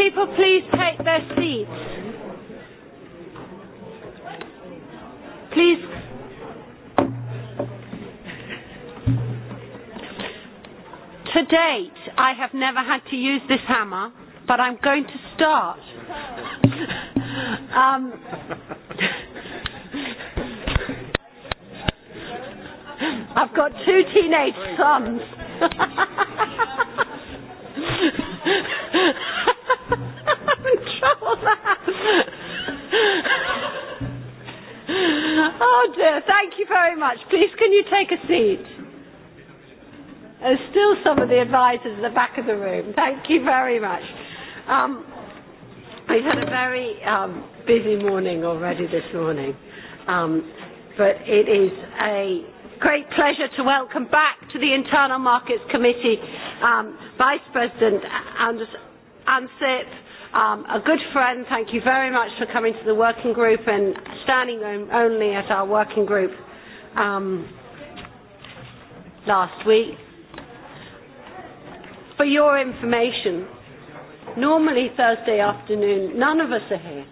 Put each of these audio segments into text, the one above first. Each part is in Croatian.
people please take their seats? Please. To date, I have never had to use this hammer, but I'm going to start. um, I've got two teenage sons. much. Please, can you take a seat? There's still some of the advisors at the back of the room. Thank you very much. Um, we've had a very um, busy morning already this morning, um, but it is a great pleasure to welcome back to the Internal Markets Committee um, Vice President Anders Ansip. Um, a good friend, thank you very much for coming to the working group and standing only at our working group um, last week. For your information, normally Thursday afternoon, none of us are here.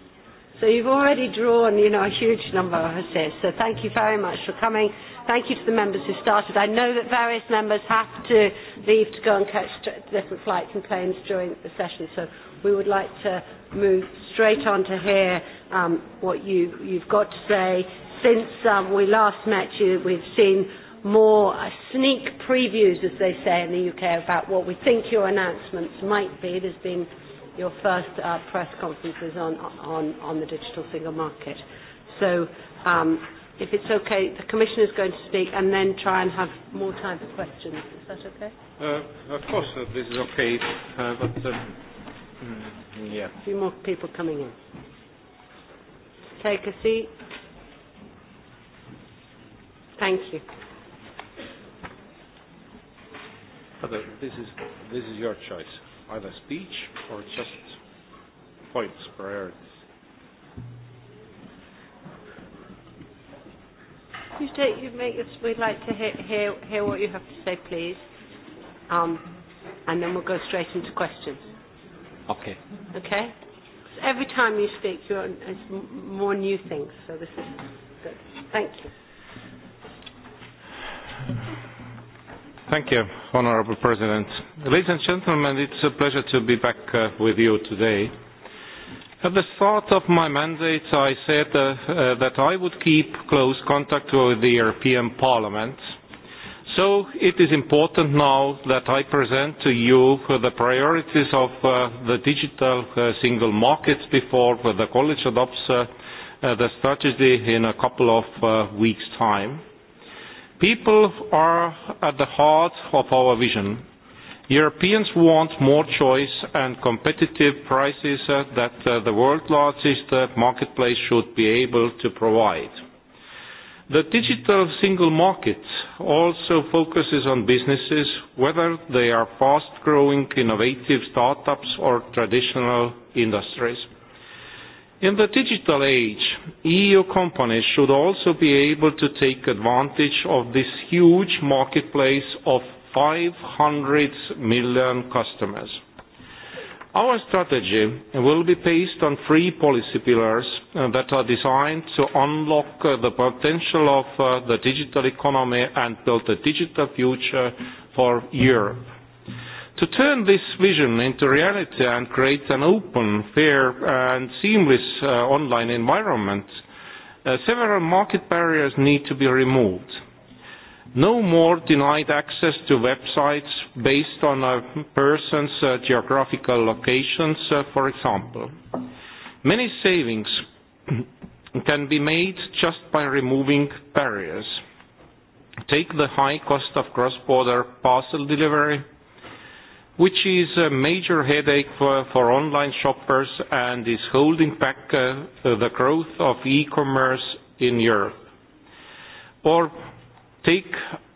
So you've already drawn, you know, a huge number of us here. So thank you very much for coming. Thank you to the members who started. I know that various members have to leave to go and catch different flights and planes during the session. So we would like to move straight on to hear um, what you, you've got to say since um, we last met you, we've seen more uh, sneak previews, as they say in the UK, about what we think your announcements might be. It has been your first uh, press conferences on, on, on the digital single market. So um, if it's okay, the Commissioner is going to speak and then try and have more time for questions. Is that okay? Uh, of course, uh, this is okay. Uh, but, um, yeah. A few more people coming in. Take a seat. Thank you. Heather, this is, this is your choice, either speech or just points, priorities. You, take, you make us, we'd like to hear, hear, hear what you have to say, please. Um, and then we'll go straight into questions. Okay. Okay? So every time you speak, you're, it's more new things, so this is good. Thank you. Thank you, Honorable President. Ladies and gentlemen, it's a pleasure to be back uh, with you today. At the start of my mandate, I said uh, uh, that I would keep close contact with the European Parliament. So it is important now that I present to you the priorities of uh, the digital uh, single markets before the College adopts uh, the strategy in a couple of weeks' time. People are at the heart of our vision. Europeans want more choice and competitive prices uh, that uh, the world's largest uh, marketplace should be able to provide. The digital single market also focuses on businesses, whether they are fast-growing, innovative startups or traditional industries. In the digital age, EU companies should also be able to take advantage of this huge marketplace of 500 million customers. Our strategy will be based on three policy pillars uh, that are designed to unlock uh, the potential of uh, the digital economy and build a digital future for Europe. To turn this vision into reality and create an open, fair and seamless uh, online environment, uh, several market barriers need to be removed. No more denied access to websites based on a person's uh, geographical locations, uh, for example. Many savings can be made just by removing barriers. Take the high cost of cross-border parcel delivery, which is a major headache for, for online shoppers and is holding back uh, the growth of e-commerce in Europe. Or take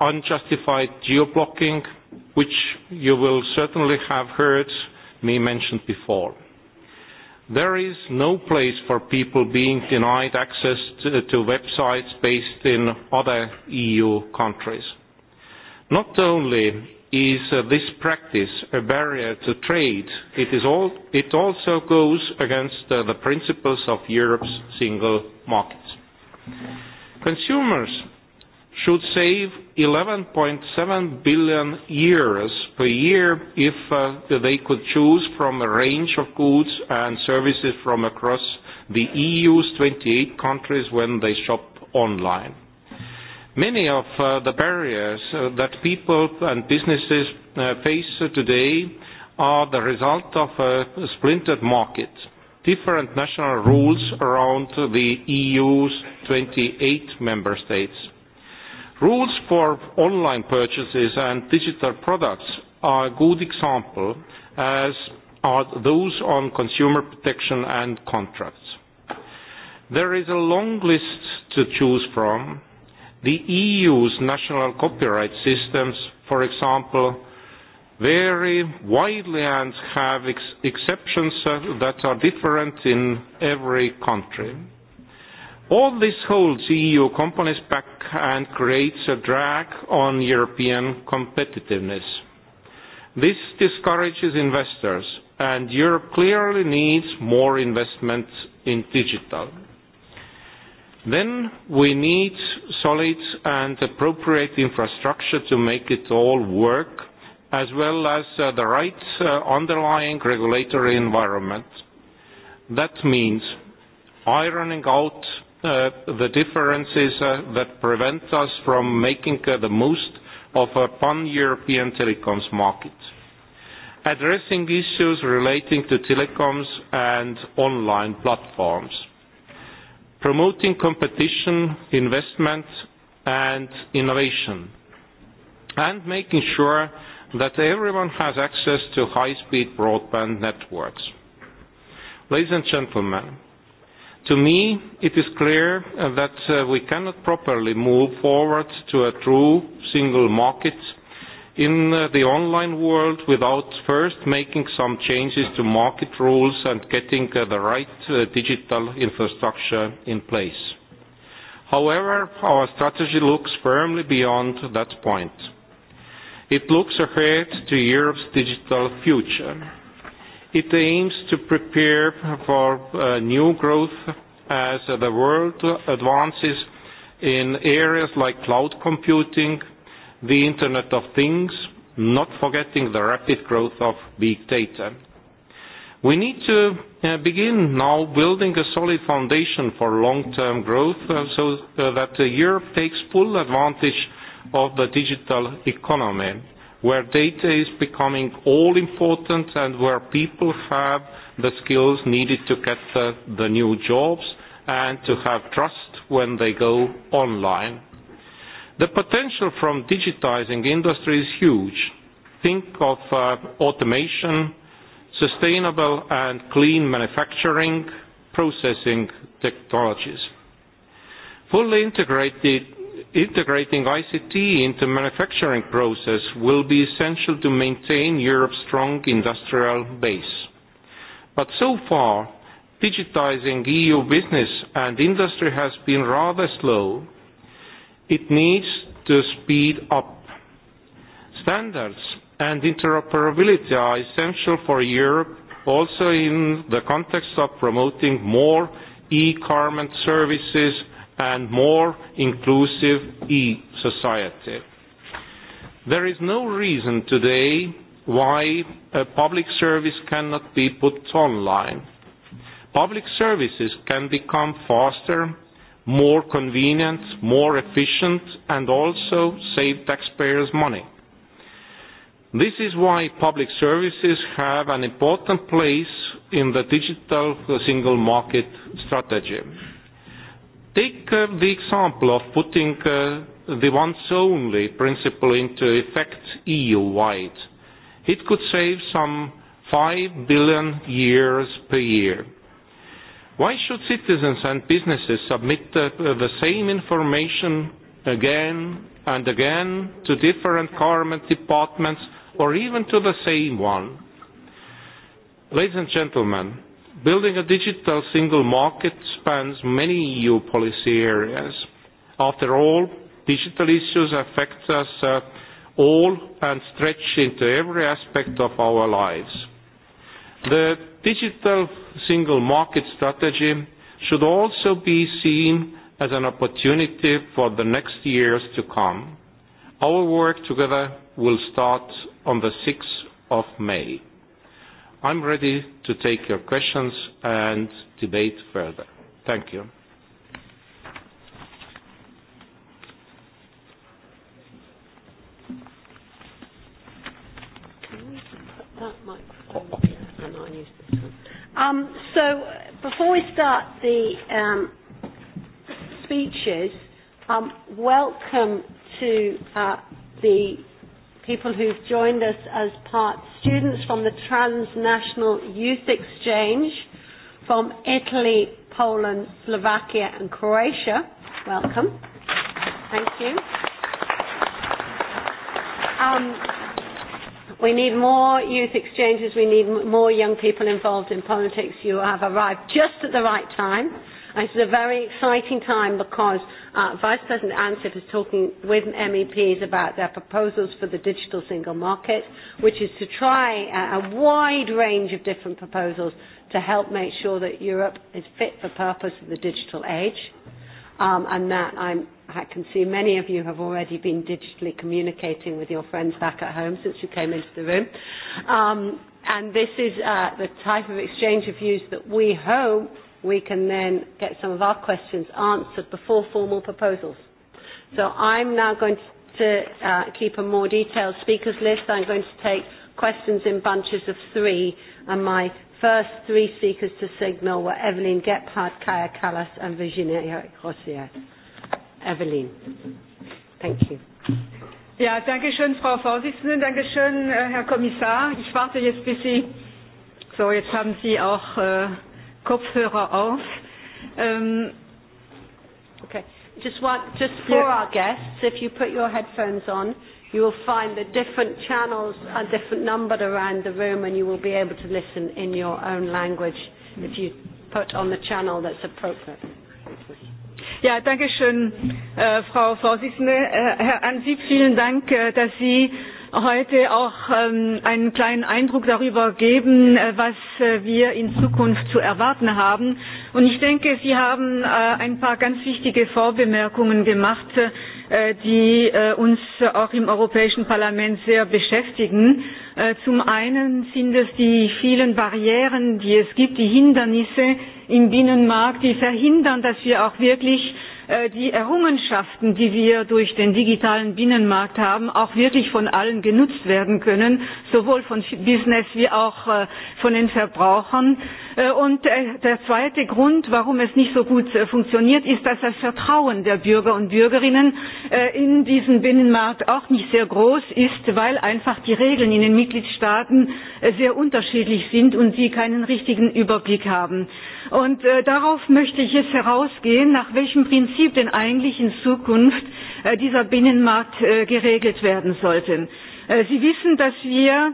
unjustified geo-blocking, which you will certainly have heard me mention before. There is no place for people being denied access to, to websites based in other EU countries. Not only is uh, this practice a barrier to trade, it, is all, it also goes against uh, the principles of Europe's single market. Consumers should save 11.7 billion euros per year if uh, they could choose from a range of goods and services from across the EU's 28 countries when they shop online. Many of uh, the barriers uh, that people and businesses uh, face today are the result of a splintered market, different national rules around the EU's 28 member states. Rules for online purchases and digital products are a good example, as are those on consumer protection and contracts. There is a long list to choose from, the EU's national copyright systems, for example, vary widely and have ex exceptions uh, that are different in every country. All this holds EU companies back and creates a drag on European competitiveness. This discourages investors, and Europe clearly needs more investment in digital. Then we need solid and appropriate infrastructure to make it all work, as well as uh, the right uh, underlying regulatory environment. That means ironing out uh, the differences uh, that prevent us from making uh, the most of a pan-European telecoms market. Addressing issues relating to telecoms and online platforms promoting competition, investment and innovation, and making sure that everyone has access to high-speed broadband networks. Ladies and gentlemen, to me it is clear that uh, we cannot properly move forward to a true single market in uh, the online world without first making some changes to market rules and getting uh, the right uh, digital infrastructure in place. However, our strategy looks firmly beyond that point. It looks ahead to Europe's digital future. It aims to prepare for new growth as the world advances in areas like cloud computing, the Internet of Things, not forgetting the rapid growth of big data. We need to uh, begin now building a solid foundation for long-term growth uh, so uh, that Europe takes full advantage of the digital economy, where data is becoming all important and where people have the skills needed to get the, the new jobs and to have trust when they go online. The potential from digitizing industry is huge. Think of uh, automation, sustainable and clean manufacturing, processing technologies. Fully integrated, integrating ICT into manufacturing process will be essential to maintain Europe's strong industrial base. But so far, digitizing EU business and industry has been rather slow it needs to speed up. Standards and interoperability are essential for Europe also in the context of promoting more e carment services and more inclusive e-society. There is no reason today why a public service cannot be put online. Public services can become faster more convenient, more efficient, and also save taxpayers' money. This is why public services have an important place in the digital single market strategy. Take uh, the example of putting uh, the once only principle into effect EU-wide. It could save some 5 billion years per year. Why should citizens and businesses submit the same information again and again to different government departments or even to the same one? Ladies and gentlemen, building a digital single market spans many EU policy areas. After all, digital issues affect us uh, all and stretch into every aspect of our lives The digital single market strategy should also be seen as an opportunity for the next years to come. Our work together will start on the 6th of May. I'm ready to take your questions and debate further. Thank you. Um, so before we start the um, speeches, um, welcome to uh, the people who've joined us as part students from the Transnational Youth Exchange from Italy, Poland, Slovakia and Croatia. Welcome. Thank you. Um, We need more youth exchanges. We need more young people involved in politics. You have arrived just at the right time. This is a very exciting time because uh, Vice President Ansip is talking with MEPs about their proposals for the digital single market, which is to try a, a wide range of different proposals to help make sure that Europe is fit for purpose in the digital age um, and that I'm, I can see many of you have already been digitally communicating with your friends back at home since you came into the room. Um, and this is uh, the type of exchange of views that we hope we can then get some of our questions answered before formal proposals. So I'm now going to uh, keep a more detailed speakers list. I'm going to take questions in bunches of three, and my first three speakers to signal were Evelyn Gephardt, Kaya Callas, and Virginia Rossier. Evelyn. Thank you. Ja, danke schön, Frau Vorsitzende. Danke schön, äh, Herr Kommissar. Ich warte jetzt, bis Sie... So, jetzt haben Sie auch äh, Kopfhörer auf. Ähm, okay. Just, want, just for our guests, if you put your headphones on, You will find the different channels, a different number around the room, and you will be able to listen in your own language if you put on the channel that's appropriate. Ja, danke schön, äh, Frau Vorsitzende. Äh, Herr Ansip, vielen Dank, äh, dass Sie heute auch ähm, einen kleinen Eindruck darüber geben, äh, was äh, wir in Zukunft zu erwarten haben. Und ich denke, Sie haben äh, ein paar ganz wichtige Vorbemerkungen gemacht. Äh, Äh, die äh, uns auch im Europäischen Parlament sehr beschäftigen. Äh, zum einen sind es die vielen Barrieren, die es gibt, die Hindernisse im Binnenmarkt, die verhindern, dass wir auch wirklich die Errungenschaften, die wir durch den digitalen Binnenmarkt haben, auch wirklich von allen genutzt werden können, sowohl von Business wie auch von den Verbrauchern Äh, und äh, der zweite Grund, warum es nicht so gut äh, funktioniert, ist, dass das Vertrauen der Bürger und Bürgerinnen in diesen Binnenmarkt auch nicht sehr groß ist, weil einfach die Regeln in den Mitgliedstaaten sehr unterschiedlich sind und sie keinen richtigen Überblick haben. Und darauf möchte ich jetzt herausgehen, nach welchem Prinzip denn eigentlich in Zukunft dieser Binnenmarkt geregelt werden sollte. Sie wissen, dass wir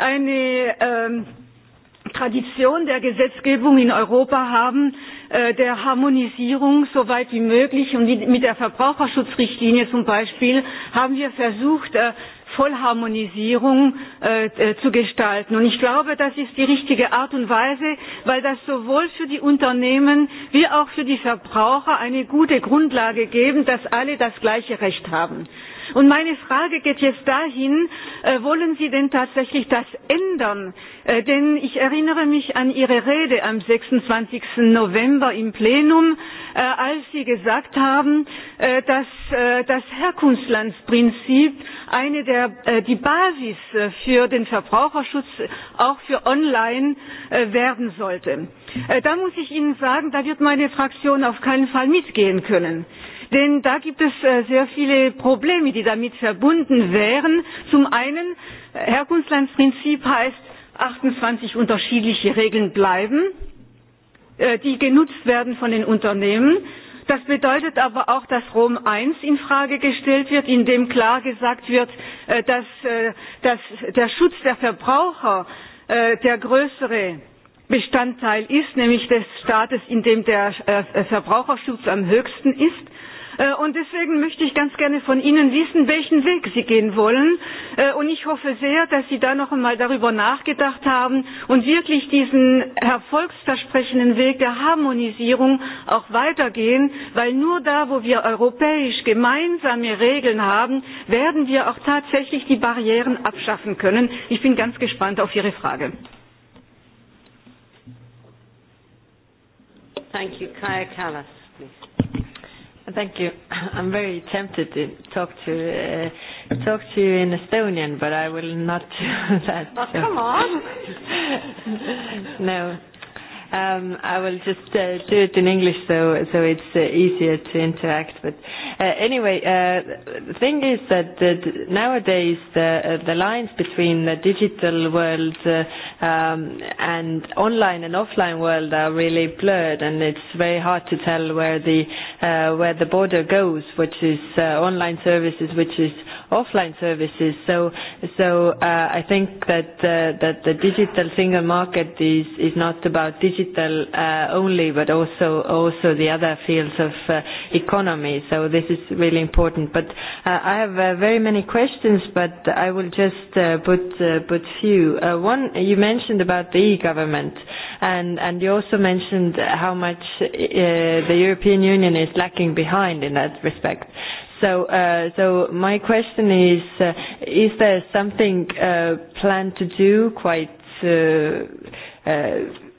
eine ähm, Tradition der Gesetzgebung in Europa haben, äh, der Harmonisierung so weit wie möglich. Und mit der Verbraucherschutzrichtlinie zum Beispiel haben wir versucht, äh, Vollharmonisierung äh, zu gestalten. Und ich glaube, das ist die richtige Art und Weise, weil das sowohl für die Unternehmen wie auch für die Verbraucher eine gute Grundlage geben, dass alle das gleiche Recht haben. Und meine Frage geht jetzt dahin, äh, wollen Sie denn tatsächlich das ändern? Äh, denn ich erinnere mich an Ihre Rede am 26. November im Plenum, äh, als Sie gesagt haben, dass das Herkunftslandsprinzip eine der, die Basis für den Verbraucherschutz auch für online werden sollte. Da muss ich Ihnen sagen, da wird meine Fraktion auf keinen Fall mitgehen können Denn da gibt es äh, sehr viele Probleme, die damit verbunden wären. Zum einen, äh, Herkunftslandprinzip heißt, 28 unterschiedliche Regeln bleiben, äh, die genutzt werden von den Unternehmen. Das bedeutet aber auch, dass Rom I in Frage gestellt wird, in dem klar gesagt wird, dass, dass der Schutz der Verbraucher der größere Bestandteil ist, nämlich des Staates, in dem der Verbraucherschutz am höchsten ist. Äh, und deswegen möchte ich ganz gerne von Ihnen wissen, welchen Weg Sie gehen wollen. Äh, und ich hoffe sehr, dass Sie da noch einmal darüber nachgedacht haben und wirklich diesen erfolgsversprechenden Weg der Harmonisierung auch weitergehen, weil nur da, wo wir europäisch gemeinsame Regeln haben, werden wir auch tatsächlich die Barrieren abschaffen können. Ich bin ganz gespannt auf Ihre Frage. Thank you, Kaya Callas. Thank you. I'm very tempted to talk to uh, talk to you in Estonian, but I will not do that. Oh, come on. no, Um, I will just uh, do it in English so, so it's uh, easier to interact. But uh, anyway, uh, the thing is that nowadays the, uh, the lines between the digital world uh, um, and online and offline world are really blurred and it's very hard to tell where the, uh, where the border goes, which is uh, online services, which is offline services. So, so uh, I think that uh, that the digital single market is is not about digital uh, only, but also also the other fields of uh, economy. So this is really important. But uh, I have uh, very many questions, but I will just uh, put uh, put few. Uh, one you mentioned about the e-government, and and you also mentioned how much uh, the European Union is lacking behind in that respect. So, uh, so my question is, uh, is there something uh, planned to do quite uh, uh,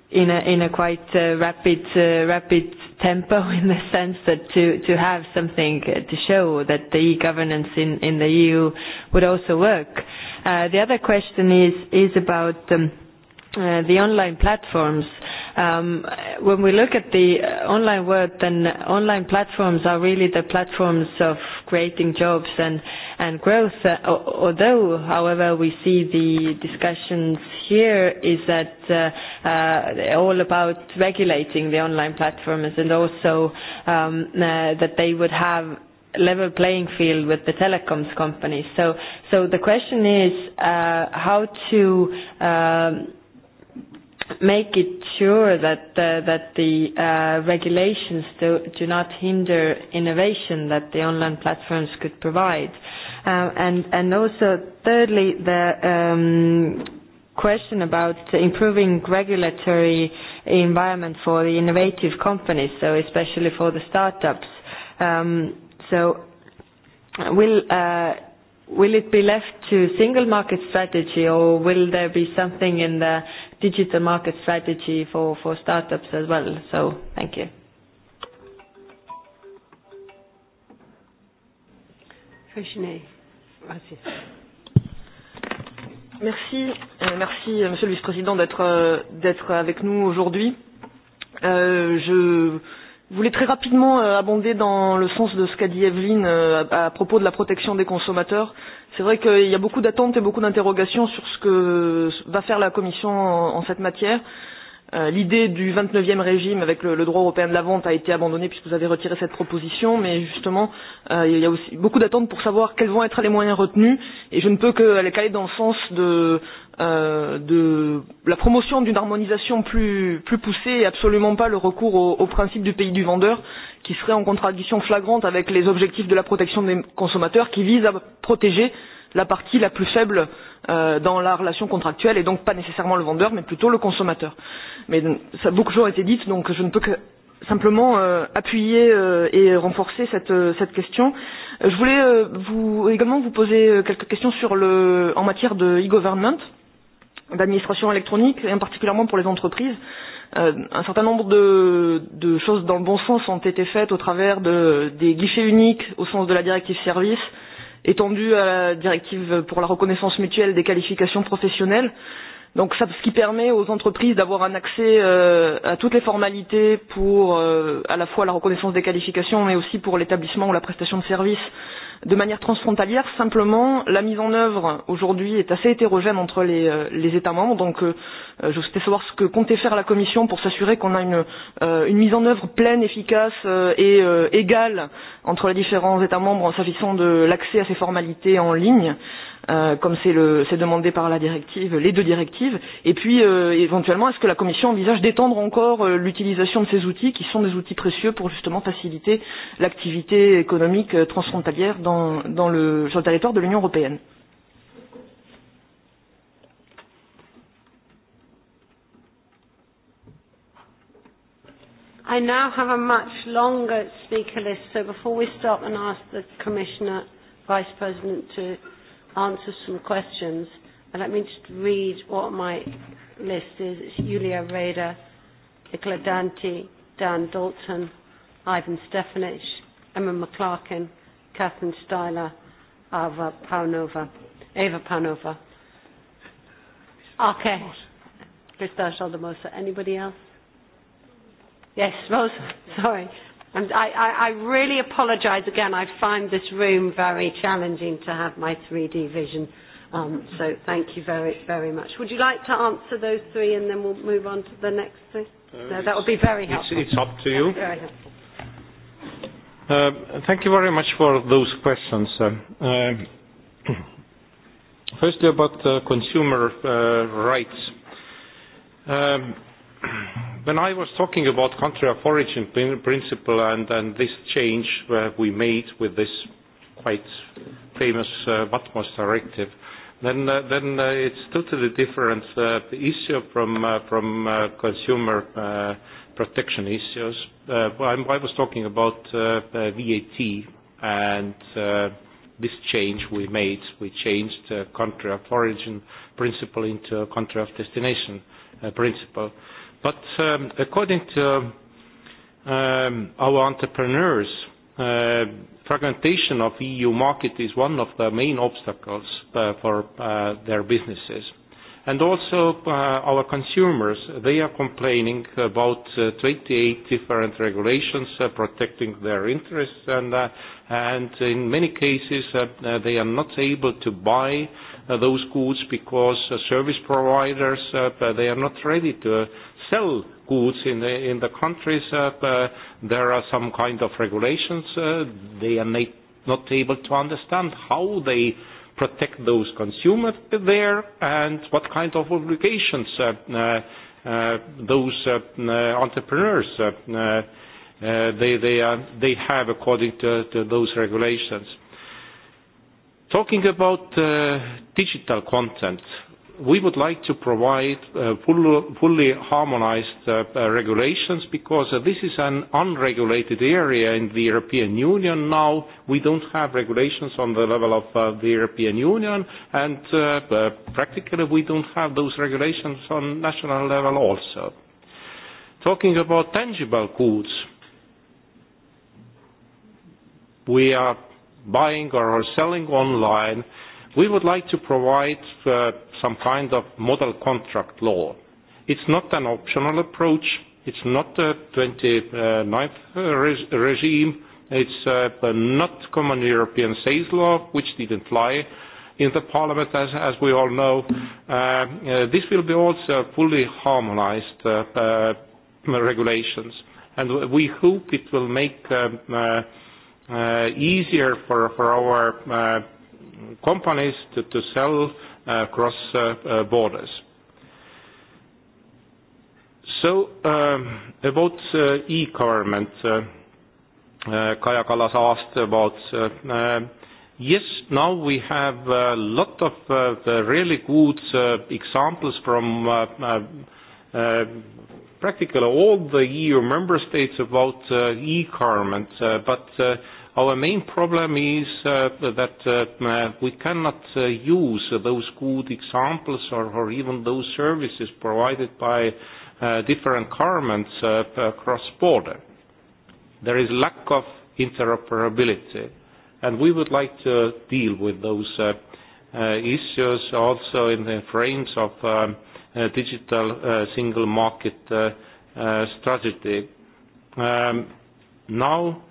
in a in a quite uh, rapid uh, rapid tempo in the sense that to to have something uh, to show that the e-governance in in the EU would also work. Uh, the other question is is about um, uh, the online platforms. Um, when we look at the online world, then online platforms are really the platforms of creating jobs and, and growth. Uh, although, however, we see the discussions here is that uh, uh, all about regulating the online platforms and also um, uh, that they would have level playing field with the telecoms companies. So, so the question is uh, how to um, make it sure that uh, that the uh, regulations do, do not hinder innovation that the online platforms could provide. Uh, and and also thirdly the um, question about improving regulatory environment for the innovative companies, so especially for the startups. Um, so will uh, will it be left to single market strategy or will there be something in the digital market strategy for, for startups as well. So thank you. Merci. Merci, euh, merci euh, Monsieur le Vice-président d'être euh, d'être avec nous aujourd'hui. Euh, je voulais très rapidement abonder dans le sens de ce qu'a dit Evelyne à propos de la protection des consommateurs. C'est vrai qu'il y a beaucoup d'attentes et beaucoup d'interrogations sur ce que va faire la Commission en cette matière. Euh, l'idée du 29e régime avec le, le droit européen de la vente a été abandonnée puisque vous avez retiré cette proposition, mais justement, euh, il y a aussi beaucoup d'attentes pour savoir quels vont être les moyens retenus, et je ne peux qu'aller dans le sens de, euh, de la promotion d'une harmonisation plus, plus poussée et absolument pas le recours au, au principe du pays du vendeur, qui serait en contradiction flagrante avec les objectifs de la protection des consommateurs, qui vise à protéger la partie la plus faible Euh, dans la relation contractuelle et donc pas nécessairement le vendeur mais plutôt le consommateur. Mais ça a beaucoup toujours été dit donc je ne peux que simplement euh, appuyer euh, et renforcer cette, euh, cette question. Euh, je voulais euh, vous, également vous poser quelques questions sur le, en matière de e-government, d'administration électronique et en particulièrement pour les entreprises. un certain nombre de, de choses dans le bon sens ont été faites au travers de, des guichets uniques au sens de la directive service, étendue à la directive pour la reconnaissance mutuelle des qualifications professionnelles. Donc ça, ce qui permet aux entreprises d'avoir un accès euh, à toutes les formalités pour euh, à la fois la reconnaissance des qualifications mais aussi pour l'établissement ou la prestation de services de manière transfrontalière. Simplement, la mise en œuvre aujourd'hui est assez hétérogène entre les, euh, les États membres. Donc, euh, euh, je souhaitais savoir ce que comptait faire la Commission pour s'assurer qu'on a une, euh, une mise en œuvre pleine, efficace euh, et euh, égale entre les différents États membres en s'agissant de l'accès à ces formalités en ligne. Euh, Euh, comme c'est le c'est demandé par la directive les deux directives et puis euh, éventuellement est-ce que la commission envisage d'étendre encore euh, l'utilisation de ces outils qui sont des outils précieux pour justement faciliter l'activité économique euh, transfrontalière dans dans le sur le territoire de l'Union européenne I now have a much longer speaker list so before we stop and ask the commissioner vice president to answer some questions. And let me just read what my list is. It's Julia Rada, Nicola Dante, Dan Dalton, Ivan Stefanich, Emma McClarkin, Catherine Styler, Ava Paunova, Ava Paunova. Okay. Christa Anybody else? Yes, Rosa. Sorry. And I, I, I really apologize again. I find this room very challenging to have my 3D vision. Um, so thank you very, very much. Would you like to answer those three and then we'll move on to the next three? Uh, no, that would be very helpful. It's, up to you. Very Uh, thank you very much for those questions. uh, firstly, about uh, consumer uh, rights. Um, when I was talking about country of origin principle and, and this change where we made with this quite famous uh, BATMOS directive, then, uh, then uh, it's totally different uh, issue from, uh, from uh, consumer uh, protection issues. Uh, I was talking about uh, uh VAT and uh, this change we made. We changed uh, country of origin principle into country of destination uh, principle. But um, according to um, our entrepreneurs, uh, fragmentation of EU market is one of the main obstacles uh, for uh, their businesses. And also uh, our consumers, they are complaining about uh, 28 different regulations uh, protecting their interests and, uh, and in many cases uh, uh they are not able to buy uh, those goods because uh, service providers, uh, they are not ready to sell goods in the, in the countries, uh, there are some kind of regulations. Uh, they are not able to understand how they protect those consumers there and what kind of obligations uh, uh, uh those uh, uh entrepreneurs uh, uh, uh, they, they, are, they have according to, to those regulations. Talking about uh, digital content, we would like to provide uh, full, fully harmonized uh, uh, regulations because this is an unregulated area in the European Union now. We don't have regulations on the level of the European Union and practically we don't have those regulations on national level also. Talking about tangible goods, we are buying or selling online. We would like to provide some kind of model contract law. It's not an optional approach. It's not the 29th regime. It's uh, not common European sales law, which didn't fly in the parliament, as, as we all know. Uh, uh, this will be also fully harmonized uh, uh, regulations. And we hope it will make um, uh, easier for, for our uh, companies to, to sell Uh, cross uh, uh, borders. So um, about e-government, Kaja Kallas asked about um, Yes, now we have a lot of uh, really good examples from uh, practically all the EU member states about e-government, but Our main problem is uh, that uh, uh, we cannot uh, use those good examples or, or even those services provided by uh, different governments uh, across border. There is lack of interoperability, and we would like to deal with those issues also in the frames of um, digital single market strategy. Um, now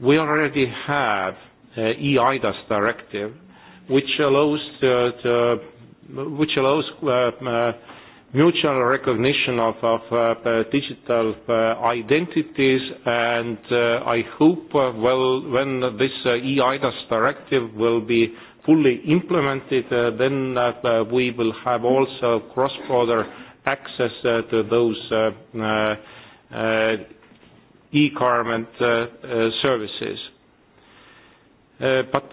We already have uh, EIDAS directive, which allows uh, to, which allows uh, uh, mutual recognition of, of digital identities and I hope well, when this EIDAS directive will be fully implemented then we will have also cross-border access to those e-garment uh, uh, services. Uh, but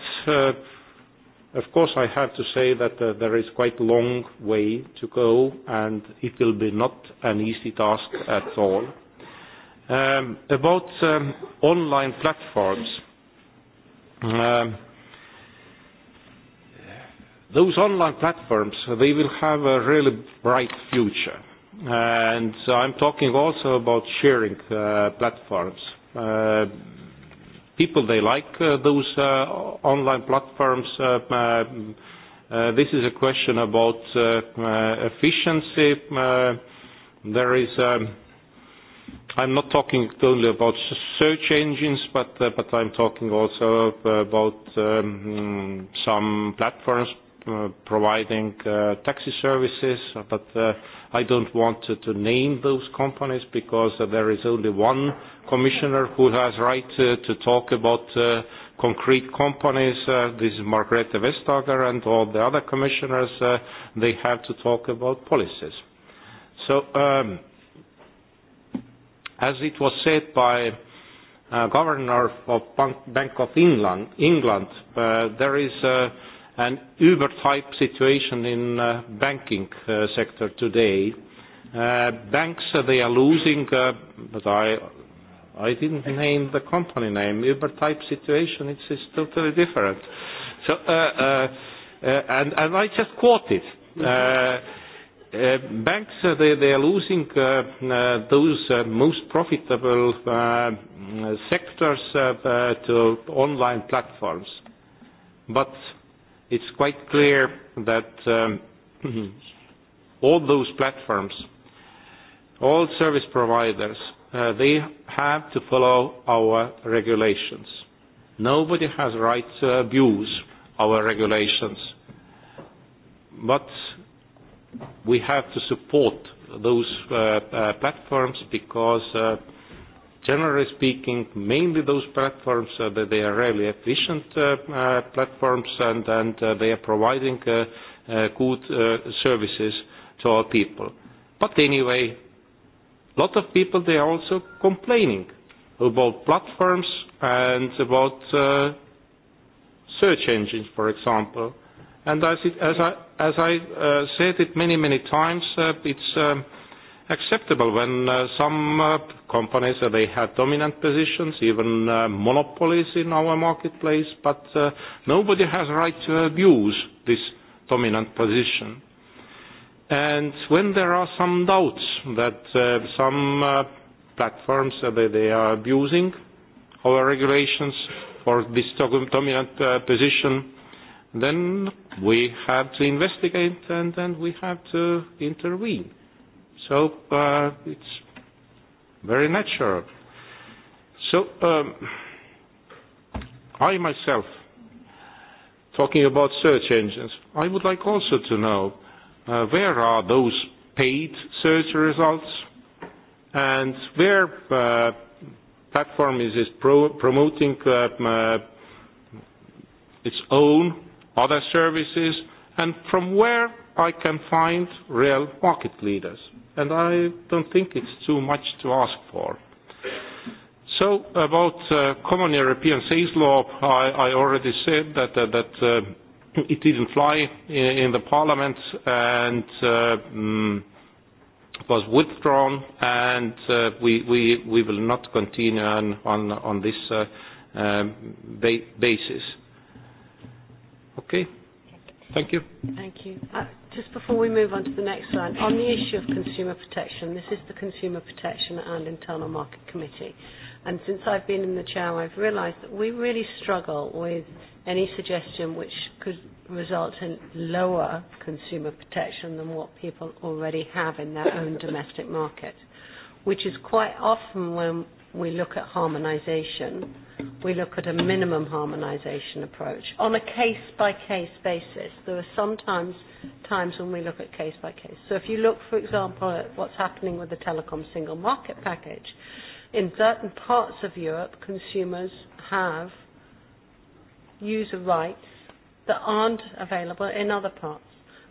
of course, I have to say that there is quite a long way to go, and it will be not an easy task at all. Um, about um, online platforms, um, those online platforms, they will have a really bright future and I'm talking also about sharing uh, platforms. Uh, people, they like uh, those uh, online platforms. Uh, uh, uh, this is a question about uh, uh, efficiency. Uh, there is, um, I'm not talking only about search engines, but, uh, but I'm talking also about um, some platforms uh, providing uh, taxi services, but uh, i don't want to, to name those companies because there is only one commissioner who has right uh, to talk about uh, concrete companies. Uh, this is Margrethe Vestager and all the other commissioners. Uh, they have to talk about policies. So, um, as it was said by uh, Governor of Bank of England, England uh, there is a uh, an uber type situation in uh, banking uh, sector today uh, banks uh, they are losing uh, but i i didn't name the company name uber type situation it's, it's totally different so uh, and and i just quote it banks they they are losing those most profitable sectors to online platforms but it's quite clear that um, all those platforms, all service providers, uh, they have to follow our regulations. Nobody has right to abuse our regulations. But we have to support those uh, uh, platforms because uh, generally speaking, mainly those platforms uh, that they are really efficient uh, uh, platforms and, and uh, they are providing uh, uh, good uh, services to our people. But anyway, a lot of people, they are also complaining about platforms and about uh, search engines, for example. And as, it, as I, as I uh, said it many, many times, uh, it's um, acceptable when uh, some uh, companies they have dominant positions, even uh, monopolies in our marketplace, but uh, nobody has right to abuse this dominant position. And when there are some doubts that uh, some uh, platforms uh, that they are abusing our regulations for this dominant uh, position, then we have to investigate and then we have to intervene. So uh, it's very natural. So, um, I myself, talking about search engines, I would like also to know uh, where are those paid search results and where uh, platform is, is pro promoting uh, uh, its own other services and from where I can find real market leaders and I don't think it's too much to ask for. So about uh, common European sales law, I, I already said that, uh, that uh, it didn't fly in, in the parliament and um, was withdrawn and uh, we, we, we will not continue on, on, on this uh, um, ba basis. Okay. Thank you. Thank you. Uh, just before we move on to the next slide on the issue of consumer protection, this is the Consumer Protection and Internal Market Committee. And since I've been in the chair, I've realised that we really struggle with any suggestion which could result in lower consumer protection than what people already have in their own domestic market, which is quite often when we look at harmonisation, we look at a minimum harmonisation approach on a case-by-case basis. There are sometimes times when we look at case-by-case. -case. So if you look, for example, at what's happening with the telecom single market package, in certain parts of Europe, consumers have user rights that aren't available in other parts.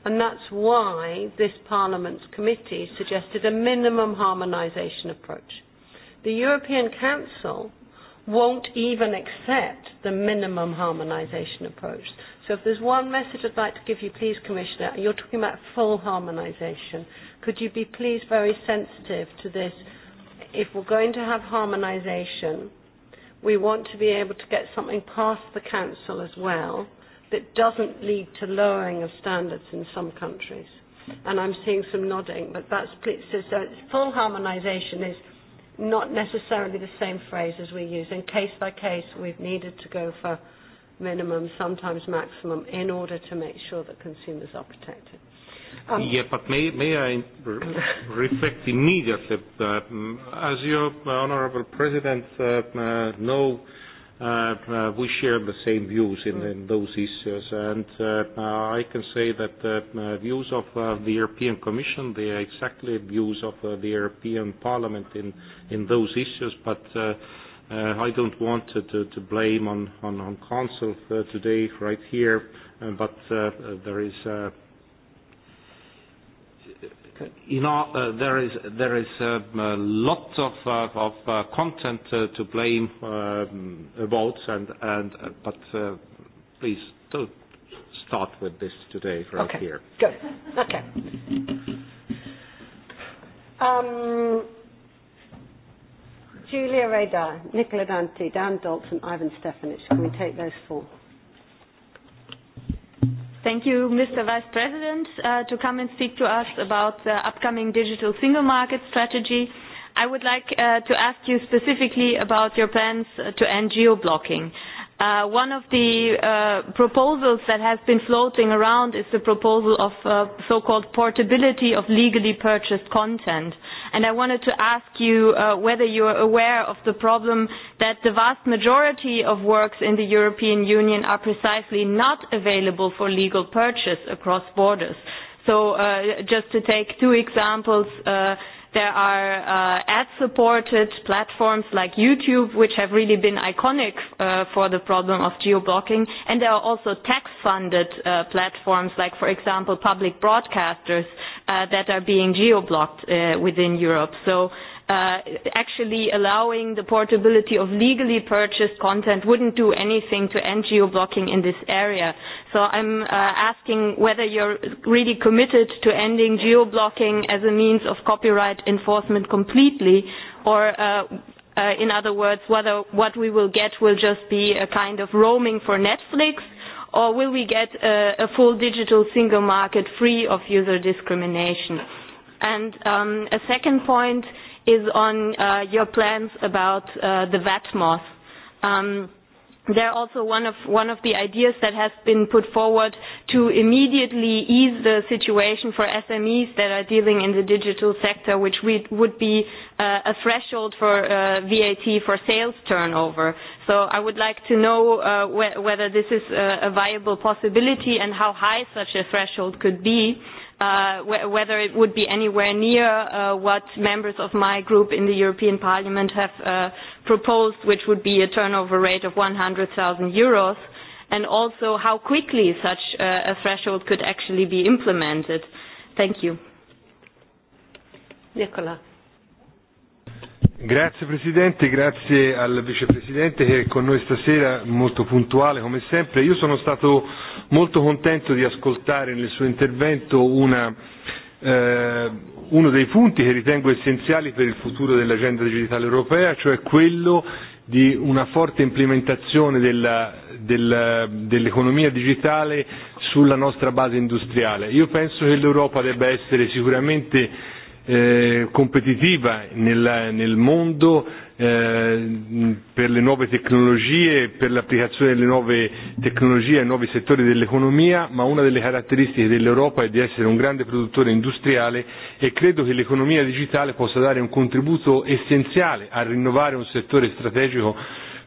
And that's why this Parliament's committee suggested a minimum harmonisation approach the European Council won't even accept the minimum harmonization approach. So if there's one message I'd like to give you, please, Commissioner, you're talking about full harmonization, could you be please very sensitive to this? If we're going to have harmonization, we want to be able to get something past the Council as well that doesn't lead to lowering of standards in some countries. And I'm seeing some nodding, but that's so full harmonization is not necessarily the same phrase as we use. And case by case, we've needed to go for minimum, sometimes maximum, in order to make sure that consumers are protected. Um, yeah, but may, may I reflect immediately? Uh, mm, as your Honourable President uh, uh, Uh, uh, we share the same views in, in those issues. And uh, uh I can say that the uh, uh, views of uh, the European Commission, they are exactly views of uh, the European Parliament in, in those issues, but uh, uh, I don't want to, to, to blame on, on, on Council uh, today right here, uh, but uh, there is uh, you know, uh, there is there is um, a lot of uh, of uh, content uh, to blame um, about, and and uh, but uh, please don't start with this today right okay. here. Good. Okay. Um, Julia Radar, Nicola Dante, Dan Dalton, Ivan Stefanich. Can we take those four? Thank you, Mr. Vice President, uh, to come and speak to us about the upcoming digital single market strategy. I would like uh, to ask you specifically about your plans to end geo-blocking. Uh, one of the uh, proposals that has been floating around is the proposal of uh, so-called portability of legally purchased content and I wanted to ask you uh, whether you are aware of the problem that the vast majority of works in the European Union are precisely not available for legal purchase across borders. So uh, just to take two examples, uh, There are uh, ad-supported platforms like YouTube, which have really been iconic uh, for the problem of geo-blocking. And there are also tax-funded uh, platforms, like, for example, public broadcasters uh, that are being geo-blocked uh, within Europe. So uh, actually allowing the portability of legally purchased content wouldn't do anything to end geo-blocking in this area. So I'm uh, asking whether you're really committed to ending geo-blocking as a means of copyright enforcement completely, or uh, uh, in other words, whether what we will get will just be a kind of roaming for Netflix, or will we get a, uh, a full digital single market free of user discrimination? And um, a second point, is on uh, your plans about uh, the moth. Um, they're also one of, one of the ideas that has been put forward to immediately ease the situation for SMEs that are dealing in the digital sector, which we, would be uh, a threshold for uh, VAT for sales turnover. So I would like to know uh, wh whether this is a, uh, a viable possibility and how high such a threshold could be uh, whether it would be anywhere near uh, what members of my group in the European Parliament have uh, proposed, which would be a turnover rate of 100,000 euros, and also how quickly such uh, a threshold could actually be implemented. Thank you. Nicola. Grazie Presidente, grazie al Vicepresidente che è con noi stasera, molto puntuale come sempre. Io sono stato molto contento di ascoltare nel suo intervento una, eh, uno dei punti che ritengo essenziali per il futuro dell'agenda digitale europea, cioè quello di una forte implementazione della, della, dell'economia digitale sulla nostra base industriale. Io penso che l'Europa debba essere sicuramente Eh, competitiva nel, nel mondo eh, per le nuove tecnologie, per l'applicazione delle nuove tecnologie ai nuovi settori dell'economia, ma una delle caratteristiche dell'Europa è di essere un grande produttore industriale e credo che l'economia digitale possa dare un contributo essenziale a rinnovare un settore strategico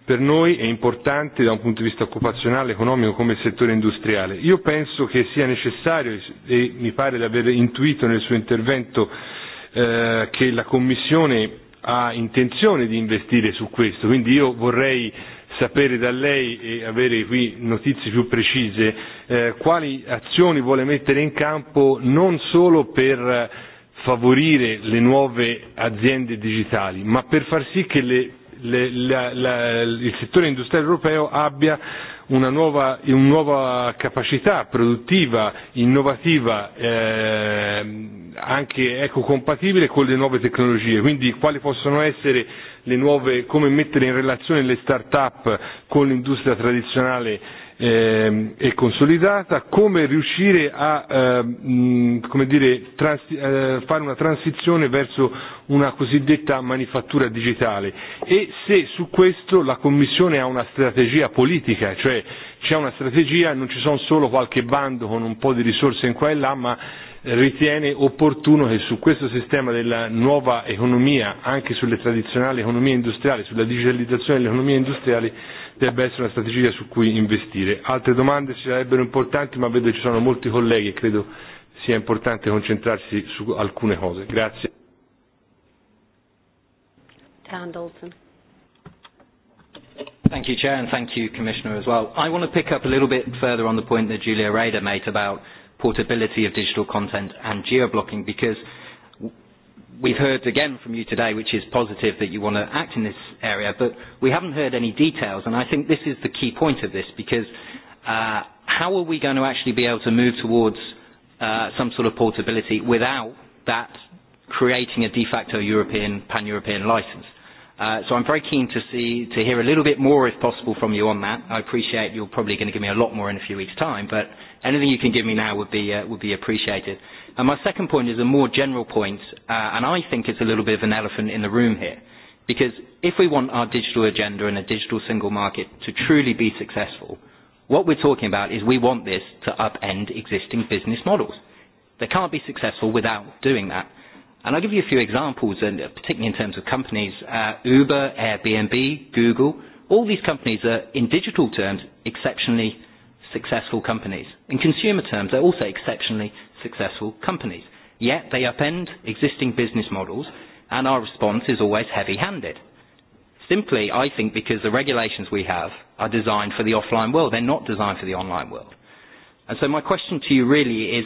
per noi è e importante da un punto di vista occupazionale, economico come settore industriale. Io penso che sia necessario e mi pare di aver intuito nel suo intervento Eh, che la Commissione ha intenzione di investire su questo, quindi io vorrei sapere da lei e avere qui notizie più precise eh, quali azioni vuole mettere in campo non solo per favorire le nuove aziende digitali, ma per far sì che le, le, la, la, il settore industriale europeo abbia una nuova, una nuova capacità produttiva, innovativa, eh, anche ecocompatibile con le nuove tecnologie, quindi quali possono essere le nuove, come mettere in relazione le start-up con l'industria tradizionale eh, e consolidata, come riuscire a ehm, come dire, eh, fare una transizione verso una cosiddetta manifattura digitale e se su questo la Commissione ha una strategia politica, cioè c'è una strategia, non ci sono solo qualche bando con un po' di risorse in qua e là, ma ritiene opportuno che su questo sistema della nuova economia, anche sulle tradizionali economie industriali, sulla digitalizzazione dell'economia industriale, debba essere una strategia su cui investire. Altre domande ci sarebbero importanti, ma vedo che ci sono molti colleghi e credo sia importante concentrarsi su alcune cose. Grazie. Thank you, Chair, and thank you, Commissioner, as well. I want to pick up a little bit further on the point that Julia Rader made about portability of digital content and geo-blocking, because we've heard again from you today, which is positive that you want to act in this area, but we haven't heard any details, and I think this is the key point of this, because uh, how are we going to actually be able to move towards uh, some sort of portability without that creating a de facto European, pan-European license? Uh, so I'm very keen to see to hear a little bit more, if possible, from you on that. I appreciate you're probably going to give me a lot more in a few weeks' time, but anything you can give me now would be uh, would be appreciated. And my second point is a more general point, uh, and I think it's a little bit of an elephant in the room here, because if we want our digital agenda and a digital single market to truly be successful, what we're talking about is we want this to upend existing business models. They can't be successful without doing that. And I'll give you a few examples, and uh, particularly in terms of companies, uh, Uber, Airbnb, Google, all these companies are, in digital terms, exceptionally successful companies. In consumer terms, they're also exceptionally successful companies. Yet they upend existing business models, and our response is always heavy-handed. Simply, I think, because the regulations we have are designed for the offline world. They're not designed for the online world. And so my question to you really is,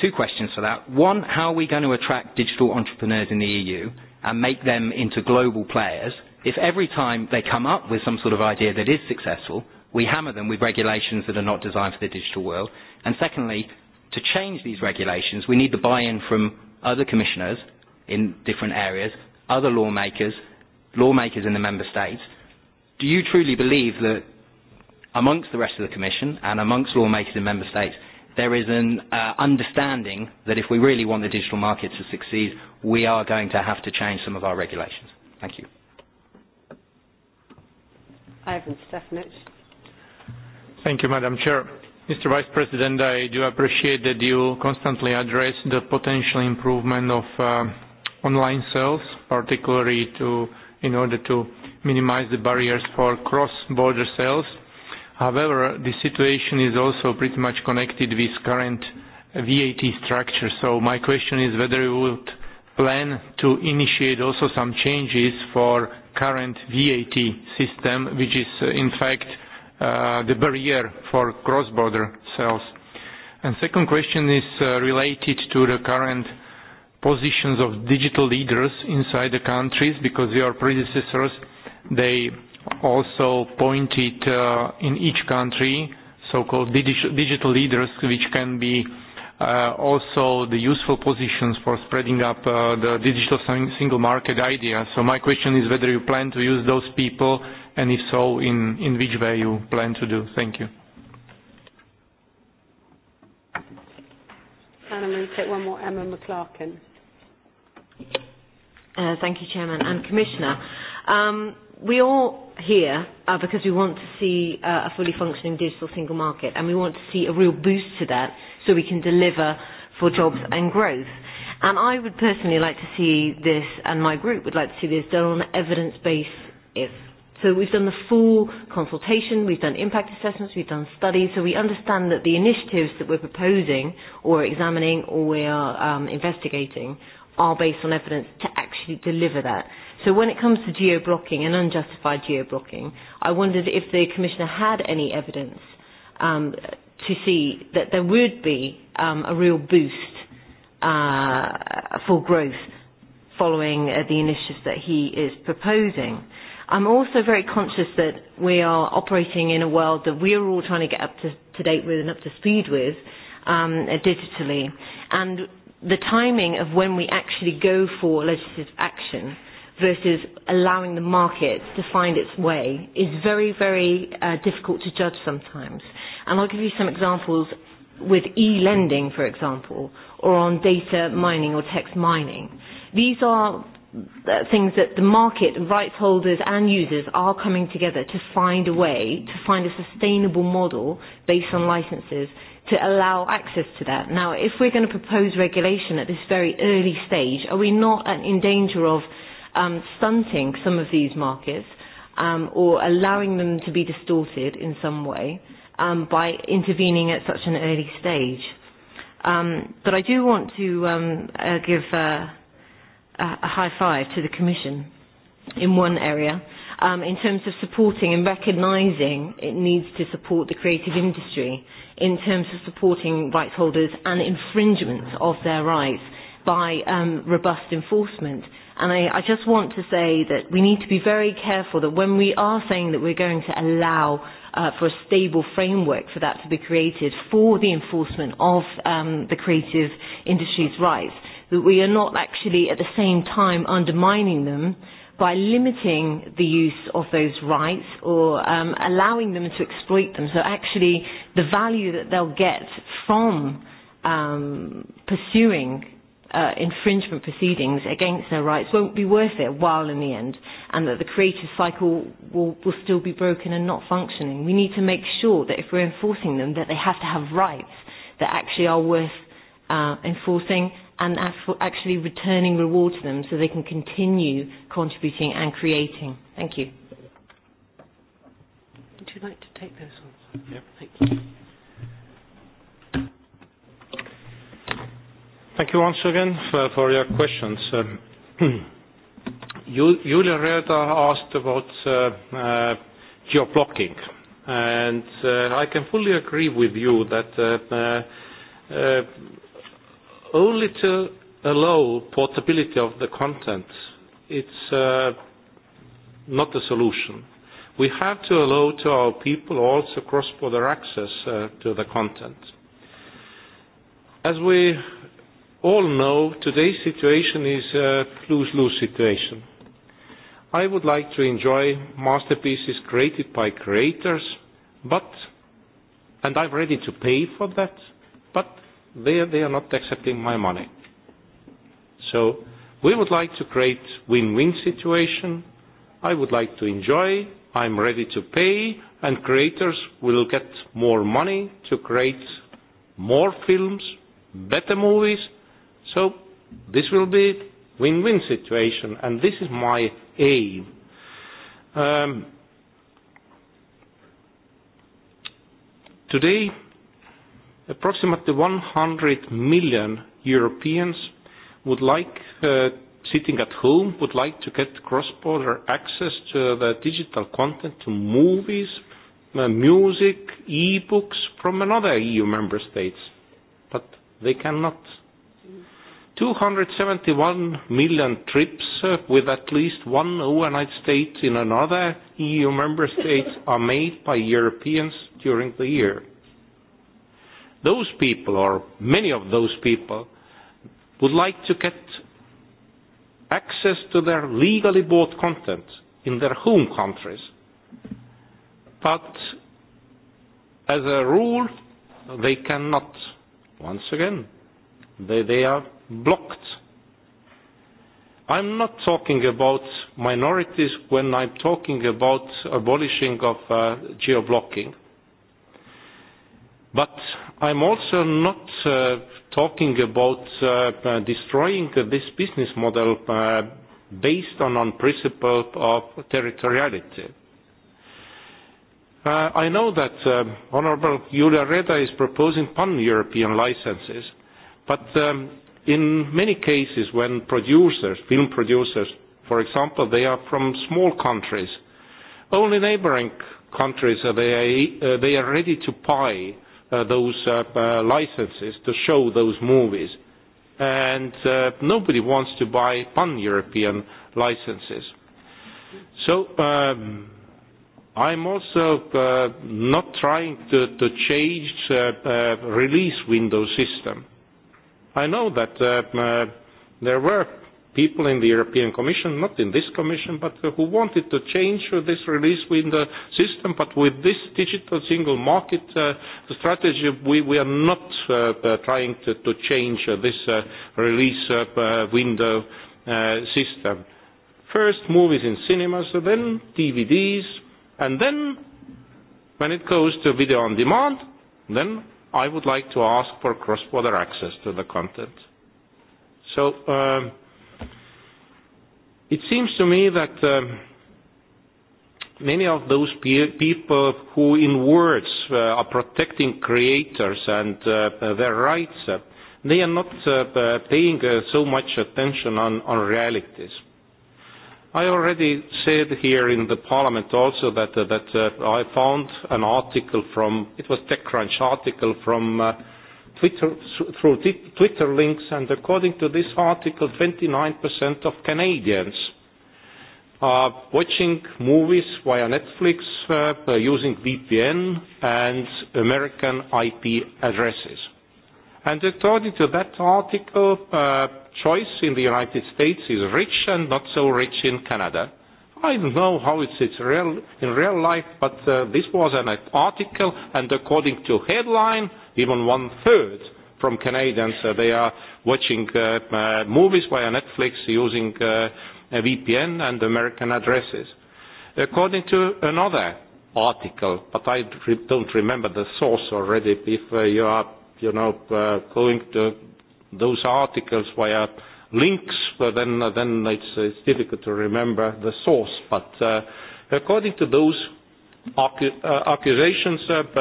two questions for that. One, how are we going to attract digital entrepreneurs in the EU and make them into global players if every time they come up with some sort of idea that is successful, we hammer them with regulations that are not designed for the digital world? And secondly, to change these regulations, we need the buy-in from other commissioners in different areas, other lawmakers, lawmakers in the member states. Do you truly believe that amongst the rest of the Commission and amongst lawmakers in member states, there is an uh, understanding that if we really want the digital market to succeed, we are going to have to change some of our regulations. Thank you. Ivan Stefanich. Thank you, Madam Chair. Mr. Vice President, I do appreciate that you constantly address the potential improvement of uh, online sales, particularly to, in order to minimize the barriers for cross-border sales However, the situation is also pretty much connected with current VAT structure. So my question is whether you would plan to initiate also some changes for current VAT system, which is uh, in fact uh, the barrier for cross-border sales. And second question is uh, related to the current positions of digital leaders inside the countries because your predecessors, they also pointed uh, in each country, so-called digital leaders, which can be uh, also the useful positions for spreading up uh, the digital single market idea. So my question is whether you plan to use those people, and if so, in, in which way you plan to do. Thank you. And I'm going to take one more, Emma McClarkin. Uh, thank you, Chairman and Commissioner. Um, we all here uh, because we want to see uh, a fully functioning digital single market and we want to see a real boost to that so we can deliver for jobs and growth. And I would personally like to see this, and my group would like to see this done on evidence based if. So we've done the full consultation, we've done impact assessments, we've done studies, so we understand that the initiatives that we're proposing or examining or we are um, investigating are based on evidence to actually deliver that. So when it comes to geo-blocking and unjustified geo-blocking, I wondered if the Commissioner had any evidence um, to see that there would be um, a real boost uh, for growth following uh, the initiatives that he is proposing. I'm also very conscious that we are operating in a world that we are all trying to get up to, to date with and up to speed with um, digitally. And the timing of when we actually go for legislative action versus allowing the market to find its way is very, very uh, difficult to judge sometimes. And I'll give you some examples with e-lending, for example, or on data mining or text mining. These are uh, things that the market, rights holders and users are coming together to find a way, to find a sustainable model based on licenses to allow access to that. Now, if we're going to propose regulation at this very early stage, are we not in danger of um, stunting some of these markets um, or allowing them to be distorted in some way um, by intervening at such an early stage. Um, but I do want to um, uh, give uh, a high five to the Commission in one area um, in terms of supporting and recognising it needs to support the creative industry in terms of supporting rights holders and infringements of their rights by um, robust enforcement And I, I just want to say that we need to be very careful that when we are saying that we're going to allow uh, for a stable framework for that to be created for the enforcement of um, the creative industry's rights, that we are not actually at the same time undermining them by limiting the use of those rights or um, allowing them to exploit them. So actually the value that they'll get from um, pursuing uh, infringement proceedings against their rights won't be worth it while in the end, and that the creative cycle will, will still be broken and not functioning. We need to make sure that if we're enforcing them, that they have to have rights that actually are worth uh, enforcing and actually returning reward to them so they can continue contributing and creating. Thank you. Would you like to take those ones? Yep. Thank you. Thank you once again for, your questions. You Julia Reda asked about uh, uh geo-blocking, and uh, I can fully agree with you that uh, only to allow portability of the content, it's uh, not the solution. We have to allow to our people also cross-border access uh, to the content. As we all know today's situation is a lose-lose situation. I would like to enjoy masterpieces created by creators, but, and I'm ready to pay for that, but they, they are not accepting my money. So we would like to create win-win situation. I would like to enjoy, I'm ready to pay, and creators will get more money to create more films, better movies, So this will be win-win situation, and this is my aim. Um, today, approximately 100 million Europeans would like, uh, sitting at home, would like to get cross-border access to the digital content, to movies, uh, music, e-books from another EU member states, but they cannot 271 million trips uh, with at least one overnight state in another EU member state are made by Europeans during the year. Those people, or many of those people, would like to get access to their legally bought content in their home countries. But as a rule, they cannot. Once again, they, they are blocked. I'm not talking about minorities when I'm talking about abolishing of uh, geo-blocking. But I'm also not uh, talking about uh, uh, destroying this business model uh, based on, on principle of territoriality. Uh, I know that uh, Honorable Julia Reda is proposing pan-European licenses, but um, In many cases when producers, film producers, for example, they are from small countries, only neighboring countries, uh, are they, uh, they are ready to buy uh, those uh, uh, licenses to show those movies. And nobody wants to buy pan-European licenses. So um, I'm also not trying to, to change release window system i know that uh, uh, there were people in the European Commission, not in this Commission, but uh, who wanted to change this release window system, but with this digital single market uh, strategy, we, we are not uh, uh trying to, to change this release window system. First movies in cinemas, then DVDs, and then when it goes to video on demand, then i would like to ask for cross-border access to the content. So um, it seems to me that um, many of those pe people who in words uh, are protecting creators and uh, their rights, uh, they are not uh, uh paying uh, so much attention on, on realities i already said here in the Parliament also that uh, that uh, I found an article from it was TechCrunch article from uh, Twitter through Twitter links, and according to this article, 29% of Canadians are watching movies via Netflix uh, using VPN and American IP addresses And according to that article, uh, choice in the United States is rich and not so rich in Canada. I don't know how it it's real, in real life, but uh, this was an article, and according to headline, even one third from Canadians uh, they are watching uh, uh, movies via Netflix using uh, a VPN and American addresses. According to another article, but I don't remember the source already. If uh, you are you know, uh, going to those articles via links, but then, uh, then it's, uh, it's difficult to remember the source. But uh, according to those uh, accusations, uh,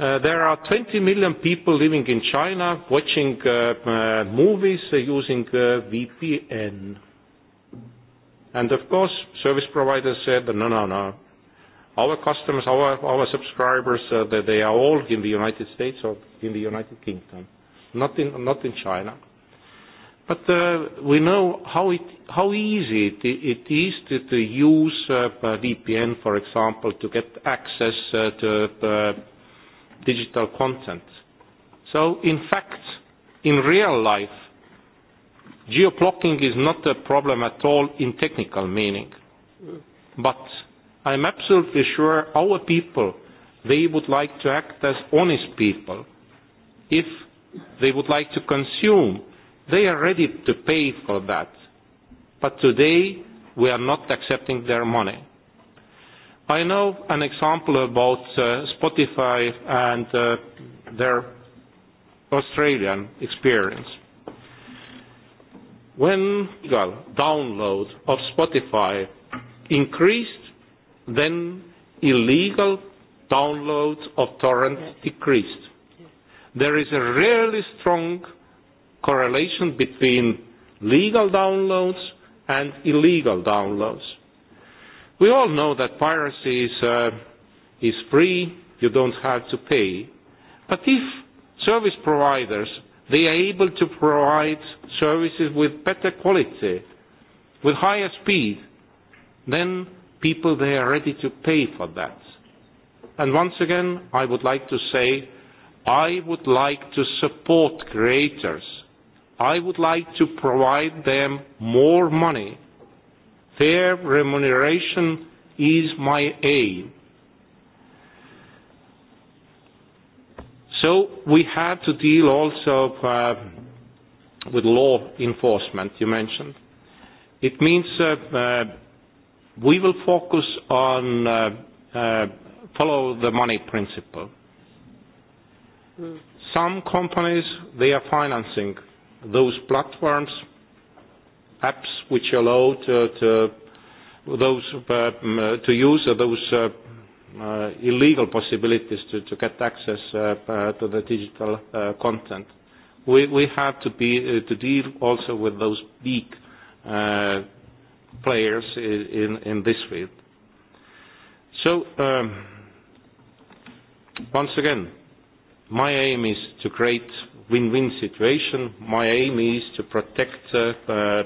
uh, there are 20 million people living in China watching uh, uh, movies uh, using uh, VPN. And of course, service providers said, no, no, no, Our customers, our, our subscribers, uh, they, they are all in the United States or in the United Kingdom, not in, not in China. But uh, we know how, it, how easy it, it is to, to use uh, VPN, for example, to get access uh, to uh, digital content. So, in fact, in real life, geo-blocking is not a problem at all in technical meaning. But i am absolutely sure our people, they would like to act as honest people. If they would like to consume, they are ready to pay for that. But today, we are not accepting their money. I know an example about uh, Spotify and uh, their Australian experience. When download of Spotify increased, then illegal downloads of torrents decreased. There is a really strong correlation between legal downloads and illegal downloads. We all know that piracy is, uh, is free, you don't have to pay. But if service providers, they are able to provide services with better quality, with higher speed, then people they are ready to pay for that. And once again, I would like to say, I would like to support creators. I would like to provide them more money. Their remuneration is my aim. So we have to deal also uh, with law enforcement, you mentioned. It means uh, uh, we will focus on uh, uh, follow the money principle. Hmm. Some companies, they are financing those platforms, apps which allow to, to those uh, mm, uh to use those uh, uh, illegal possibilities to, to get access uh, uh, to the digital uh, content. We, we have to, be, uh, to deal also with those big uh, players in, in this field. So, um, once again, my aim is to create win-win situation. My aim is to protect uh, uh,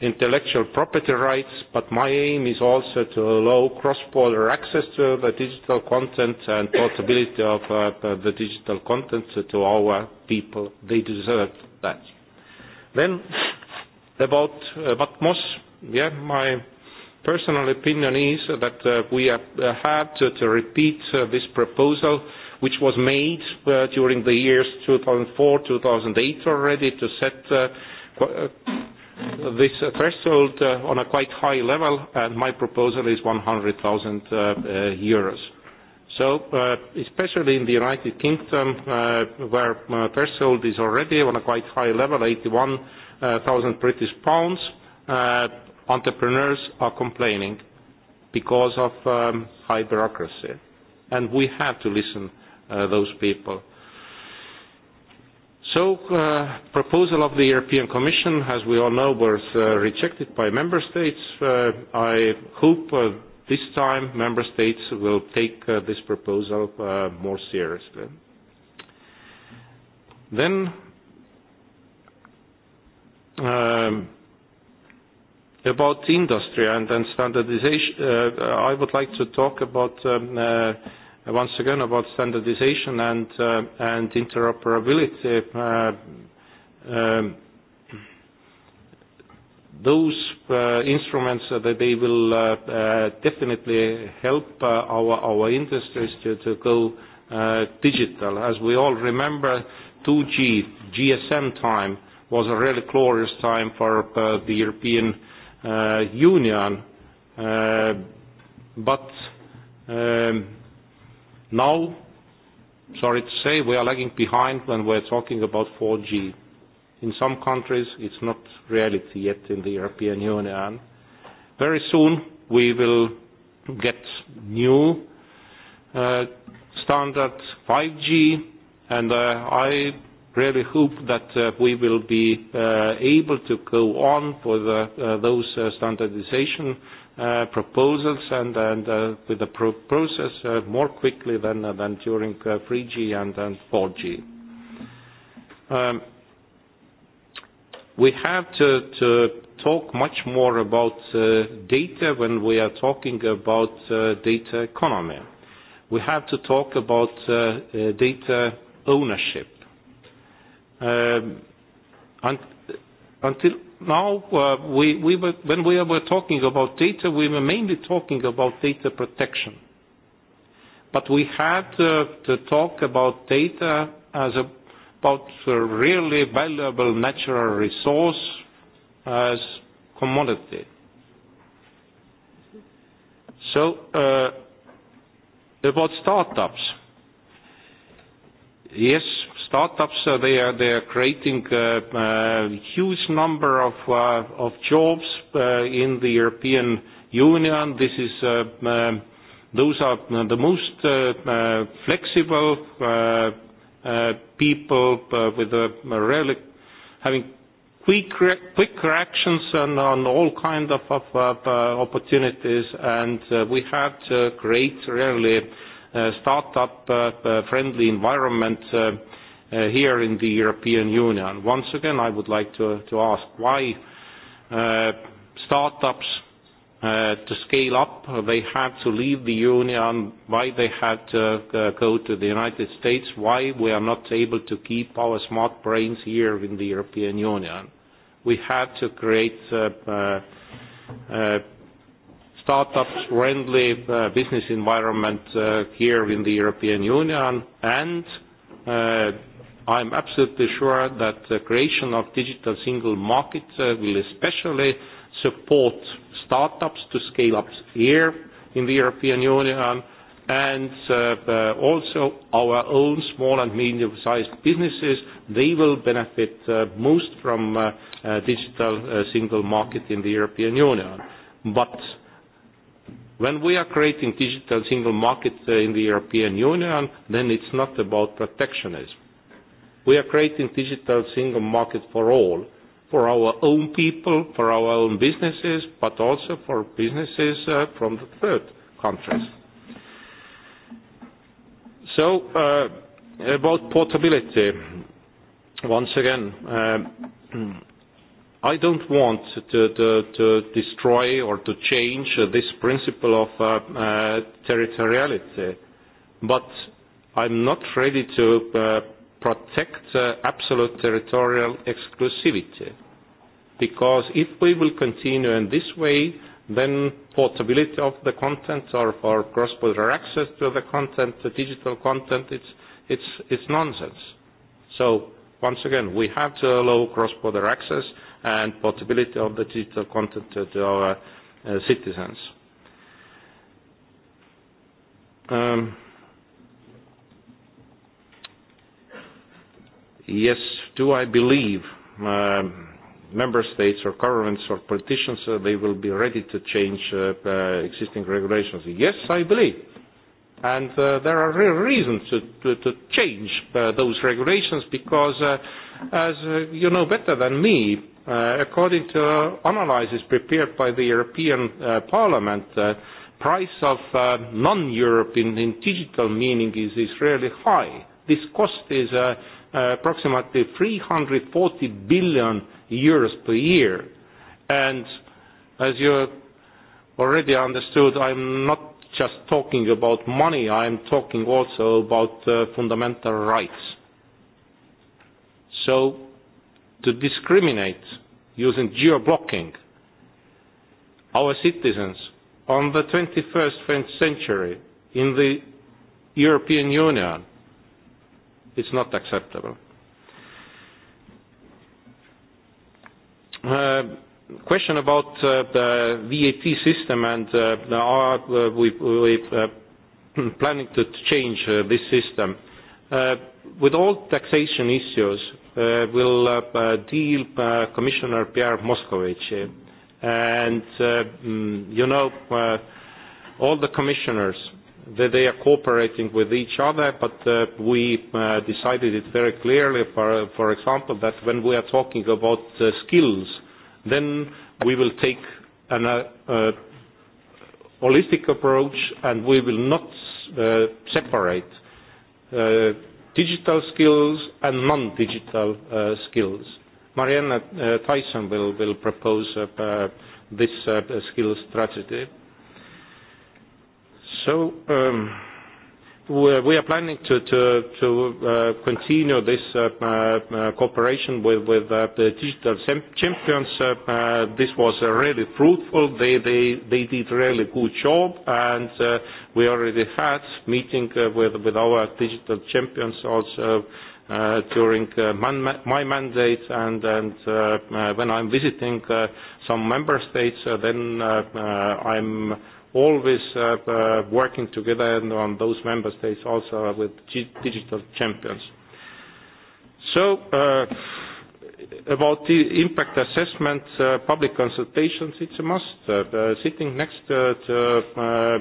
intellectual property rights, but my aim is also to allow cross-border access to the digital content and portability of uh, the digital content to our people. They deserve that. Then, about uh, what most Yeah, my personal opinion is that uh, we have uh, had to, to repeat uh, this proposal which was made uh, during the years 2004-2008 already to set uh, uh, this threshold uh, on a quite high level and my proposal is 100,000 uh, uh, euros. So, uh, especially in the United Kingdom, uh, where uh, threshold is already on a quite high level, 81,000 uh, British pounds, uh, entrepreneurs are complaining because of um, high bureaucracy. And we have to listen uh, those people. So uh, proposal of the European Commission, as we all know, was uh, rejected by Member States. Uh, I hope uh, this time Member States will take this proposal more seriously. Then um, about industry and, and standardization, uh, I would like to talk about um, uh, once again about standardization and, uh, and interoperability. Uh, um, those uh, instruments uh, that they will uh, uh, definitely help uh, our, our industries to, to go uh, digital. As we all remember, 2G, GSM time was a really glorious time for uh, the European uh union uh, but um, now sorry to say we are lagging behind when we are talking about 4G in some countries it's not reality yet in the European Union very soon we will get new uh, standard 5G and uh, I really hope that uh, we will be uh, able to go on for the, uh, those standardization proposals and, and with the process more quickly than, than during 3G and, and 4G. Um, we have to, to talk much more about data when we are talking about data economy. We have to talk about data ownership Um, and until now, uh, we, we were, when we were talking about data, we were mainly talking about data protection. But we had uh, to talk about data as a, about a really valuable natural resource as commodity. So, uh, about startups. Yes, startups. Uh, they are they are creating a uh, uh, huge number of of jobs in the European Union. This is um, those are the most flexible people with a really having quick quick reactions on, on all kind of, of, uh opportunities and uh, we have to create really uh, startup uh, friendly environment uh, uh, here in the European Union. Once again, I would like to, to ask why uh, startups uh, to scale up, uh, they have to leave the Union, why they have to uh, go to the United States, why we are not able to keep our smart brains here in the European Union. We have to create uh, uh, uh friendly uh, business environment uh, here in the European Union and uh, I'm absolutely sure that the creation of digital single market uh, will especially support startups to scale up here in the European Union and uh, uh, also our own small and medium-sized businesses. They will benefit most from digital single market in the European Union. But when we are creating digital single market in the European Union, then it's not about protectionism We are creating digital single market for all, for our own people, for our own businesses, but also for businesses uh, from the third countries. So, uh, about portability, once again, uh, I don't want to, to, destroy or to change this principle of territoriality, but I'm not ready to protect uh, absolute territorial exclusivity. Because if we will continue in this way, then portability of the content or for cross-border access to the content, the digital content, it's, it's, it's nonsense. So once again, we have to allow cross-border access and portability of the digital content to, to our uh, citizens. Um, yes, do I believe um, member states or governments or politicians, uh, they will be ready to change uh, uh, existing regulations? Yes, I believe. And uh, there are real reasons to, to, to change uh, those regulations because, uh, as uh, you know better than me, uh, according to uh, analysis prepared by the European uh, Parliament, uh, price of uh, non-European in digital meaning is, is really high. This cost is uh, uh, approximately 340 billion euros per year. And as you already understood, I'm not just talking about money, I'm talking also about uh, fundamental rights. So to discriminate using geo-blocking our citizens on the 21st century in the European Union It's not acceptable. Uh, question about uh, the VAT system and uh, are we, we planning to change this system? With all taxation issues, will deal Commissioner Pierre Moscovici. And mm, you know, all the commissioners that they are cooperating with each other, but uh, we uh, decided it very clearly, for, for example, that when we are talking about uh, skills, then we will take an uh, uh holistic approach and we will not uh, separate uh, digital skills and non-digital skills. Mariana Tyson will, will propose this skills strategy. So um, we are planning to, to, to uh, continue this uh, uh, cooperation with, with the digital champions. this was uh, really fruitful. They, they, they did really good job, and we already had meeting with, with our digital champions also uh, during my mandate, and, and uh, uh, when I'm visiting some member states, then uh, uh, I'm always uh, uh, working together and on those member states also with digital champions. So uh, about the impact assessment, uh, public consultations, it's a must. Uh, sitting next to, uh,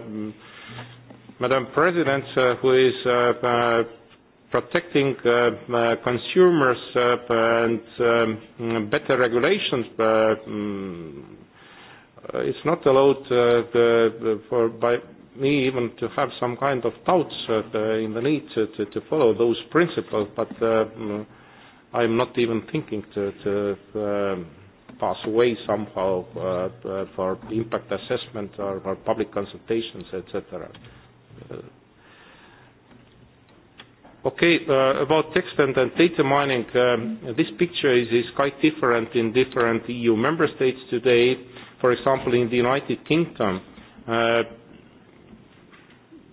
Madam President, uh, who is uh, uh, protecting uh, uh, consumers uh, and um, better regulations, uh, mm, Uh, it's not allowed uh, the, for by me even to have some kind of doubts uh, in the need to, to, to follow those principles, but uh, mm, I'm not even thinking to, to um, pass away somehow uh, uh, for impact assessment or for public consultations, etc. Uh, okay, uh, about text and, and data mining, um, this picture is, is quite different in different EU member states today For example, in the United Kingdom, uh,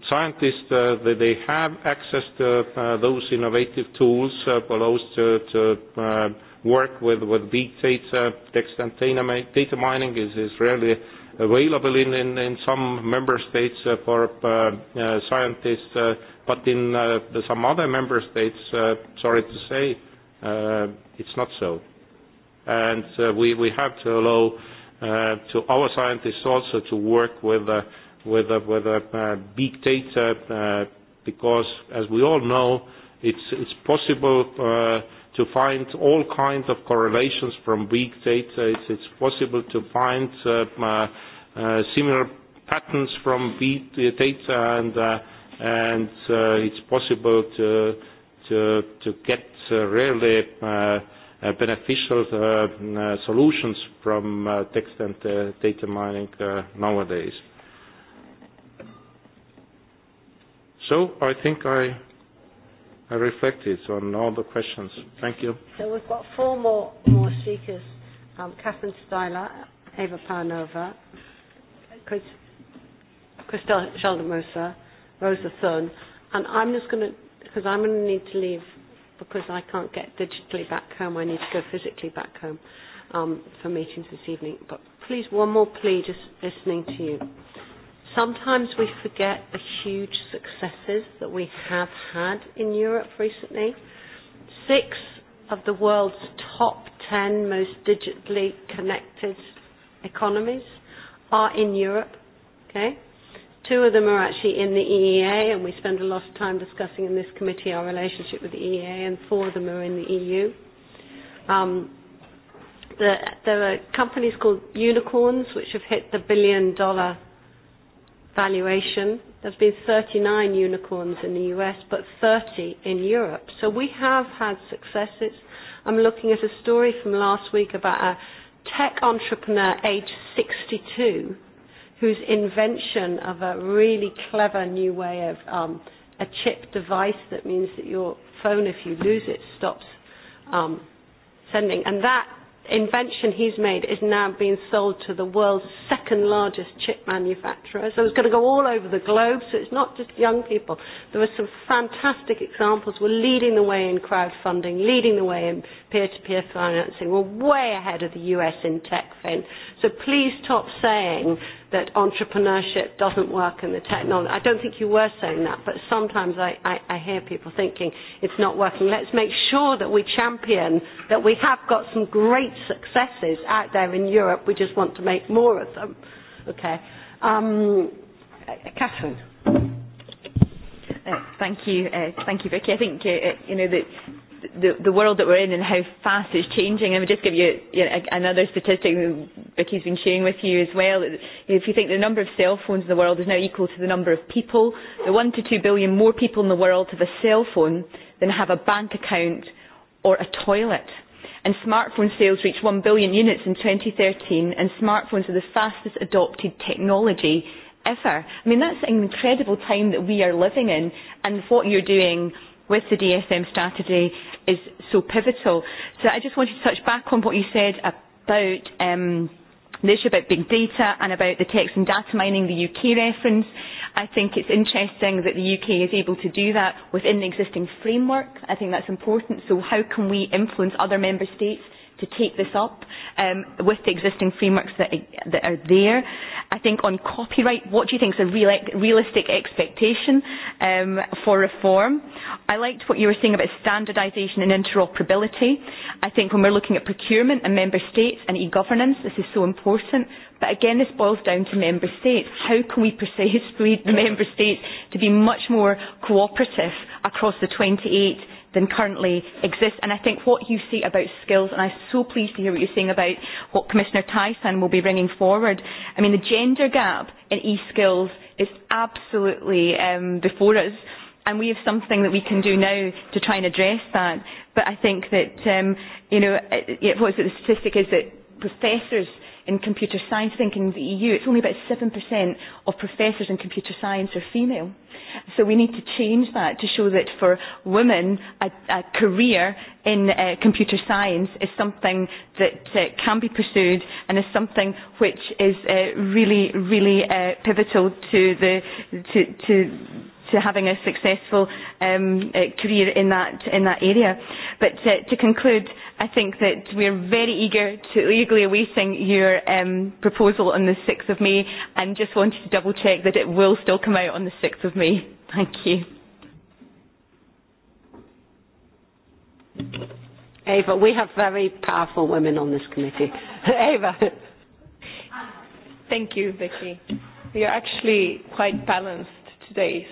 scientists, uh, they, they have access to uh, those innovative tools uh, allows to, to uh, work with, with big data. Text and data mining is, is rarely available in, in, in some member states uh, for uh, uh, scientists, uh, but in uh, some other member states, uh, sorry to say, uh, it's not so. And uh, we, we have to allow Uh, to our scientists also to work with uh, with uh, with uh, uh, big data uh, because as we all know it's it's possible uh, to find all kinds of correlations from big data it's, it's possible to find uh, uh, uh similar patterns from big data and uh, and uh, it's possible to to to get uh, really uh, Uh, beneficial uh, uh, solutions from text and data mining nowadays. So I think I I reflected on all the questions. Thank you. So we've got four more, more speakers. Um, Catherine Steiler, Eva Panova, Chris, Christel Rosa Thun. And I'm just going to, because I'm going to need to leave because I can't get digitally back home. I need to go physically back home um, for meetings this evening. But please, one more plea just listening to you. Sometimes we forget the huge successes that we have had in Europe recently. Six of the world's top ten most digitally connected economies are in Europe. Okay? Two of them are actually in the EEA, and we spend a lot of time discussing in this committee our relationship with the EEA, and four of them are in the EU. Um, the, there are companies called unicorns which have hit the billion dollar valuation. There's been 39 unicorns in the US, but 30 in Europe. So we have had successes. I'm looking at a story from last week about a tech entrepreneur aged 62 whose invention of a really clever new way of um, a chip device that means that your phone, if you lose it, stops um, sending. And that invention he's made is now being sold to the world's second largest chip manufacturer. So it's going to go all over the globe, so it's not just young people. There are some fantastic examples. We're leading the way in crowdfunding, leading the way in peer-to-peer financing. We're way ahead of the US in tech fin. So please stop saying that entrepreneurship doesn't work in the technology. I don't think you were saying that, but sometimes I, I, I hear people thinking it's not working. Let's make sure that we champion that we have got some great successes out there in Europe. We just want to make more of them. Okay. Um, Catherine. Uh, thank you. Uh, thank you, Vicky. I think, uh, uh you know, that the, the world that we're in and how fast it's changing. I would just give you, you know, another statistic Vicky's been sharing with you as well. If you think the number of cell phones in the world is now equal to the number of people, the one to two billion more people in the world have a cell phone than have a bank account or a toilet. And smartphone sales reached one billion units in 2013, and smartphones are the fastest adopted technology ever. I mean, that's an incredible time that we are living in, and what you're doing with the DSM strategy is so pivotal. So I just wanted to touch back on what you said about um, the issue about big data and about the text and data mining, the UK reference. I think it's interesting that the UK is able to do that within the existing framework. I think that's important. So how can we influence other member states to take this up um, with the existing frameworks that, that are there. I think on copyright, what do you think is a real, realistic expectation um, for reform? I liked what you were saying about standardisation and interoperability. I think when we're looking at procurement and member states and e-governance, this is so important. But again, this boils down to member states. How can we persuade the member states to be much more cooperative across the 28 than currently exists. And I think what you see about skills, and I'm so pleased to hear what you're saying about what Commissioner Tyson will be bringing forward. I mean, the gender gap in e-skills is absolutely um, before us. And we have something that we can do now to try and address that. But I think that, um, you know, what is it, the statistic is that professors in computer science. I think in the EU it's only about 7% of professors in computer science are female. So we need to change that to show that for women a, a career in uh, computer science is something that uh, can be pursued and is something which is uh, really, really uh, pivotal to the to, to to having a successful um, uh, career in that, in that area. But uh, to conclude, I think that we're very eager to eagerly awaiting your um, proposal on the 6th of May and just wanted to double check that it will still come out on the 6th of May. Thank you. Ava, we have very powerful women on this committee. Ava. Thank you, Vicky. We are actually quite balanced days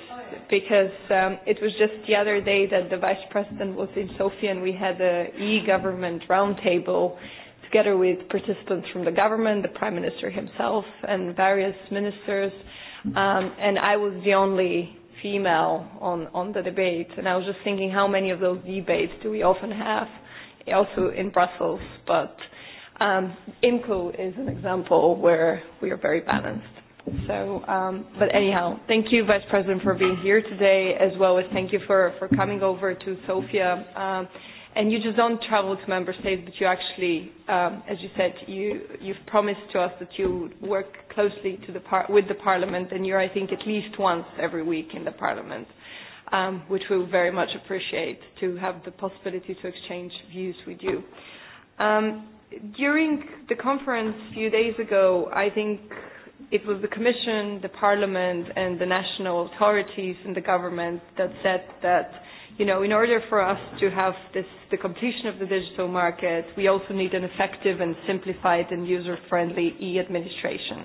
because um, it was just the other day that the vice president was in Sofia and we had a e-government roundtable together with participants from the government, the prime minister himself, and various ministers. Um, and I was the only female on, on the debate. And I was just thinking how many of those debates do we often have, also in Brussels. But um, IMCO is an example where we are very balanced. So, um, but anyhow, thank you, Vice President, for being here today, as well as thank you for, for coming over to Sofia. Um, and you just don't travel to member states, but you actually, um, as you said, you, you've promised to us that you work closely to the par- with the parliament, and you're, I think, at least once every week in the parliament, um, which we very much appreciate to have the possibility to exchange views with you. Um, during the conference a few days ago, I think it was the Commission, the Parliament, and the national authorities and the government that said that, you know, in order for us to have this, the completion of the digital market, we also need an effective and simplified and user-friendly e-administration.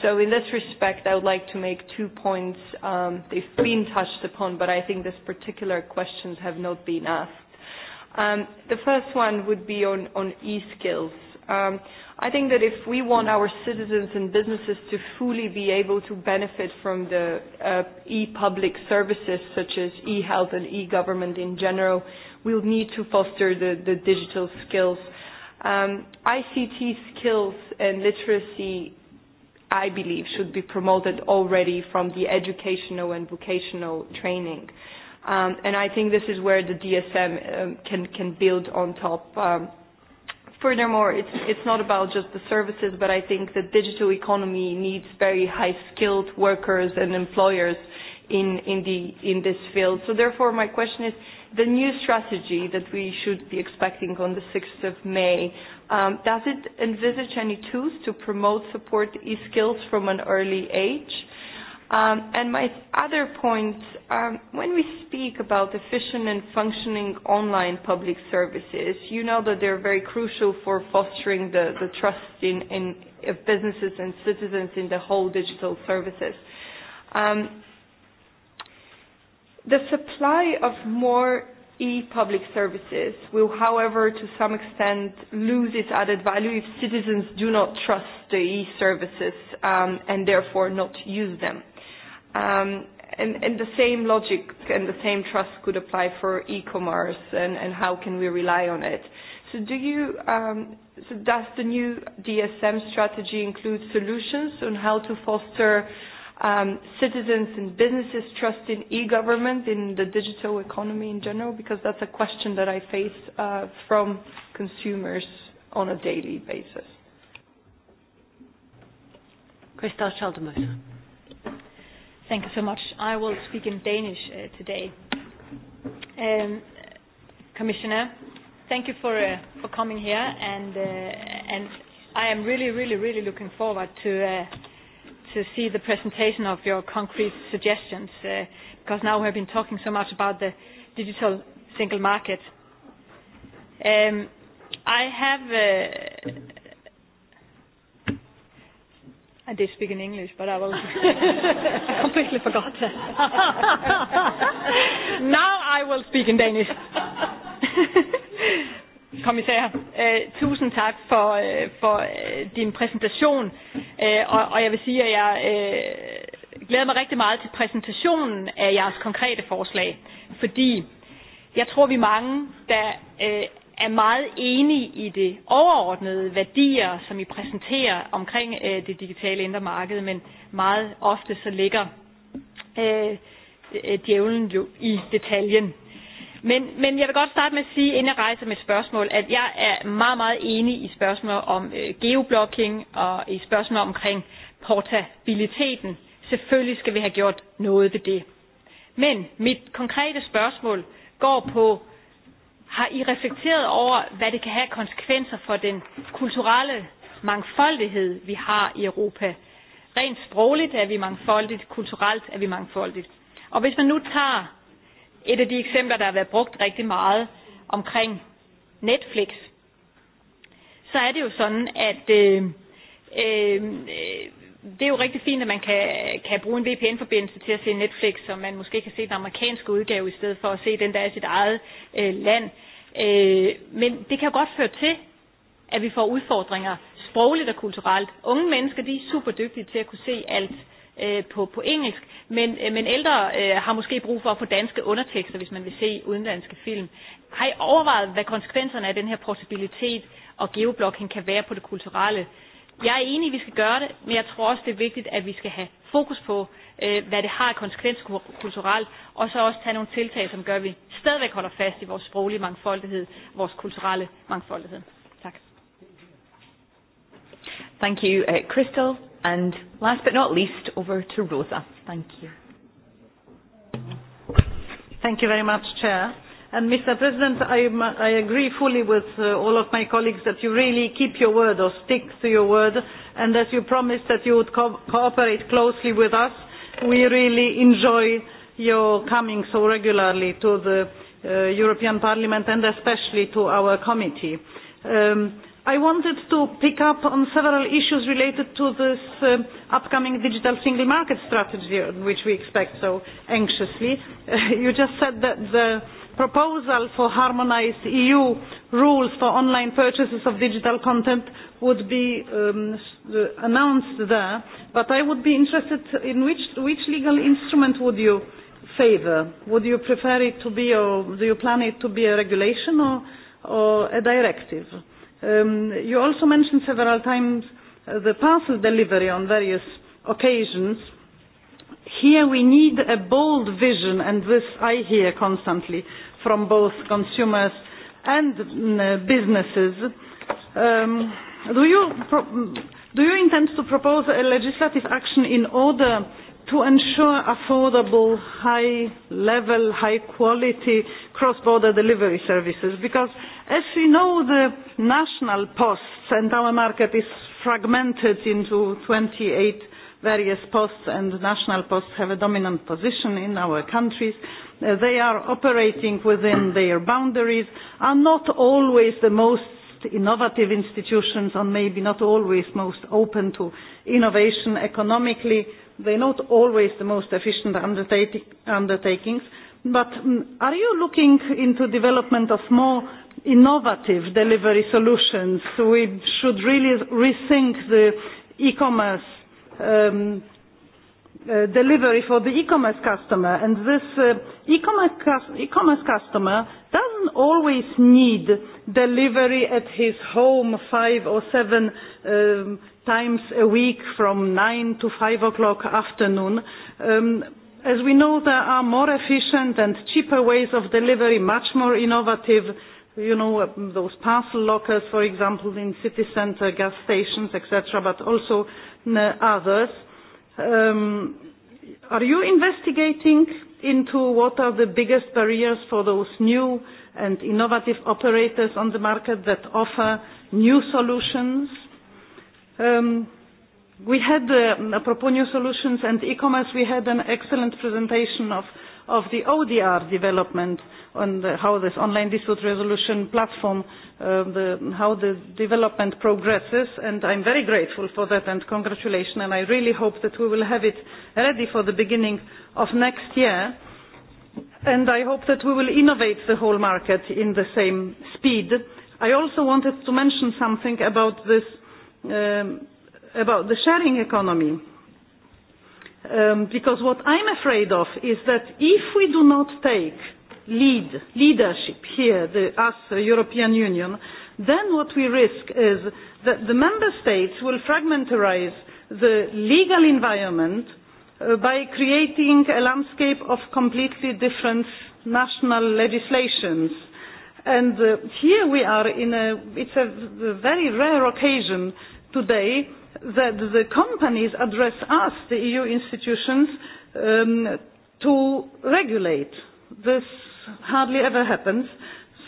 So in this respect, I would like to make two points. Um, they've been touched upon, but I think this particular questions have not been asked. Um, the first one would be on, on e-skills. Um, i think that if we want our citizens and businesses to fully be able to benefit from the uh, e-public services such as e-health and e-government in general, we'll need to foster the, the digital skills. Um, ICT skills and literacy, I believe, should be promoted already from the educational and vocational training. Um, and I think this is where the DSM um, can, can build on top. Um, Furthermore, it's, it's not about just the services, but I think the digital economy needs very high-skilled workers and employers in, in, the, in this field. So therefore, my question is, the new strategy that we should be expecting on the 6th of May, um, does it envisage any tools to promote, support e-skills from an early age? Um, and my other point, um, when we speak about efficient and functioning online public services, you know that they're very crucial for fostering the, the trust in, in, of businesses and citizens in the whole digital services. Um, the supply of more e-public services will, however, to some extent lose its added value if citizens do not trust the e-services um, and therefore not use them. Um, and, and the same logic and the same trust could apply for e-commerce and, and how can we rely on it. So do you, um, so does the new DSM strategy include solutions on how to foster um, citizens and businesses trust in e-government, in the digital economy in general? Because that's a question that I face uh, from consumers on a daily basis. Christel Thank you so much. I will speak in Danish uh, today. Um, Commissioner, thank you for, uh, for coming here, and, uh, and I am really, really, really looking forward to, uh, to see the presentation of your concrete suggestions, uh, because now we have been talking so much about the digital single market. Um, I have uh, i did speak in English, but I was completely forgotten. Now I will speak in Danish. Kommissær, øh, tusind tak for, øh, for øh, din præsentation, øh, og, og jeg vil sige, at jeg glæder mig rigtig meget til præsentationen af jeres konkrete forslag, fordi jeg tror, vi mange, der er meget enig i det overordnede værdier, som I præsenterer omkring øh, det digitale indre marked, men meget ofte så ligger øh, djævlen jo i detaljen. Men, men jeg vil godt starte med at sige, inden jeg rejser med spørgsmål, at jeg er meget, meget enig i spørgsmål om øh, geoblocking og i spørgsmål omkring portabiliteten. Selvfølgelig skal vi have gjort noget ved det. Men mit konkrete spørgsmål går på har I reflekteret over, hvad det kan have konsekvenser for den kulturelle mangfoldighed, vi har i Europa? Rent sprogligt er vi mangfoldigt, kulturelt er vi mangfoldigt. Og hvis man nu tager et af de eksempler, der har været brugt rigtig meget omkring Netflix, så er det jo sådan, at øh, øh, det er jo rigtig fint, at man kan, kan bruge en VPN-forbindelse til at se Netflix, så man måske kan se den amerikanske udgave i stedet for at se den, der er i sit eget øh, land. Øh, men det kan jo godt føre til, at vi får udfordringer sprogligt og kulturelt. Unge mennesker, de er super dygtige til at kunne se alt øh, på, på engelsk, men, øh, men ældre øh, har måske brug for at få danske undertekster, hvis man vil se udenlandske film. Har I overvejet, hvad konsekvenserne af den her portabilitet og geoblocking kan være på det kulturelle Jeg er enig, at vi skal gøre det, men jeg tror også, det er vigtigt, at vi skal have fokus på, øh, hvad det har af konsekvens kulturelt, og så også tage nogle tiltag, som gør, at vi stadigvæk holder fast i vores sproglige mangfoldighed, vores kulturelle mangfoldighed. Tak. Thank you, uh, Crystal. And last but not least, over to Rosa. Thank you. Thank you very much, Chair. And Mr. President, I, I agree fully with uh, all of my colleagues that you really keep your word or stick to your word, and as you promised that you would co cooperate closely with us, we really enjoy your coming so regularly to the uh, European Parliament and especially to our committee. Um, I wanted to pick up on several issues related to this uh, upcoming digital single market strategy, which we expect so anxiously. you just said that the proposal for harmonized EU rules for online purchases of digital content would be um, uh, announced there, but I would be interested in which, which legal instrument would you favor? Would you prefer it to be, or do you plan it to be a regulation or, or a directive? Um, you also mentioned several times uh, the parcel delivery on various occasions Here we need a bold vision, and this I hear constantly from both consumers and mm, uh, businesses. Um, do, you do you intend to propose a legislative action in order to ensure affordable, high level, high quality cross border delivery services? Because, as we know, the national posts and our market is fragmented into 28 various posts and national posts have a dominant position in our countries. Uh, they are operating within their boundaries, are not always the most innovative institutions and maybe not always most open to innovation economically. They're not always the most efficient undertakings. But mm, are you looking into development of more innovative delivery solutions? We should really rethink the e-commerce um, uh, delivery for the e-commerce customer. And this uh, e-commerce, customer doesn't always need delivery at his home five or seven um, times a week from nine to five o'clock afternoon. Um, as we know, there are more efficient and cheaper ways of delivery, much more innovative you know, those parcel lockers, for example, in city center, gas stations, etc., but also Uh, others. Um, are you investigating into what are the biggest barriers for those new and innovative operators on the market that offer new solutions? Um, we had, uh, um, apropos new solutions and e-commerce, we had an excellent presentation of of the ODR development and how this online dispute resolution platform, uh, the, how the development progresses. And I'm very grateful for that and congratulations. And I really hope that we will have it ready for the beginning of next year. And I hope that we will innovate the whole market in the same speed. I also wanted to mention something about this, um, about the sharing economy Um, because what I'm afraid of is that if we do not take lead, leadership here, the, us, the European Union, then what we risk is that the member states will fragmentarize the legal environment uh, by creating a landscape of completely different national legislations. And uh, here we are in a, it's a very rare occasion today that the companies address us, the EU institutions, um, to regulate. This hardly ever happens.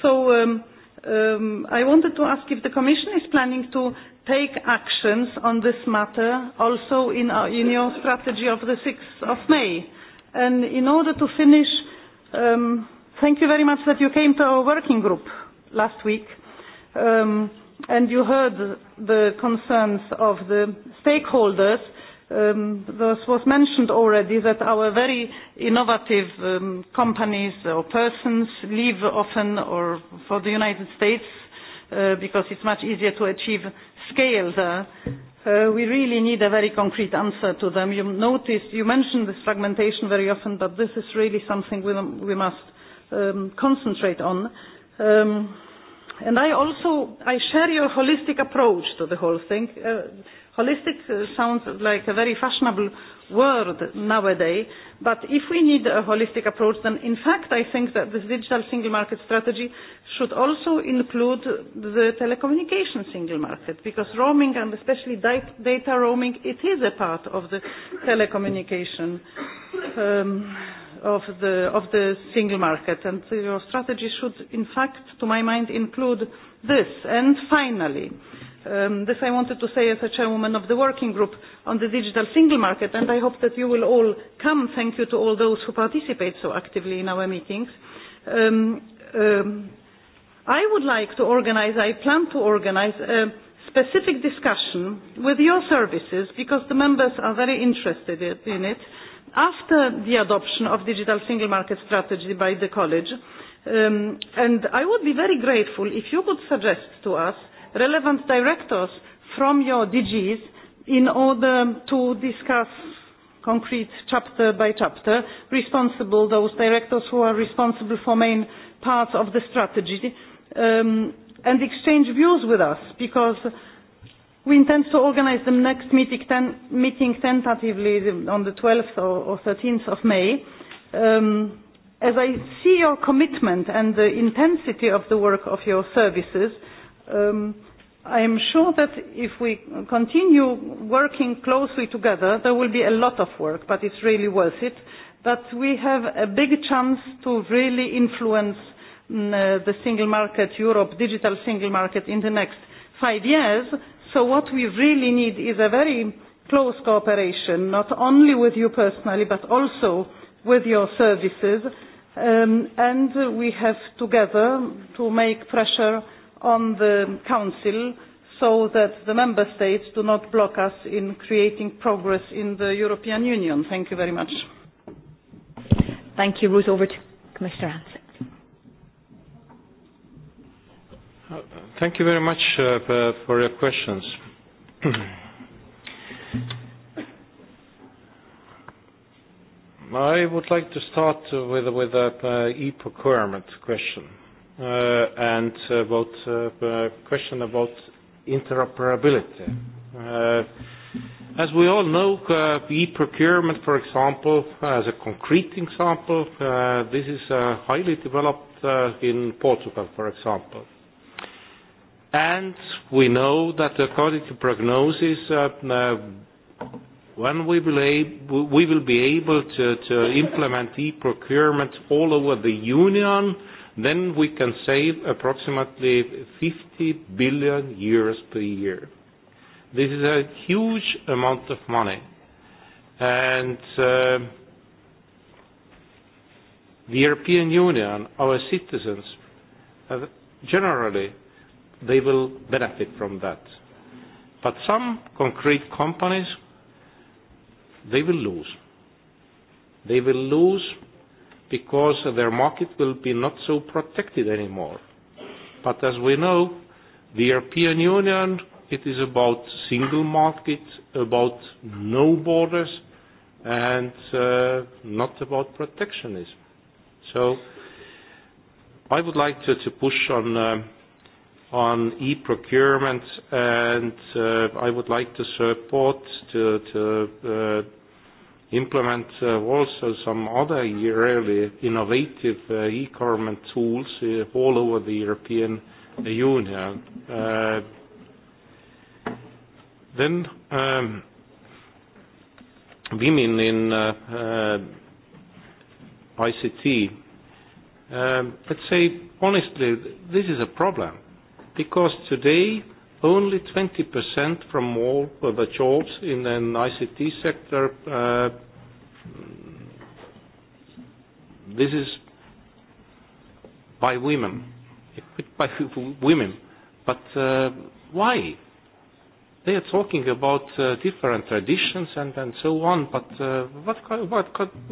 So um, um, I wanted to ask if the Commission is planning to take actions on this matter also in, our, uh, in your strategy of the 6th of May. And in order to finish, um, thank you very much that you came to our working group last week. Um, and you heard the concerns of the stakeholders. Um, this was mentioned already that our very innovative um, companies or persons leave often or for the United States uh, because it's much easier to achieve scale there. Uh, we really need a very concrete answer to them. You noticed, you mentioned this fragmentation very often, but this is really something we, we must um, concentrate on. Um, and I also I share your holistic approach to the whole thing. Uh, holistic uh, sounds like a very fashionable word nowadays, but if we need a holistic approach, then in fact I think that this digital single market strategy should also include the telecommunication single market, because roaming and especially data roaming, it is a part of the telecommunication um, of the, of the single market. And your strategy should, in fact, to my mind, include this. And finally, um, this I wanted to say as a chairwoman of the working group on the digital single market, and I hope that you will all come. Thank you to all those who participate so actively in our meetings. Um, um, I would like to organize, I plan to organize a specific discussion with your services because the members are very interested in it after the adoption of digital single market strategy by the college um, and I would be very grateful if you could suggest to us relevant directors from your DGs in order to discuss concrete chapter by chapter responsible those directors who are responsible for main parts of the strategy um, and exchange views with us because We intend to organize the next meeting, ten, meeting tentatively on the 12th or, 13th of May. Um, as I see your commitment and the intensity of the work of your services, um, I am sure that if we continue working closely together, there will be a lot of work, but it's really worth it. But we have a big chance to really influence mm, uh, the single market, Europe, digital single market in the next five years So what we really need is a very close cooperation, not only with you personally, but also with your services. Um, and we have together to make pressure on the Council so that the Member States do not block us in creating progress in the European Union. Thank you very much. Thank you. Ruth, over to Commissioner Hansen. Thank you very much uh, for your questions. I would like to start with with the e-procurement question uh, and about uh, question about interoperability. Uh, as we all know, uh, e-procurement, for example, as a concrete example, uh, this is uh, highly developed uh, in Portugal, for example. And we know that according to prognosis, uh, uh when we will, we will be able to, to implement e-procurement all over the Union, then we can save approximately 50 billion euros per year. This is a huge amount of money. And uh, the European Union, our citizens, uh, generally they will benefit from that. But some concrete companies, they will lose. They will lose because their market will be not so protected anymore. But as we know, the European Union, it is about single market, about no borders, and uh, not about protectionism. So I would like to, to push on um, on e-procurement, and uh, I would like to support to, uh, implement uh, also some other really innovative e-government tools all over the European Union. then um, women in ICT. Um, let's say honestly, this is a problem because today only 20% from all of the jobs in the ICT sector, uh, this is by women, by women. But uh, why? they are talking about uh, different traditions and, and so on, but uh, what, what,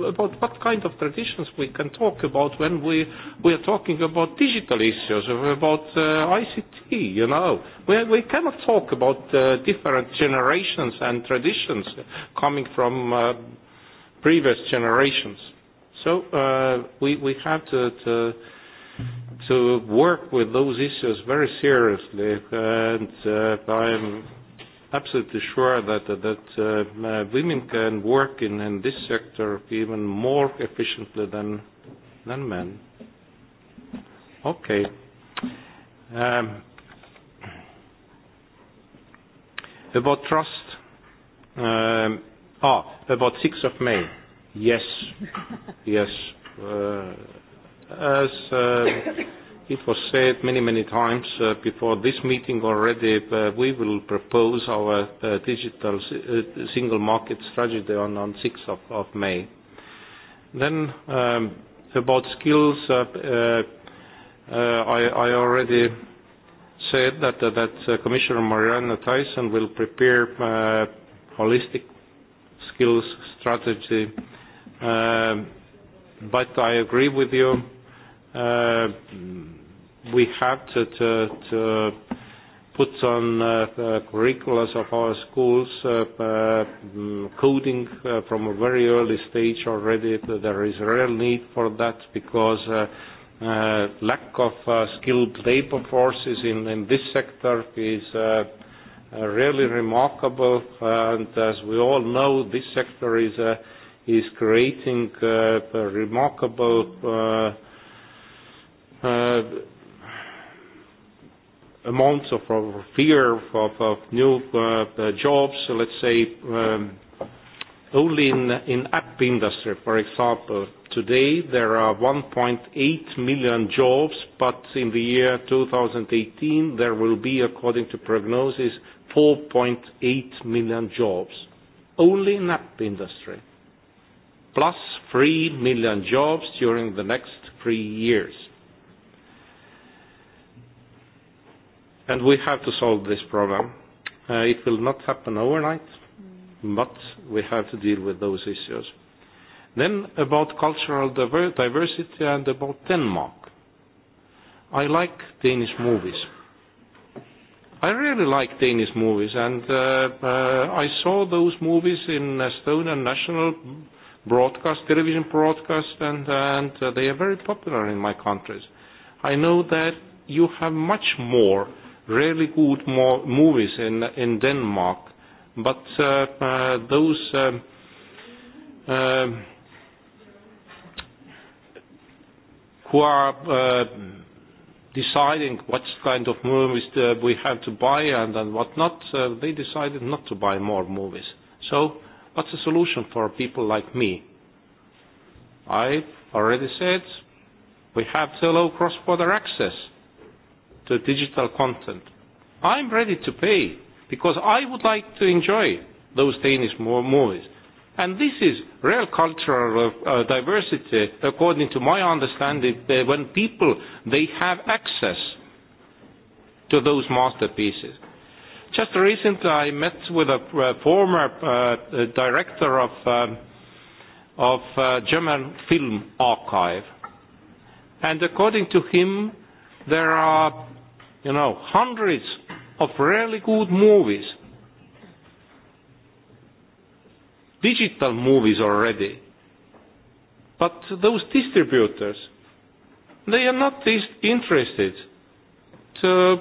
about what kind of traditions we can talk about when we, we are talking about digital issues, about uh, ICT, you know? We, we cannot talk about uh, different generations and traditions coming from uh, previous generations. So uh, we, we have to, to to work with those issues very seriously, and uh, I'm absolutely sure that that uh, uh, women can work in, in this sector even more efficiently than than men. Okay. Um, about trust. Um, ah, about 6th of May. Yes, yes. Uh, as. Uh, It was said many, many times uh, before this meeting already, uh, we will propose our uh, digital uh, single market strategy on, on 6th of, of May. Then um, about skills, I, I already said that, that Commissioner Mariana Tyson will prepare holistic skills strategy. Um, but I agree with you we have to, to, to put on uh, the uh, curriculums of our schools uh, uh mm, coding uh, from a very early stage already. There is a real need for that because uh, uh, lack of uh, skilled labor forces in, in this sector is uh, uh really remarkable. And as we all know, this sector is, uh, is creating uh, remarkable uh, uh, Amount of, fear of, of new uh, uh jobs, let's say, um, only in, in app industry, for example. Today there are 1.8 million jobs, but in the year 2018 there will be, according to prognosis, 4.8 million jobs, only in app industry, plus 3 million jobs during the next three years. and we have to solve this problem. Uh, it will not happen overnight, but we have to deal with those issues. Then about cultural diversity and about Denmark. I like Danish movies. I really like Danish movies, and uh, uh, I saw those movies in Estonian national broadcast, television broadcast, and, they are very popular in my countries. I know that you have much more really good mo movies in, in Denmark, but uh, uh, those um, uh, who are uh, deciding what kind of movies uh, we have to buy and, and what not, uh, they decided not to buy more movies. So what's the solution for people like me? I already said we have to allow cross-border access the digital content. I'm ready to pay because I would like to enjoy those Danish movies. And this is real cultural uh, uh diversity, according to my understanding, uh, when people, they have access to those masterpieces. Just recently I met with a former uh, uh, director of, um, of uh, German Film Archive. And according to him, there are you know, hundreds of really good movies, digital movies already. But those distributors, they are not interested to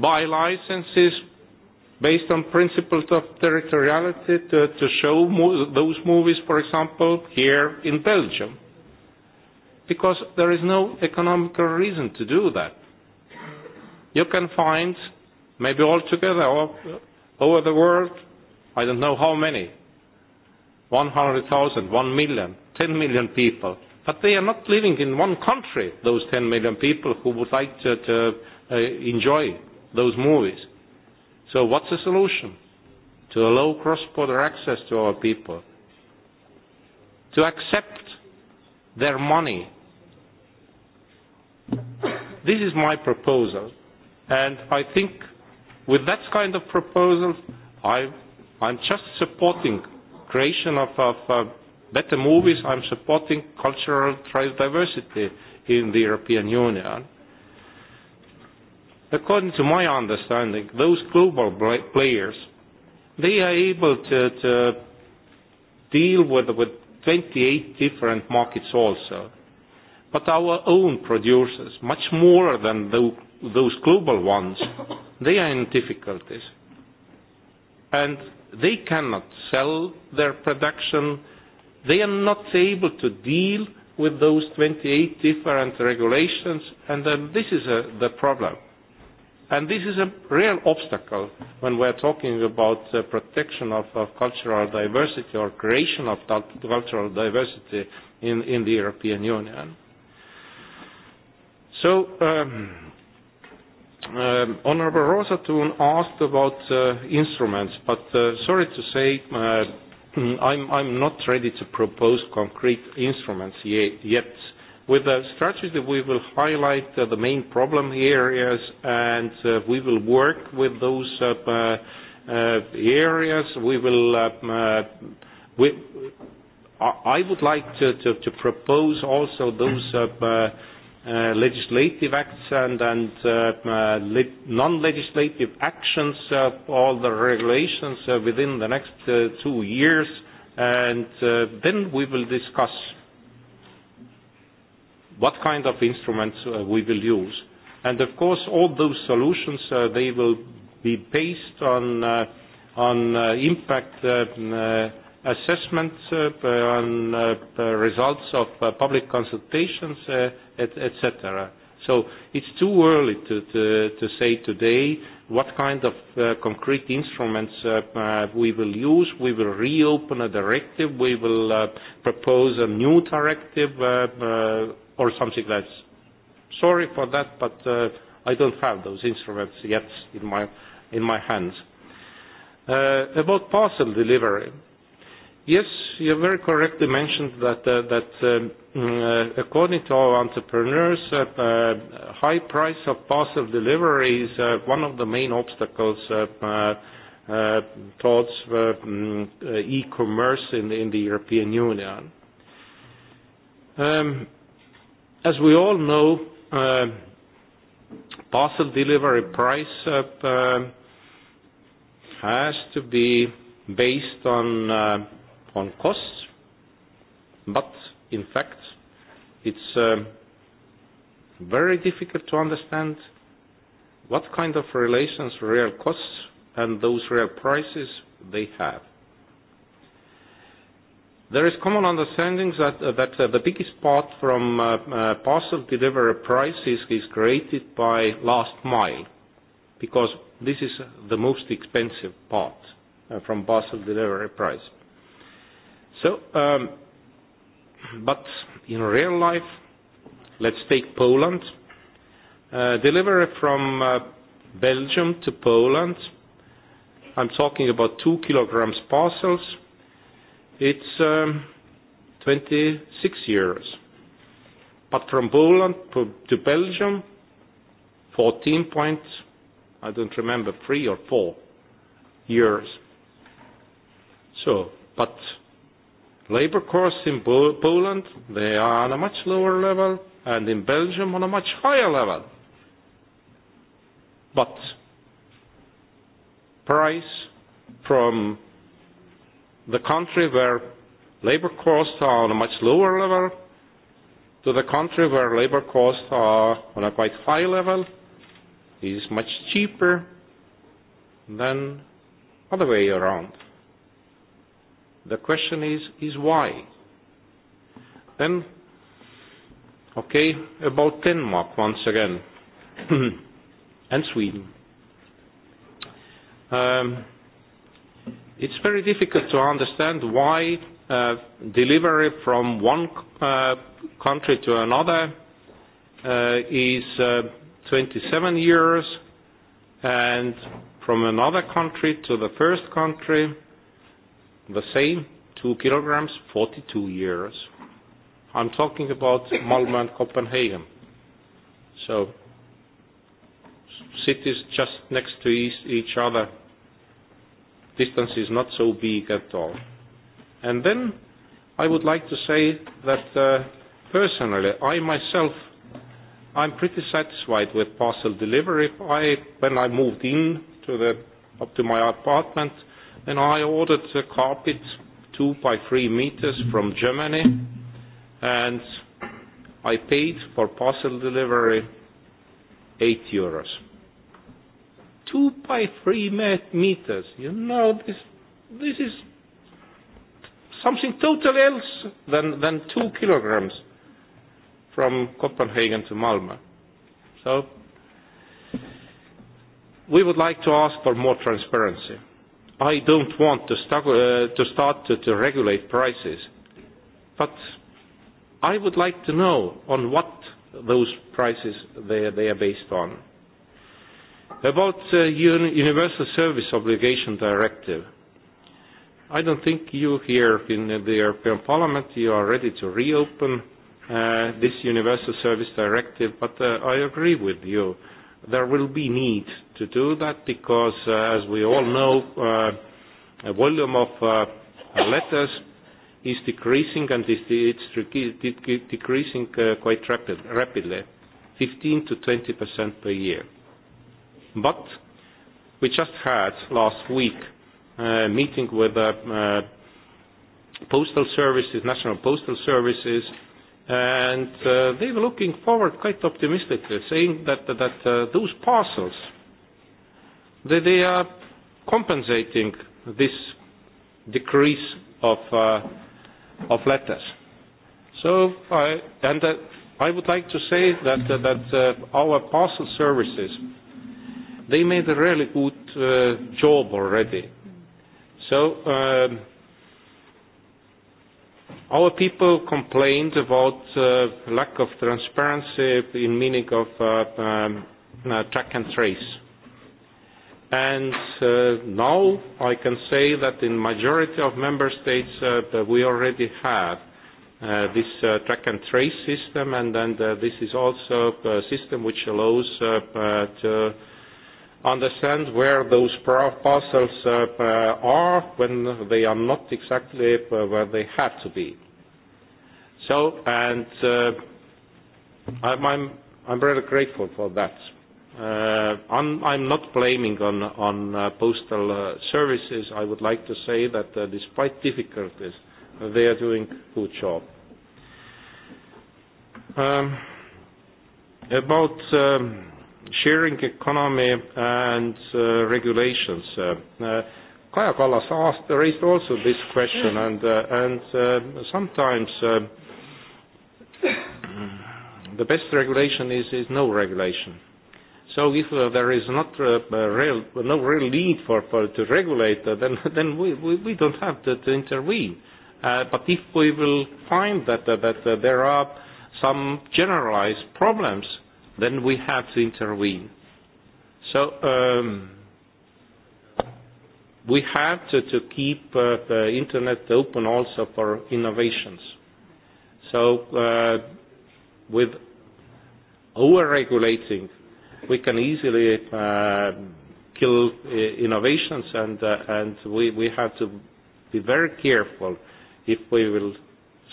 buy licenses based on principles of territoriality to, to show mo those movies, for example, here in Belgium. Because there is no economical reason to do that you can find maybe all together all over the world, I don't know how many, 100,000, 1 million, 10 million people. But they are not living in one country, those 10 million people who would like to, to uh, enjoy those movies. So what's the solution? To allow cross-border access to our people. To accept their money. This is my proposal. And I think with that kind of proposal, I, I'm just supporting creation of, of uh, better movies. I'm supporting cultural diversity in the European Union. According to my understanding, those global players, they are able to, to deal with, with 28 different markets also. But our own producers, much more than the those global ones, they are in difficulties. And they cannot sell their production. They are not able to deal with those 28 different regulations, and then um, this is a, uh, the problem. And this is a real obstacle when we're talking about the protection of, of cultural diversity or creation of cultural diversity in, in the European Union. So, um, Um, Honorable Rosa Thun asked about uh, instruments, but uh, sorry to say, uh, I'm, I'm not ready to propose concrete instruments yet. With the strategy, we will highlight uh, the main problem areas and uh, we will work with those uh, uh, areas. We will, uh uh, we, I would like to, to, to propose also those uh, uh, Uh, legislative acts and, and uh, uh non-legislative actions of uh, all the regulations uh, within the next uh, two years, and uh, then we will discuss what kind of instruments uh, we will use. And of course, all those solutions, uh, they will be based on, uh, on uh, impact uh, uh, assessments uh, on uh, results of uh, public consultations, etc. So it's too early to, to, to say today what kind of concrete instruments we will use. We will reopen a directive. We will propose a new directive or something like that. Sorry for that, but I don't have those instruments yet in my, in my hands. about parcel delivery, Yes, you very correctly mentioned that uh, that um, uh, according to our entrepreneurs, uh, uh, high price of parcel delivery is uh, one of the main obstacles uh, uh, uh towards uh, um, uh, e-commerce in, in the European Union. Um, as we all know, uh, parcel delivery price uh, uh, has to be based on uh, on costs, but in fact it's um, very difficult to understand what kind of relations real costs and those real prices they have. There is common understanding that, uh, that uh, the biggest part from uh, parcel delivery prices is created by last mile, because this is the most expensive part from parcel delivery price. So, um, but in real life, let's take Poland. Uh, delivery from uh, Belgium to Poland, I'm talking about two kilograms parcels. It's um, 26 euros. But from Poland to Belgium, 14 point, I don't remember, three or four years. So, but Labor costs in Poland, they are on a much lower level, and in Belgium on a much higher level. But price from the country where labor costs are on a much lower level to the country where labor costs are on a quite high level is much cheaper than other way around. The question is, is why? Then, okay, about Denmark once again, and Sweden. Um, it's very difficult to understand why uh, delivery from one uh, country to another uh, is uh, 27 years and from another country to the first country The same, 2 kilograms, 42 years I'm talking about Malmö and Copenhagen. So, cities just next to each other. Distance is not so big at all. And then I would like to say that uh, personally, I myself, I'm pretty satisfied with parcel delivery. I, when I moved in to the, up to my apartment, and I ordered a carpet two by three meters from Germany and I paid for parcel delivery eight euros. Two by three meters, you know, this, this is something totally else than, than two kilograms from Copenhagen to Malmö. So we would like to ask for more transparency i don't want to, start, uh, to start to, to regulate prices, but I would like to know on what those prices they, they are based on. About uh, Universal Service Obligation Directive, I don't think you here in the European Parliament you are ready to reopen uh, this Universal Service Directive, but uh, I agree with you there will be need to do that because, uh, as we all know, uh, a volume of uh, letters is decreasing and it's decreasing uh, quite rapid, rapidly, 15 to 20 percent per year. But we just had last week uh, a meeting with uh, uh, postal services, national postal services, and uh, they were looking forward quite optimistically, saying that that uh, those parcels that they are compensating this decrease of uh, of letters. So I and uh, I would like to say that uh, that uh, our parcel services they made a really good uh, job already. So. Um, Our people complained about uh, lack of transparency in meaning of uh, um, uh, track and trace. And uh, now I can say that in majority of member states uh, we already have uh, this uh, track and trace system and, and uh, this is also a system which allows uh, uh, to understand where those parcels uh, uh, are when they are not exactly uh, where they have to be. So, and uh, I'm, I'm, I'm very grateful for that. Uh, I'm, I'm not blaming on, on uh, postal uh, services. I would like to say that uh, despite difficulties, they are doing a good job. Um, about um, sharing economy and uh, regulations. Uh, uh, Kaja Kallas asked, raised also this question, and, and sometimes the best regulation is, is no regulation. So if uh, there is not uh, real, no real need for, for to regulate, uh, then, then we, we, we don't have to, to intervene. Uh, but if we will find that, uh, that uh, there are some generalized problems then we have to intervene. So um, we have to, to keep uh, the internet open also for innovations. So uh, with over-regulating, we can easily uh, kill uh, innovations and, uh, and we, we have to be very careful if we will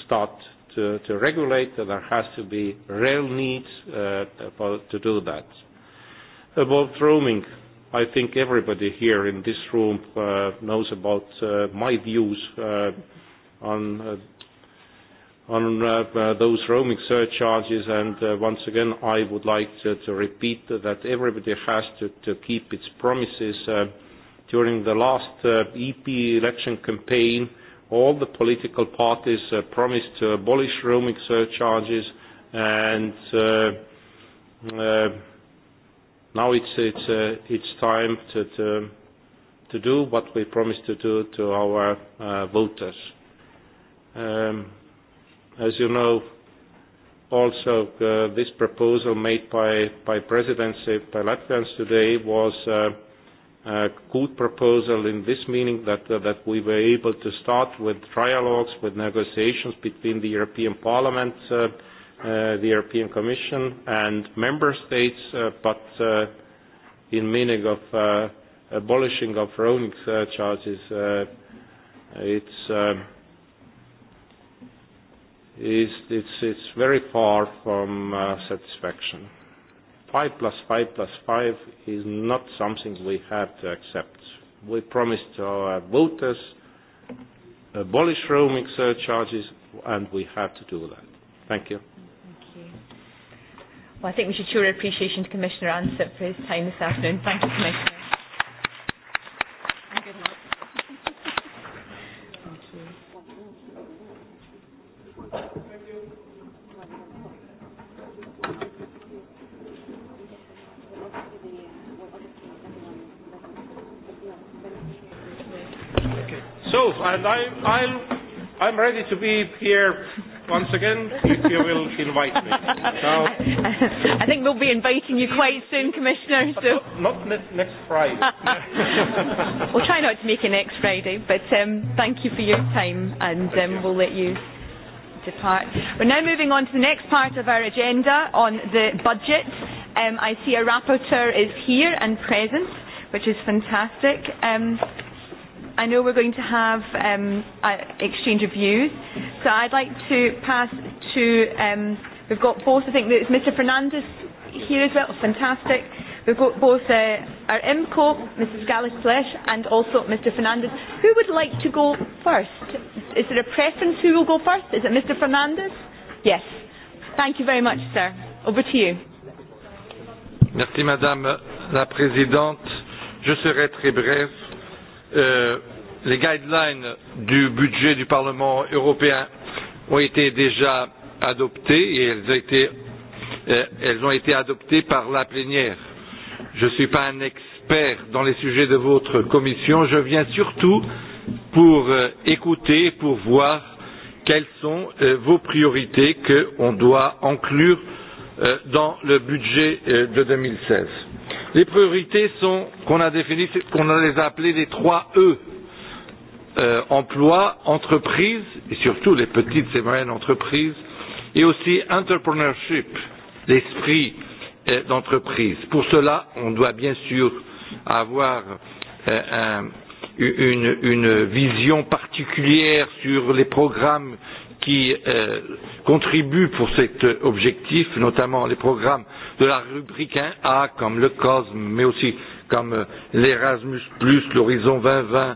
start to, to regulate, there has to be real need uh, to do that. About roaming, I think everybody here in this room uh, knows about uh, my views uh, on uh, on uh, those roaming surcharges. and uh, Once again, I would like to, to repeat that everybody has to, to keep its promises. Uh, during the last uh, EP election campaign, all the political parties uh, promised to abolish roaming surcharges and uh, uh, now it's it's uh, it's time to, to to do what we promised to do to our uh, voters um, as you know also uh, this proposal made by by presidency by Latvians today was uh, good uh, proposal in this meaning that, uh, that we were able to start with trialogues, with negotiations between the European Parliament, uh, uh, the European Commission and Member States, uh, but uh, in meaning of uh, abolishing of roaming surcharges, uh, it's, uh, it's, it's, it's very far from uh, satisfaction. 5 plus 5 plus 5 is not something we have to accept. We promised our voters abolish roaming surcharges and we have to do that. Thank you. Thank you. Well, I think we should show our appreciation to Commissioner Ansip for his time this afternoon. Thank you, Commissioner. I'm ready to be here once again if you will invite me. So I think we'll be inviting you quite soon, Commissioner. So. Not next Friday. we'll try not to make it next Friday, but um, thank you for your time and um, we'll let you depart. We're now moving on to the next part of our agenda on the budget. Um, I see a rapporteur is here and present, which is fantastic. Um, i know we're going to have um, an exchange of views, so I'd like to pass to, um, we've got both, I think it's Mr. Fernandez here as well, fantastic. We've got both uh, our IMCO, Mrs. Gallic Flesh, and also Mr. Fernandez. Who would like to go first? Is there a preference who will go first? Is it Mr. Fernandez? Yes. Thank you very much, sir. Over to you. Merci, Madame la Présidente. Je serai très bref. Euh, les guidelines du budget du Parlement européen ont été déjà adoptées et elles ont été, euh, elles ont été adoptées par la plénière. Je ne suis pas un expert dans les sujets de votre commission, je viens surtout pour euh, écouter, pour voir quelles sont euh, vos priorités qu'on doit inclure dans le budget de 2016. Les priorités sont qu'on a définies, qu'on les a appelées les trois E euh, emploi, entreprise et surtout les petites et moyennes entreprises, et aussi entrepreneurship, l'esprit euh, d'entreprise. Pour cela, on doit bien sûr avoir euh, un, une, une vision particulière sur les programmes qui euh, contribuent pour cet objectif, notamment les programmes de la rubrique 1A comme le COSME, mais aussi comme euh, l'Erasmus, l'Horizon 2020,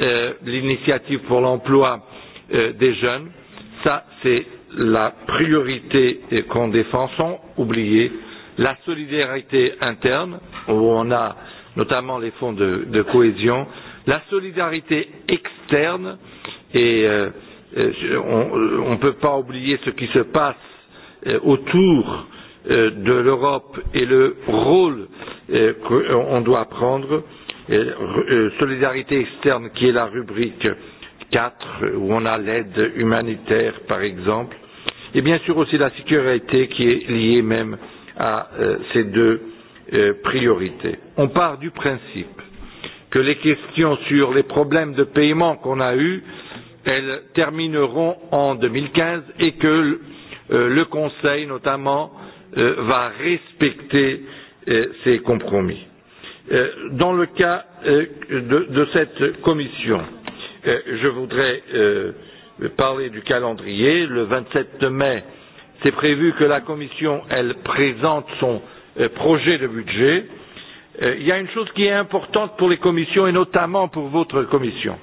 euh, l'initiative pour l'emploi euh, des jeunes. Ça, c'est la priorité euh, qu'on défend sans oublier la solidarité interne, où on a notamment les fonds de, de cohésion, la solidarité externe, et euh, euh on ne peut pas oublier ce qui se passe autour Euh, de l'Europe et le rôle euh, qu'on euh, doit prendre, solidarité externe qui est la rubrique 4 où on a l'aide humanitaire par exemple, et bien sûr aussi la sécurité qui est liée même à ces deux priorités. On part du principe que les questions sur les problèmes de paiement qu'on a eus, elles termineront en 2015 et que le Conseil notamment Euh, va respecter ces euh, compromis. Euh, dans le cas de, cette commission, je voudrais parler du calendrier. Le 27 mai, c'est prévu que la Commission elle, présente son projet de budget. Il y a une chose qui est importante pour les commissions et notamment pour votre commission.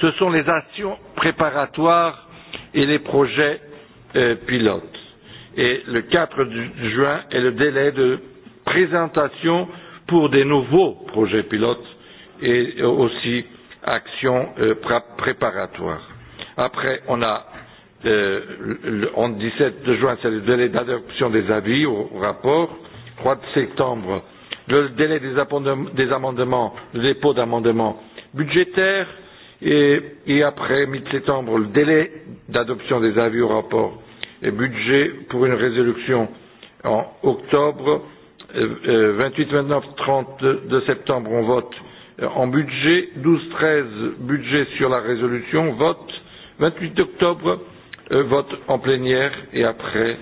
Ce sont les actions préparatoires et les projets pilotes et le 4 du juin est le délai de présentation pour des nouveaux projets pilotes et aussi actions euh, préparatoires. Après, on a euh, le 17 juin, c'est le délai d'adoption des avis au rapport. 3 septembre, le délai des, des amendements, le dépôt d'amendements budgétaires. Et, et après, mi-septembre, le délai d'adoption des avis au rapport et budget pour une résolution en octobre. 28, 29, 30 de septembre, on vote euh, en budget. 12, 13, budget sur la résolution, vote. 28 octobre, euh, vote en plénière et après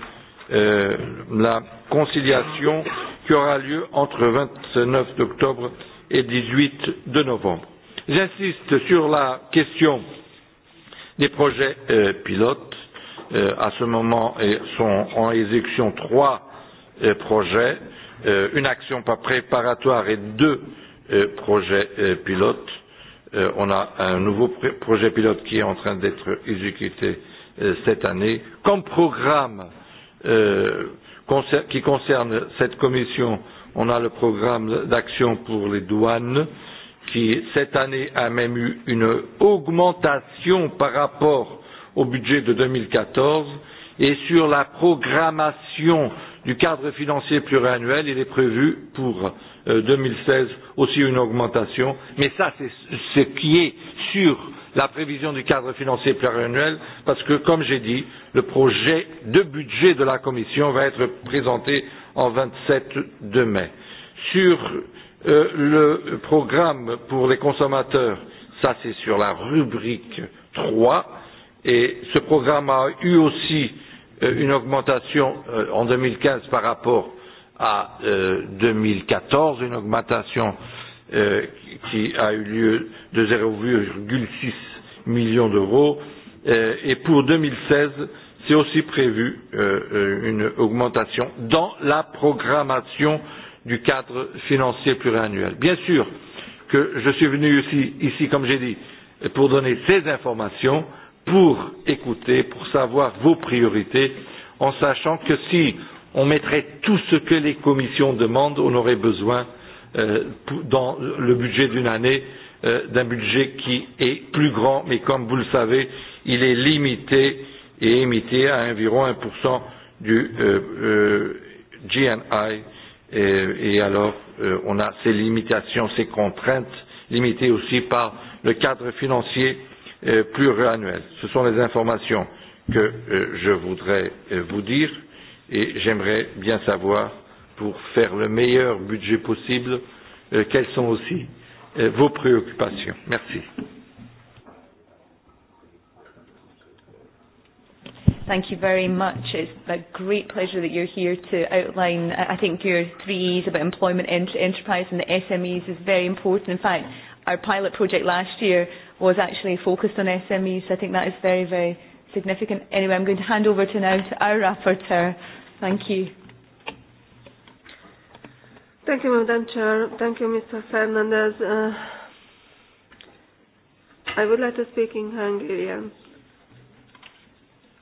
euh, la conciliation qui aura lieu entre 29 octobre et 18 de novembre. J'insiste sur la question des projets euh, pilotes Euh, à ce moment sont en exécution trois euh, projets, euh, une action préparatoire et deux projets pilotes. On a un nouveau projet pilote qui est en train d'être exécuté cette année. Comme programme qui concerne cette commission, on a le programme d'action pour les douanes qui cette année a même eu une augmentation par rapport au budget de deux mille quatorze et sur la programmation du cadre financier pluriannuel, il est prévu pour euh, deux mille seize aussi une augmentation, mais ça c'est ce qui est sur la prévision du cadre financier pluriannuel, parce que, comme j'ai dit, le projet de budget de la Commission va être présenté en 27 de mai. Sur euh, le programme pour les consommateurs, ça c'est sur la rubrique trois et ce programme a eu aussi euh, une augmentation euh, en 2015 par rapport à 2014, euh, une augmentation qui a eu lieu de 0,6 millions d'euros et pour 2016 c'est aussi prévu une augmentation dans la programmation du cadre financier pluriannuel. Bien sûr que je suis venu ici, ici comme j'ai dit, pour donner ces informations, pour écouter, pour savoir vos priorités, en sachant que si on mettrait tout ce que les commissions demandent, on aurait besoin euh, dans le budget d'une année euh, d'un budget qui est plus grand, mais comme vous le savez, il est limité et limité à environ 1% du euh, euh GNI et, et alors euh, on a ces limitations, ces contraintes limitées aussi par le cadre financier Euh, pluriannuel. Ce sont les informations que euh, je voudrais euh, vous dire et j'aimerais bien savoir, pour faire le meilleur budget possible, quelles sont aussi vos préoccupations. Merci. Thank you very much. It's a great pleasure that you're here to outline, uh, I think, your three E's about employment, enterprise and the SMEs is very important. In fact, our pilot project last year was actually focused on SMEs. I think that is very, very significant. Anyway, I'm going to hand over to now to our rapporteur. Thank you. Thank you, Madam Chair. Thank you, Mr. Fernandez. Uh, I would like to speak in Hungarian.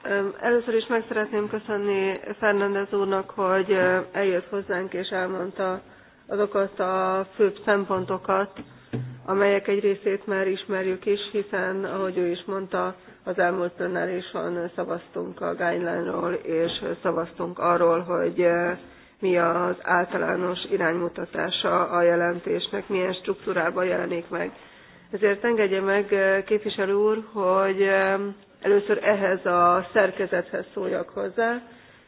Um, először is meg szeretném köszönni Fernandez úrnak, hogy uh, eljött hozzánk és elmondta azokat a főbb szempontokat, amelyek egy részét már ismerjük is, hiszen, ahogy ő is mondta, az elmúlt plenárison szavaztunk a guideline-ról, és szavaztunk arról, hogy eh, mi az általános iránymutatása a jelentésnek, milyen struktúrában jelenik meg. Ezért engedje meg, eh, képviselő úr, hogy eh, először ehhez a szerkezethez szóljak hozzá,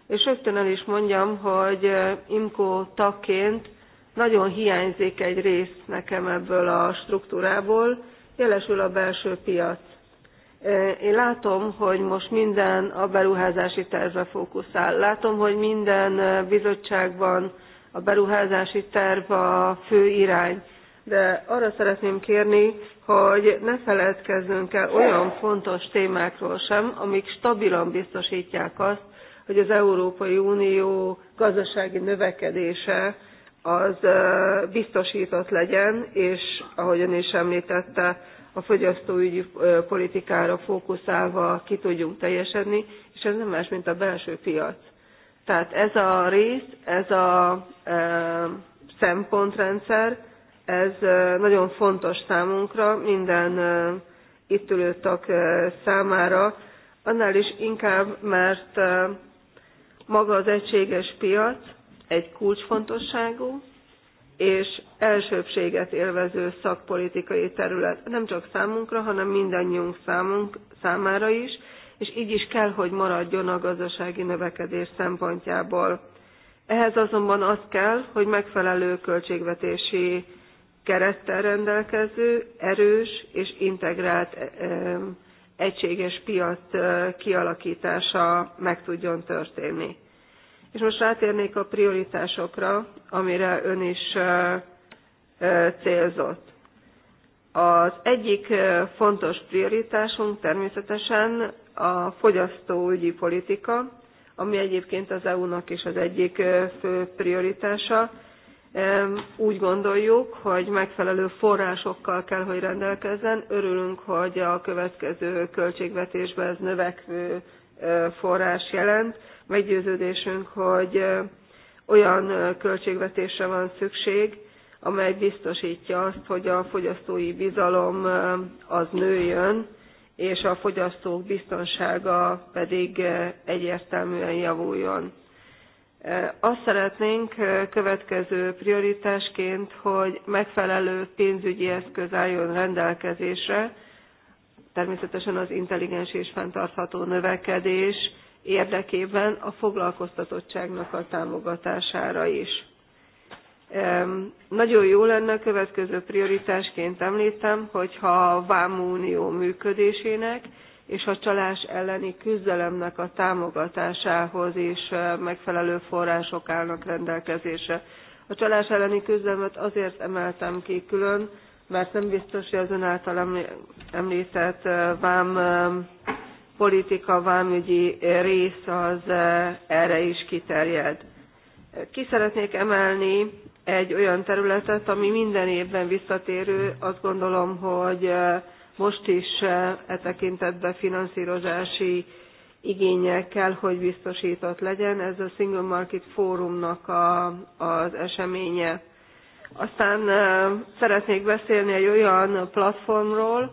és rögtön el is mondjam, hogy IMCO tagként Nagyon hiányzik egy rész nekem ebből a struktúrából, jelesül a belső piac. Én látom, hogy most minden a beruházási tervre fókuszál. Látom, hogy minden bizottságban a beruházási terv a fő irány. De arra szeretném kérni, hogy ne feledkezzünk el olyan fontos témákról sem, amik stabilan biztosítják azt, hogy az Európai Unió gazdasági növekedése az biztosított legyen, és ahogy ön is említette, a fogyasztóügyi politikára fókuszálva ki tudjunk teljesedni, és ez nem más, mint a belső piac. Tehát ez a rész, ez a e, szempontrendszer, ez nagyon fontos számunkra, minden e, itt ülő e, számára, annál is inkább, mert e, maga az egységes piac, egy kulcsfontosságú és elsőbséget élvező szakpolitikai terület nem csak számunkra, hanem mindannyiunk számunk, számára is, és így is kell, hogy maradjon a gazdasági növekedés szempontjából. Ehhez azonban az kell, hogy megfelelő költségvetési kerettel rendelkező, erős és integrált e, e, egységes piac e, kialakítása meg tudjon történni. És most rátérnék a prioritásokra, amire ön is célzott. Az egyik fontos prioritásunk természetesen a fogyasztóügyi politika, ami egyébként az EU-nak is az egyik fő prioritása. Úgy gondoljuk, hogy megfelelő forrásokkal kell, hogy rendelkezzen. Örülünk, hogy a következő költségvetésben ez növekvő forrás jelent Meggyőződésünk, hogy olyan költségvetésre van szükség, amely biztosítja azt, hogy a fogyasztói bizalom az nőjön, és a fogyasztók biztonsága pedig egyértelműen javuljon. Azt szeretnénk következő prioritásként, hogy megfelelő pénzügyi eszköz álljon rendelkezésre, természetesen az intelligens és fenntartható növekedés érdekében a foglalkoztatottságnak a támogatására is. Nagyon jó lenne a következő prioritásként említem, hogyha a Vámunió működésének és a csalás elleni küzdelemnek a támogatásához is eh, megfelelő források állnak rendelkezésre. A csalás elleni küzdelmet azért emeltem ki külön, mert nem biztos, hogy az ön által említett eh, vám politika vámügyi rész az eh, erre is kiterjed. Ki szeretnék emelni egy olyan területet, ami minden évben visszatérő, azt gondolom, hogy eh, most is eh, e tekintetben finanszírozási igényekkel, kell, hogy biztosított legyen. Ez a Single Market Fórumnak az eseménye. Aztán szeretnék beszélni egy olyan platformról,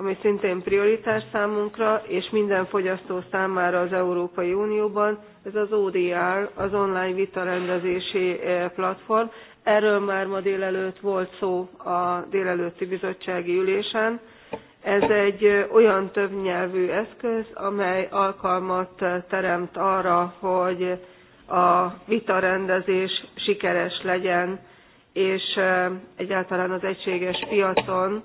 ami szintén prioritás számunkra és minden fogyasztó számára az európai unióban ez az odr az online vitarendezési eh, platform. erről már ma délelőtt volt szó a délelőtti bizottsági ülésen. ez egy eh, olyan többnyelvű eszköz amely alkalmat eh, teremt arra hogy a vitarendezés sikeres legyen és egyáltalán az egységes piacon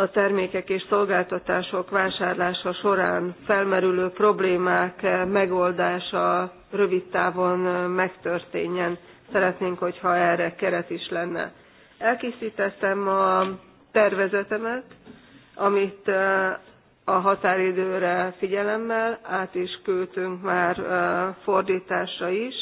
a termékek és szolgáltatások vásárlása során felmerülő problémák megoldása rövid távon megtörténjen. Szeretnénk, hogyha erre keret is lenne. Elkészítettem a tervezetemet, amit a határidőre figyelemmel át is költünk már fordításra is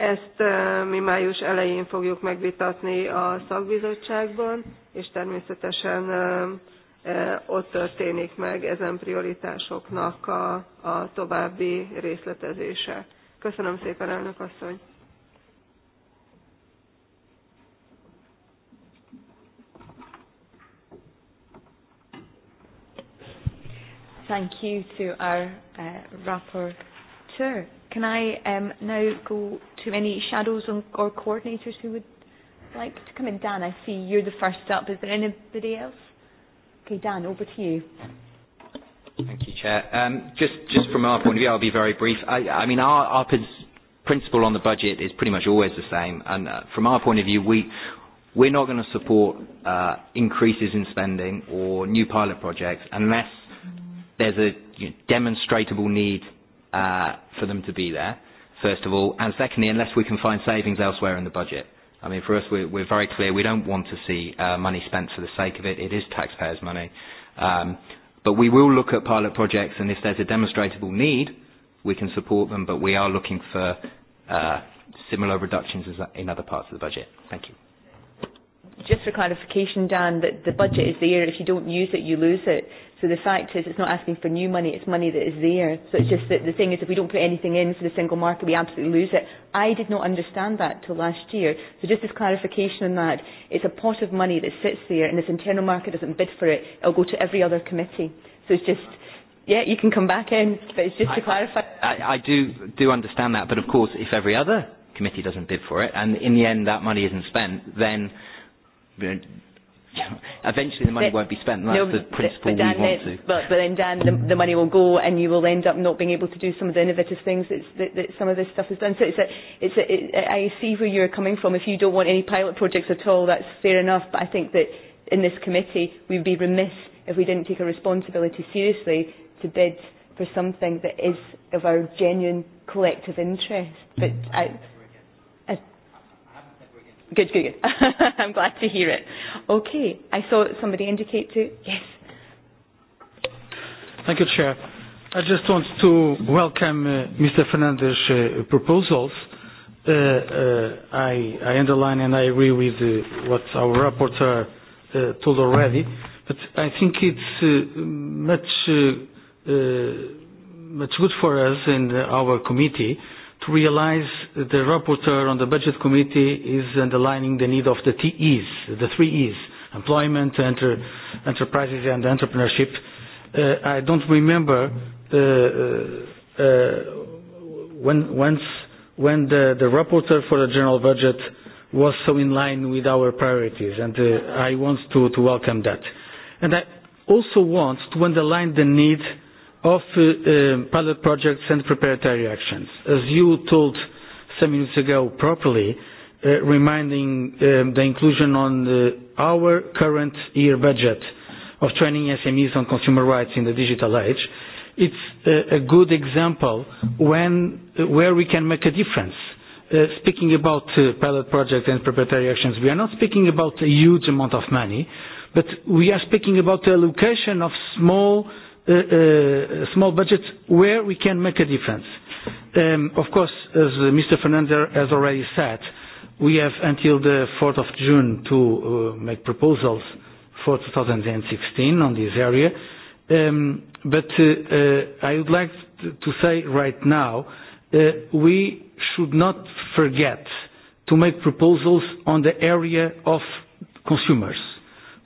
Ezt um, mi május elején fogjuk megvitatni a szakbizottságban, és természetesen um, uh, ott történik meg ezen prioritásoknak a, a további részletezése. Köszönöm szépen, elnök asszony! Thank you to our uh, rapporteur. Can I um, now go to any shadows on, or coordinators who would like to come in? Dan, I see you're the first up. Is there anybody else? Okay, Dan, over to you. Thank you, Chair. Um, just, just from our point of view, I'll be very brief. I, I mean, our, our principle on the budget is pretty much always the same. And uh, from our point of view, we, we're not going to support uh, increases in spending or new pilot projects unless there's a you know, demonstrable need uh, for them to be there, first of all, and secondly, unless we can find savings elsewhere in the budget. I mean, for us, we're, we're very clear we don't want to see uh, money spent for the sake of it. It is taxpayers' money. Um, but we will look at pilot projects, and if there's a demonstrable need, we can support them, but we are looking for uh, similar reductions as in other parts of the budget. Thank you. Just for clarification, Dan, that the budget is there. If you don't use it, you lose it. So the fact is, it's not asking for new money, it's money that is there. So it's just that the thing is, if we don't put anything in for the single market, we absolutely lose it. I did not understand that till last year. So just as clarification on that, it's a pot of money that sits there, and if the internal market doesn't bid for it, it'll go to every other committee. So it's just, yeah, you can come back in, but it's just to clarify. I, I do, do understand that, but of course, if every other committee doesn't bid for it, and in the end that money isn't spent, then Eventually, the money but, won't be spent. That's no, the principle but Dan, we want to. But, but then, Dan, the, the money will go, and you will end up not being able to do some of the innovative things that that, that some of this stuff has done. So it's a, it's a, it, I see where you're coming from. If you don't want any pilot projects at all, that's fair enough. But I think that in this committee, we'd be remiss if we didn't take a responsibility seriously to bid for something that is of our genuine collective interest. But I, Good, good, good. I'm glad to hear it. Okay, I saw somebody indicate to. Yes. Thank you, Chair. I just want to welcome uh, Mr. Fernandez's uh, proposals. Uh, uh, I, I underline and I agree with uh, what our rapporteur uh, told already, but I think it's uh, much, uh, uh, much good for us and our committee realize that the rapporteur on the budget committee is underlining the need of the TEs, the three E's, employment, enter, enterprises and entrepreneurship. Uh, I don't remember uh, uh, uh, when, once, when the, the rapporteur for the general budget was so in line with our priorities, and uh, I want to, to welcome that. And I also want to underline the need of uh, um, pilot projects and preparatory actions. As you told some minutes ago properly, uh, reminding um, the inclusion on uh, our current year budget of training SMEs on consumer rights in the digital age, it's a good example where we can make a difference. speaking about pilot projects and preparatory actions, we are not speaking about a huge amount of money, but we are speaking about the allocation of small a uh, uh, small budget where we can make a difference. Um, of course, as Mr. Fernandez has already said, we have until the 4th of June to uh, make proposals for 2016 on this area. Um, but I would like to say right now, we should not forget to make proposals on the area of consumers,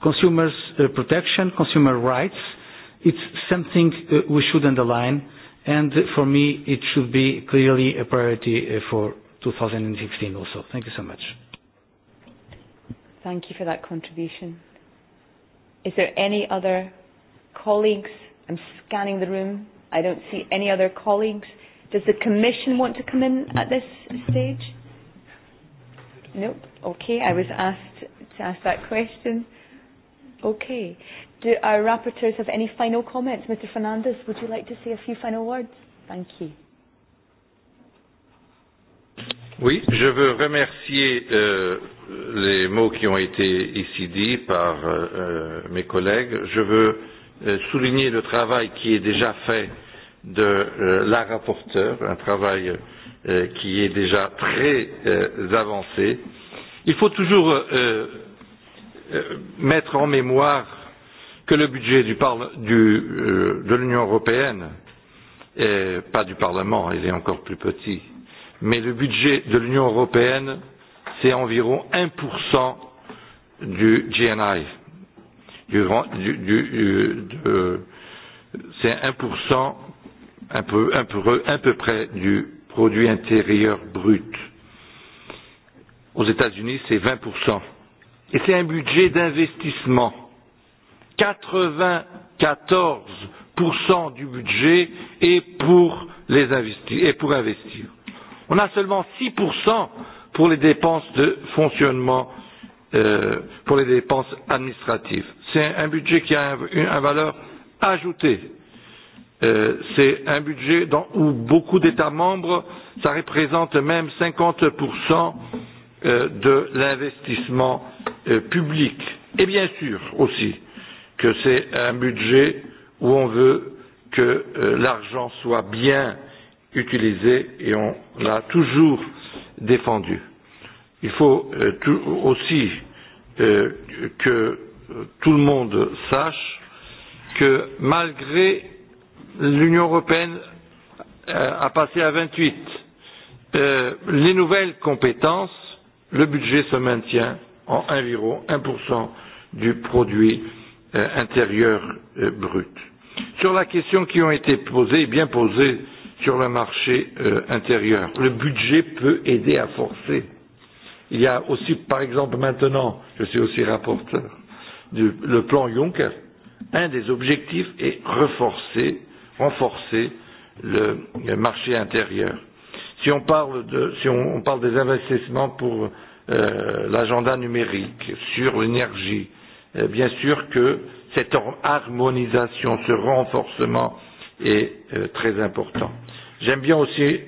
consumers protection, consumer rights, it's something uh, we should underline, and for me, it should be clearly a priority uh, for 2016 also. Thank you so much. Thank you for that contribution. Is there any other colleagues? I'm scanning the room. I don't see any other colleagues. Does the Commission want to come in at this stage? Nope. Okay, I was asked to ask that question. Okay. Do our rapporteurs have any final comments? Mr. Fernandez, would you like to say a few final words? Thank you. Oui, je veux remercier euh, les mots qui ont été ici dits par euh, euh mes collègues. Je veux euh, souligner le travail qui est déjà fait de euh, la rapporteure, un travail euh, qui est déjà très avancé. Il faut toujours euh, mettre en mémoire que le budget du, du, euh, de l'Union européenne, et pas du Parlement, il est encore plus petit, mais le budget de l'Union européenne, c'est environ 1% du GNI. Du, du, du, c'est 1%, un peu, un, peu, un peu près du produit intérieur brut. Aux États-Unis, c'est 20%. Et c'est un budget d'investissement 94 du budget est pour, les investir, et pour investir. On a seulement 6 pour les dépenses de fonctionnement, euh, pour les dépenses administratives. C'est un budget qui a une, valeur ajoutée. Euh, C'est un budget dans, où beaucoup d'États membres, ça représente même 50% euh, de l'investissement euh, public. Et bien sûr aussi, que c'est un budget où on veut que euh, l'argent soit bien utilisé et on l'a toujours défendu. Il faut euh, aussi euh, que tout le monde sache que malgré l'Union européenne a passé à 28 les nouvelles compétences, le budget se maintient en environ 1% du produit Euh, intérieur euh, brut. Sur la question qui ont été posée et bien posée sur le marché euh, intérieur, le budget peut aider à forcer. Il y a aussi, par exemple, maintenant, je suis aussi rapporteur, du, le plan Juncker. Un des objectifs est reforcer, renforcer le, le marché intérieur. Si on parle, de, si on, on parle des investissements pour euh, l'agenda numérique, sur l'énergie, euh, Euh, bien sûr que cette harmonisation, ce renforcement est euh, très important. J'aime bien aussi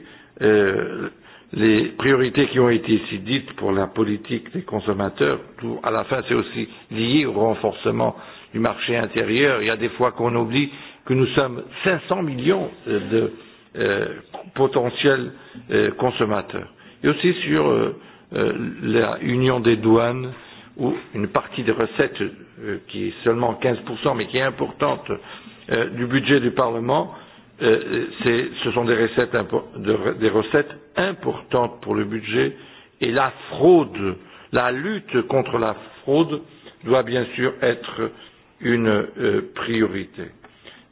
euh, les priorités qui ont été ici dites pour la politique des consommateurs. Tout, à la fin, c'est aussi lié au renforcement du marché intérieur. Il y a des fois qu'on oublie que nous sommes 500 millions euh, de euh, potentiels euh, consommateurs. Et aussi sur union des douanes, ou une partie des recettes, euh, qui est seulement 15%, mais qui est importante, euh, du budget du Parlement, euh, ce sont des recettes, de, des recettes importantes pour le budget, et la fraude, la lutte contre la fraude doit bien sûr être une euh, priorité.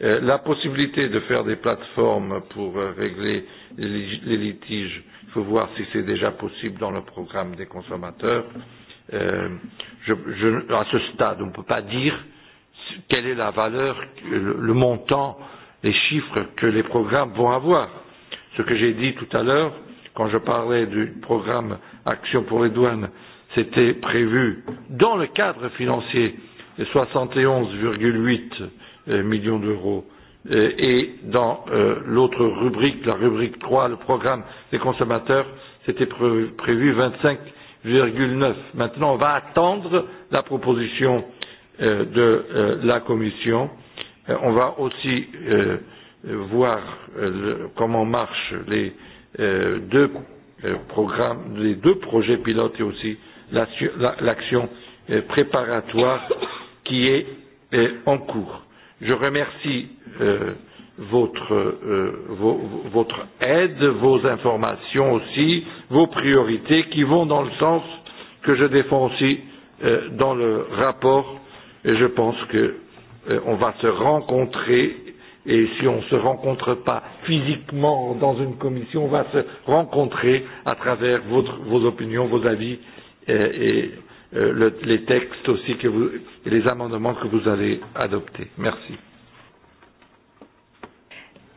Euh, la possibilité de faire des plateformes pour euh, régler les litiges, il faut voir si c'est déjà possible dans le programme des consommateurs. Euh, je, je, à ce stade, on ne peut pas dire quelle est la valeur, le, le montant, les chiffres que les programmes vont avoir. Ce que j'ai dit tout à l'heure, quand je parlais du programme Action pour les douanes, c'était prévu dans le cadre financier 71,8 euh, millions d'euros euh, et dans euh, l'autre rubrique, la rubrique 3, le programme des consommateurs, c'était prévu 25 neuf. Maintenant, on va attendre la proposition euh, de euh, la Commission. Euh, on va aussi euh, voir euh, le, comment marchent les euh, deux programmes, les deux projets pilotes et aussi l'action la, préparatoire qui est en cours. Je remercie votre, euh, vos, votre aide, vos informations aussi, vos priorités qui vont dans le sens que je défends aussi euh, dans le rapport et je pense que euh, on va se rencontrer et si on ne se rencontre pas physiquement dans une commission, on va se rencontrer à travers votre, vos opinions, vos avis euh, et euh, le, les textes aussi que vous, et les amendements que vous allez adopter. Merci.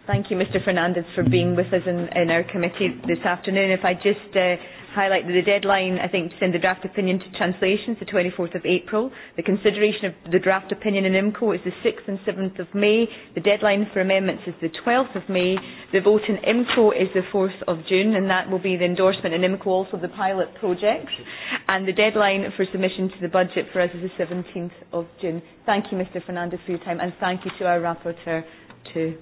Thank you, Mr. Fernandez, for being with us in, in our committee this afternoon. If I just uh, highlight the deadline, I think, to send the draft opinion to translation is the 24th of April. The consideration of the draft opinion in IMCO is the 6th and 7th of May. The deadline for amendments is the 12th of May. The vote in IMCO is the 4th of June, and that will be the endorsement in IMCO, also the pilot project. And the deadline for submission to the budget for us is the 17th of June. Thank you, Mr. Fernandez, for your time, and thank you to our rapporteur, too.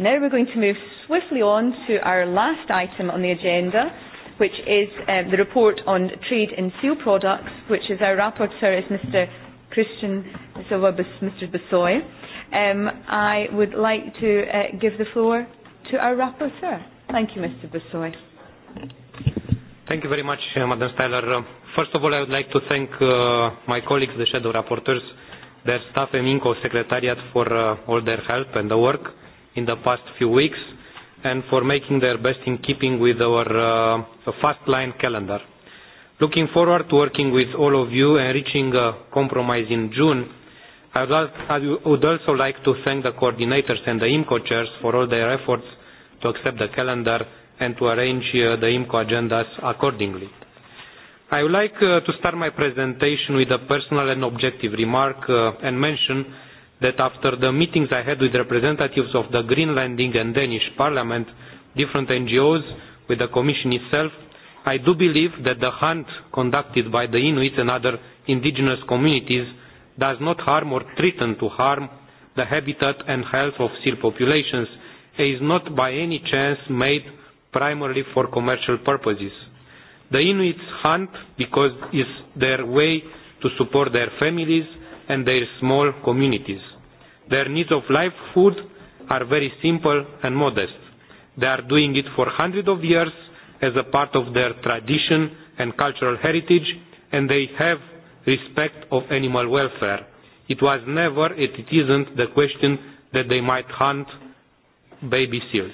Now we're going to move swiftly on to our last item on the agenda, which is um, the report on trade in seal products, which is our rapporteur is Mr. Christian Mr. Basoy. Um, I would like to uh, give the floor to our rapporteur. Thank you, Mr. Basoy. Thank you very much, uh, Madam Styler. Uh, first of all, I would like to thank uh, my colleagues, the shadow rapporteurs, their staff, and INCO secretariat for uh, all their help and the work in the past few weeks and for making their best in keeping with our uh, fast line calendar. Looking forward to working with all of you and reaching a compromise in June. I would also like to thank the coordinators and the IMCO chairs for all their efforts to accept the calendar and to arrange uh, the IMCO agendas accordingly. I would like uh, to start my presentation with a personal and objective remark uh, and mention that after the meetings I had with representatives of the Greenlanding and Danish Parliament, different NGOs, with the Commission itself, I do believe that the hunt conducted by the Inuits and other indigenous communities does not harm or threaten to harm the habitat and health of seal populations and is not by any chance made primarily for commercial purposes. The Inuits hunt because it's their way to support their families, and their small communities. Their needs of life food are very simple and modest. They are doing it for hundreds of years as a part of their tradition and cultural heritage, and they have respect of animal welfare. It was never, it isn't, the question that they might hunt baby seals.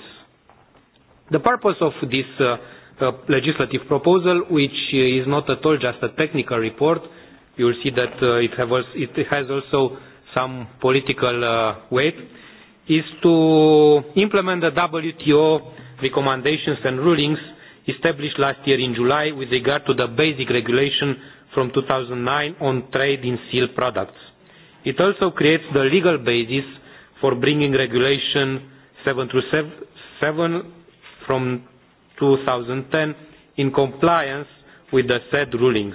The purpose of this uh, uh, legislative proposal, which is not at all just a technical report, you will see that uh, it, have it has also some political uh, weight, is to implement the WTO recommendations and rulings established last year in July with regard to the basic regulation from 2009 on trade in seal products. It also creates the legal basis for bringing regulation 7 through 7 from 2010 in compliance with the said rulings.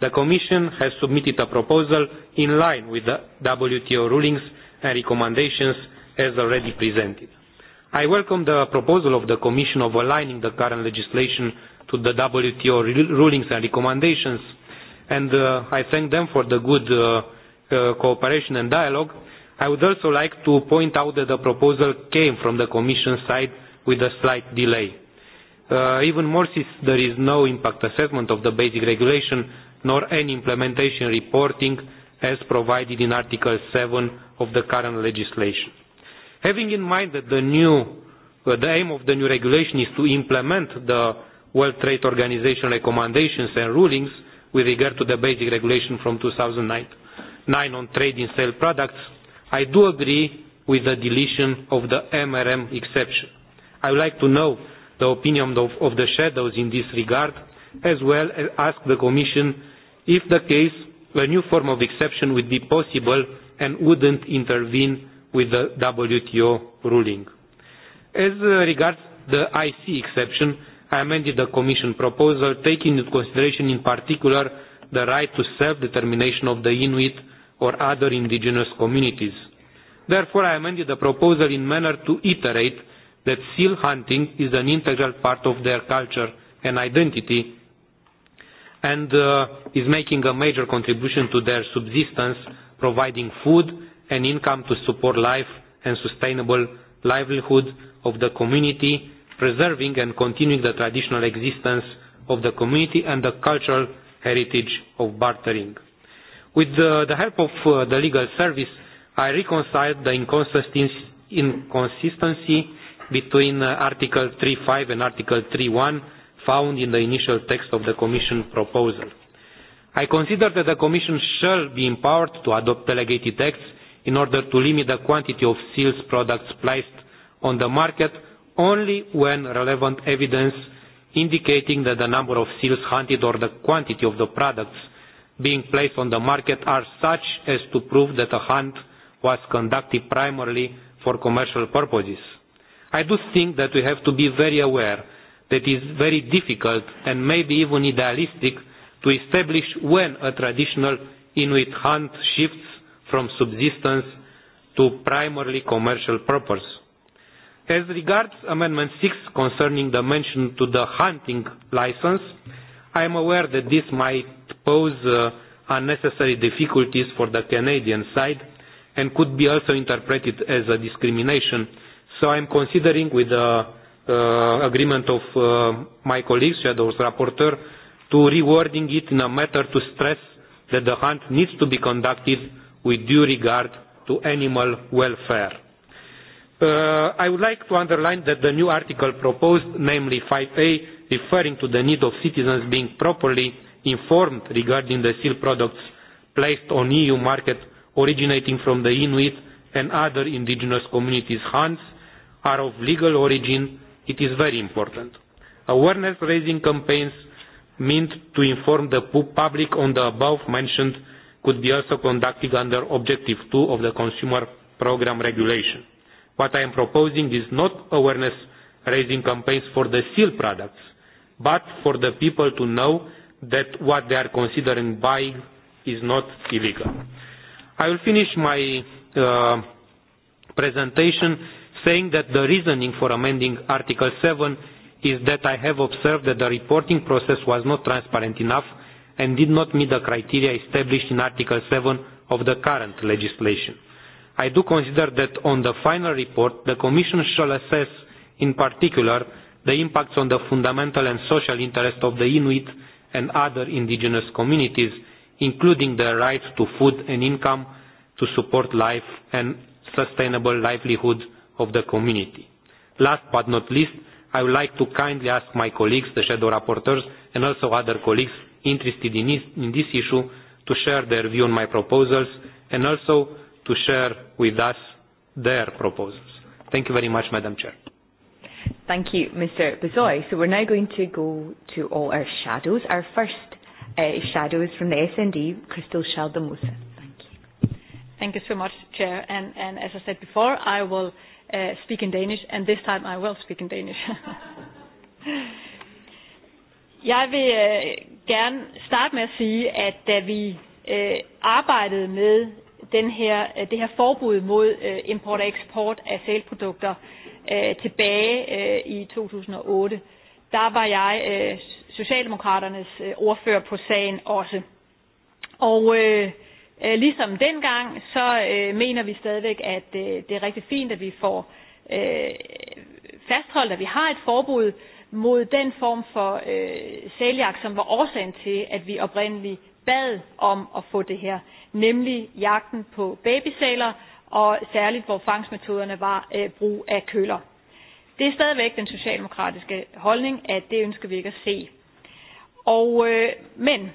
The Commission has submitted a proposal in line with the WTO rulings and recommendations as already presented. I welcome the proposal of the Commission of aligning the current legislation to the WTO rulings and recommendations, and uh, I thank them for the good uh, uh, cooperation and dialogue. I would also like to point out that the proposal came from the Commission side with a slight delay. Uh, even more since there is no impact assessment of the basic regulation, nor any implementation reporting as provided in Article 7 of the current legislation. Having in mind that the, new, uh, the aim of the new regulation is to implement the World Trade Organization recommendations and rulings with regard to the basic regulation from 2009 nine on trade in sale products, I do agree with the deletion of the MRM exception. I would like to know the opinion of, of the shadows in this regard, as well as ask the Commission If the case, a new form of exception would be possible and wouldn't intervene with the WTO ruling. As uh, regards the IC exception, I amended the Commission proposal, taking into consideration in particular the right to self-determination of the Inuit or other indigenous communities. Therefore, I amended the proposal in manner to iterate that seal hunting is an integral part of their culture and identity and uh, is making a major contribution to their subsistence, providing food and income to support life and sustainable livelihood of the community, preserving and continuing the traditional existence of the community and the cultural heritage of bartering. With the, uh, the help of uh, the legal service, I reconciled the inconsistency between uh, Article 3.5 and Article 3.1 found in the initial text of the Commission proposal. I consider that the Commission shall be empowered to adopt delegated acts in order to limit the quantity of seals products placed on the market only when relevant evidence indicating that the number of seals hunted or the quantity of the products being placed on the market are such as to prove that a hunt was conducted primarily for commercial purposes. I do think that we have to be very aware that is very difficult and maybe even idealistic to establish when a traditional Inuit hunt shifts from subsistence to primarily commercial purpose. As regards Amendment 6 concerning the mention to the hunting license, I am aware that this might pose uh, unnecessary difficulties for the Canadian side and could be also interpreted as a discrimination. So I am considering with a uh, uh, agreement of uh, my colleagues, shadows rapporteur, to rewording it in a matter to stress that the hunt needs to be conducted with due regard to animal welfare. Uh, I would like to underline that the new article proposed, namely 5A, referring to the need of citizens being properly informed regarding the seal products placed on EU market originating from the Inuit and other indigenous communities' hunts, are of legal origin It is very important. Awareness raising campaigns meant to inform the public on the above mentioned could be also conducted under Objective 2 of the Consumer Program Regulation. What I am proposing is not awareness raising campaigns for the seal products, but for the people to know that what they are considering buying is not illegal. I will finish my uh, presentation saying that the reasoning for amending Article 7 is that I have observed that the reporting process was not transparent enough and did not meet the criteria established in Article 7 of the current legislation. I do consider that on the final report, the Commission shall assess in particular the impacts on the fundamental and social interests of the Inuit and other indigenous communities, including their rights to food and income, to support life and sustainable livelihood of the community. Last but not least, I would like to kindly ask my colleagues, the shadow rapporteurs, and also other colleagues interested in this, in this issue to share their view on my proposals and also to share with us their proposals. Thank you very much, Madam Chair. Thank you, Mr. Bazoy. So we're now going to go to all our shadows. Our first uh, shadow is from the SND, Crystal Shaldamosa. Thank you. Thank you so much, Chair. And, and as I said before, I will uh, speak in Danish, and this time I will speak in Danish. Jeg vil uh, gerne starte med at sige, at da vi uh, arbejdede med den her, uh, det her forbud mod uh, import og eksport af sælprodukter uh, tilbage uh, i 2008, der var jeg uh, Socialdemokraternes uh, ordfører på sagen også. Og uh, Øh, ligesom dengang, så øh, mener vi stadigvæk, at øh, det er rigtig fint, at vi får fastholdt, at vi har et forbud mod den form for sæljagt, som var årsagen til, at vi oprindeligt bad om at få det her, nemlig jagten på babysæler, og særligt hvor fangstmetoderne var brug af køler. Det er stadigvæk den socialdemokratiske holdning, at det ønsker vi ikke at se. Og, men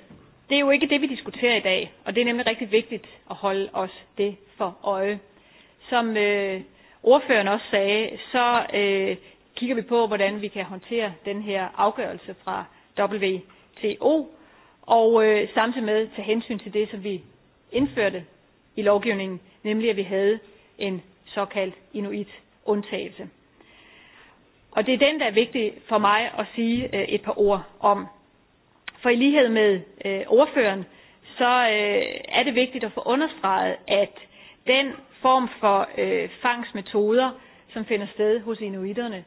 Det er jo ikke det, vi diskuterer i dag, og det er nemlig rigtig vigtigt at holde os det for øje. Som øh, ordføreren også sagde, så øh, kigger vi på, hvordan vi kan håndtere den her afgørelse fra WTO, og øh, samtidig med tage hensyn til det, som vi indførte i lovgivningen, nemlig at vi havde en såkaldt inuit-undtagelse. Og det er den, der er vigtig for mig at sige øh, et par ord om. For i lighed med øh, ordføreren, så øh, er det vigtigt at få understreget, at den form for øh, fangsmetoder, som finder sted hos inuiterne,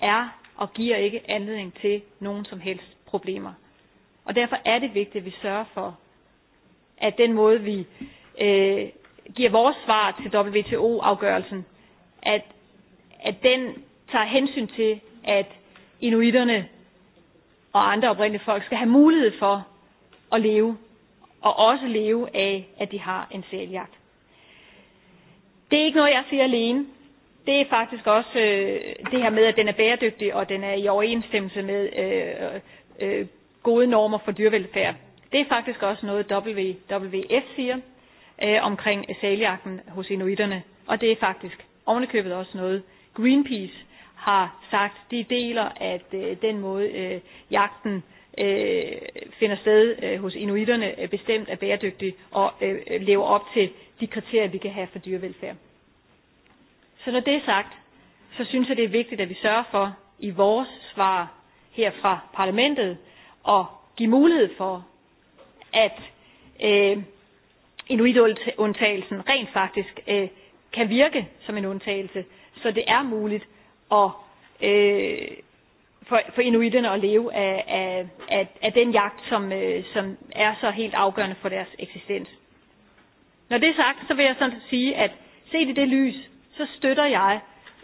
er og giver ikke anledning til nogen som helst problemer. Og derfor er det vigtigt, at vi sørger for, at den måde, vi øh, giver vores svar til WTO-afgørelsen, at, at den tager hensyn til, at inuiterne og andre oprindelige folk skal have mulighed for at leve, og også leve af, at de har en sæljagt. Det er ikke noget, jeg siger alene. Det er faktisk også øh, det her med, at den er bæredygtig, og den er i overensstemmelse med øh, øh, gode normer for dyrevelfærd. Det er faktisk også noget, WWF siger øh, omkring sæljagten hos inuiterne, og det er faktisk ovenikøbet også noget, Greenpeace har sagt, de deler, at øh, den måde øh, jagten øh, finder sted øh, hos inuiterne øh, bestemt er bæredygtig og øh, øh, lever op til de kriterier, vi kan have for dyrevelfærd. Så når det er sagt, så synes jeg, det er vigtigt, at vi sørger for i vores svar her fra parlamentet at give mulighed for, at øh, inuitundtagelsen rent faktisk øh, kan virke som en undtagelse, så det er muligt og øh, for, for inuiterne at leve af, af, af, af den jagt, som, øh, som er så helt afgørende for deres eksistens. Når det er sagt, så vil jeg sådan sige, at set i det lys, så støtter jeg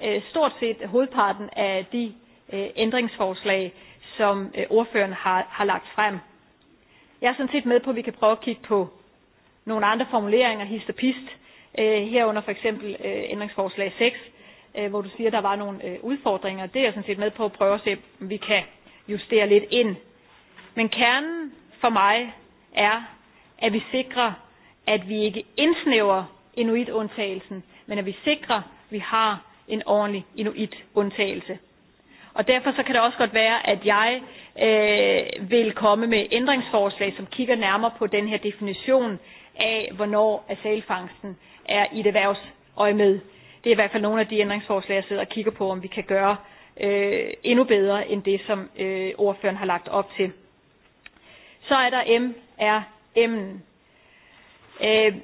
øh, stort set hovedparten af de øh, ændringsforslag, som øh, ordføreren har, har lagt frem. Jeg er sådan set med på, at vi kan prøve at kigge på nogle andre formuleringer, hist og øh, herunder for eksempel øh, ændringsforslag 6, øh, hvor du siger, at der var nogle øh, udfordringer. Det er jeg sådan set med på at prøve at se, om vi kan justere lidt ind. Men kernen for mig er, at vi sikrer, at vi ikke indsnæver inuitundtagelsen, men at vi sikrer, at vi har en ordentlig inuitundtagelse. Og derfor så kan det også godt være, at jeg øh, vil komme med ændringsforslag, som kigger nærmere på den her definition af, hvornår af er i det erhvervsøje med det er i hvert fald nogle af de ændringsforslag, jeg sidder og kigger på, om vi kan gøre øh, endnu bedre end det, som øh, ordføreren har lagt op til. Så er der MRM'en. Er øh,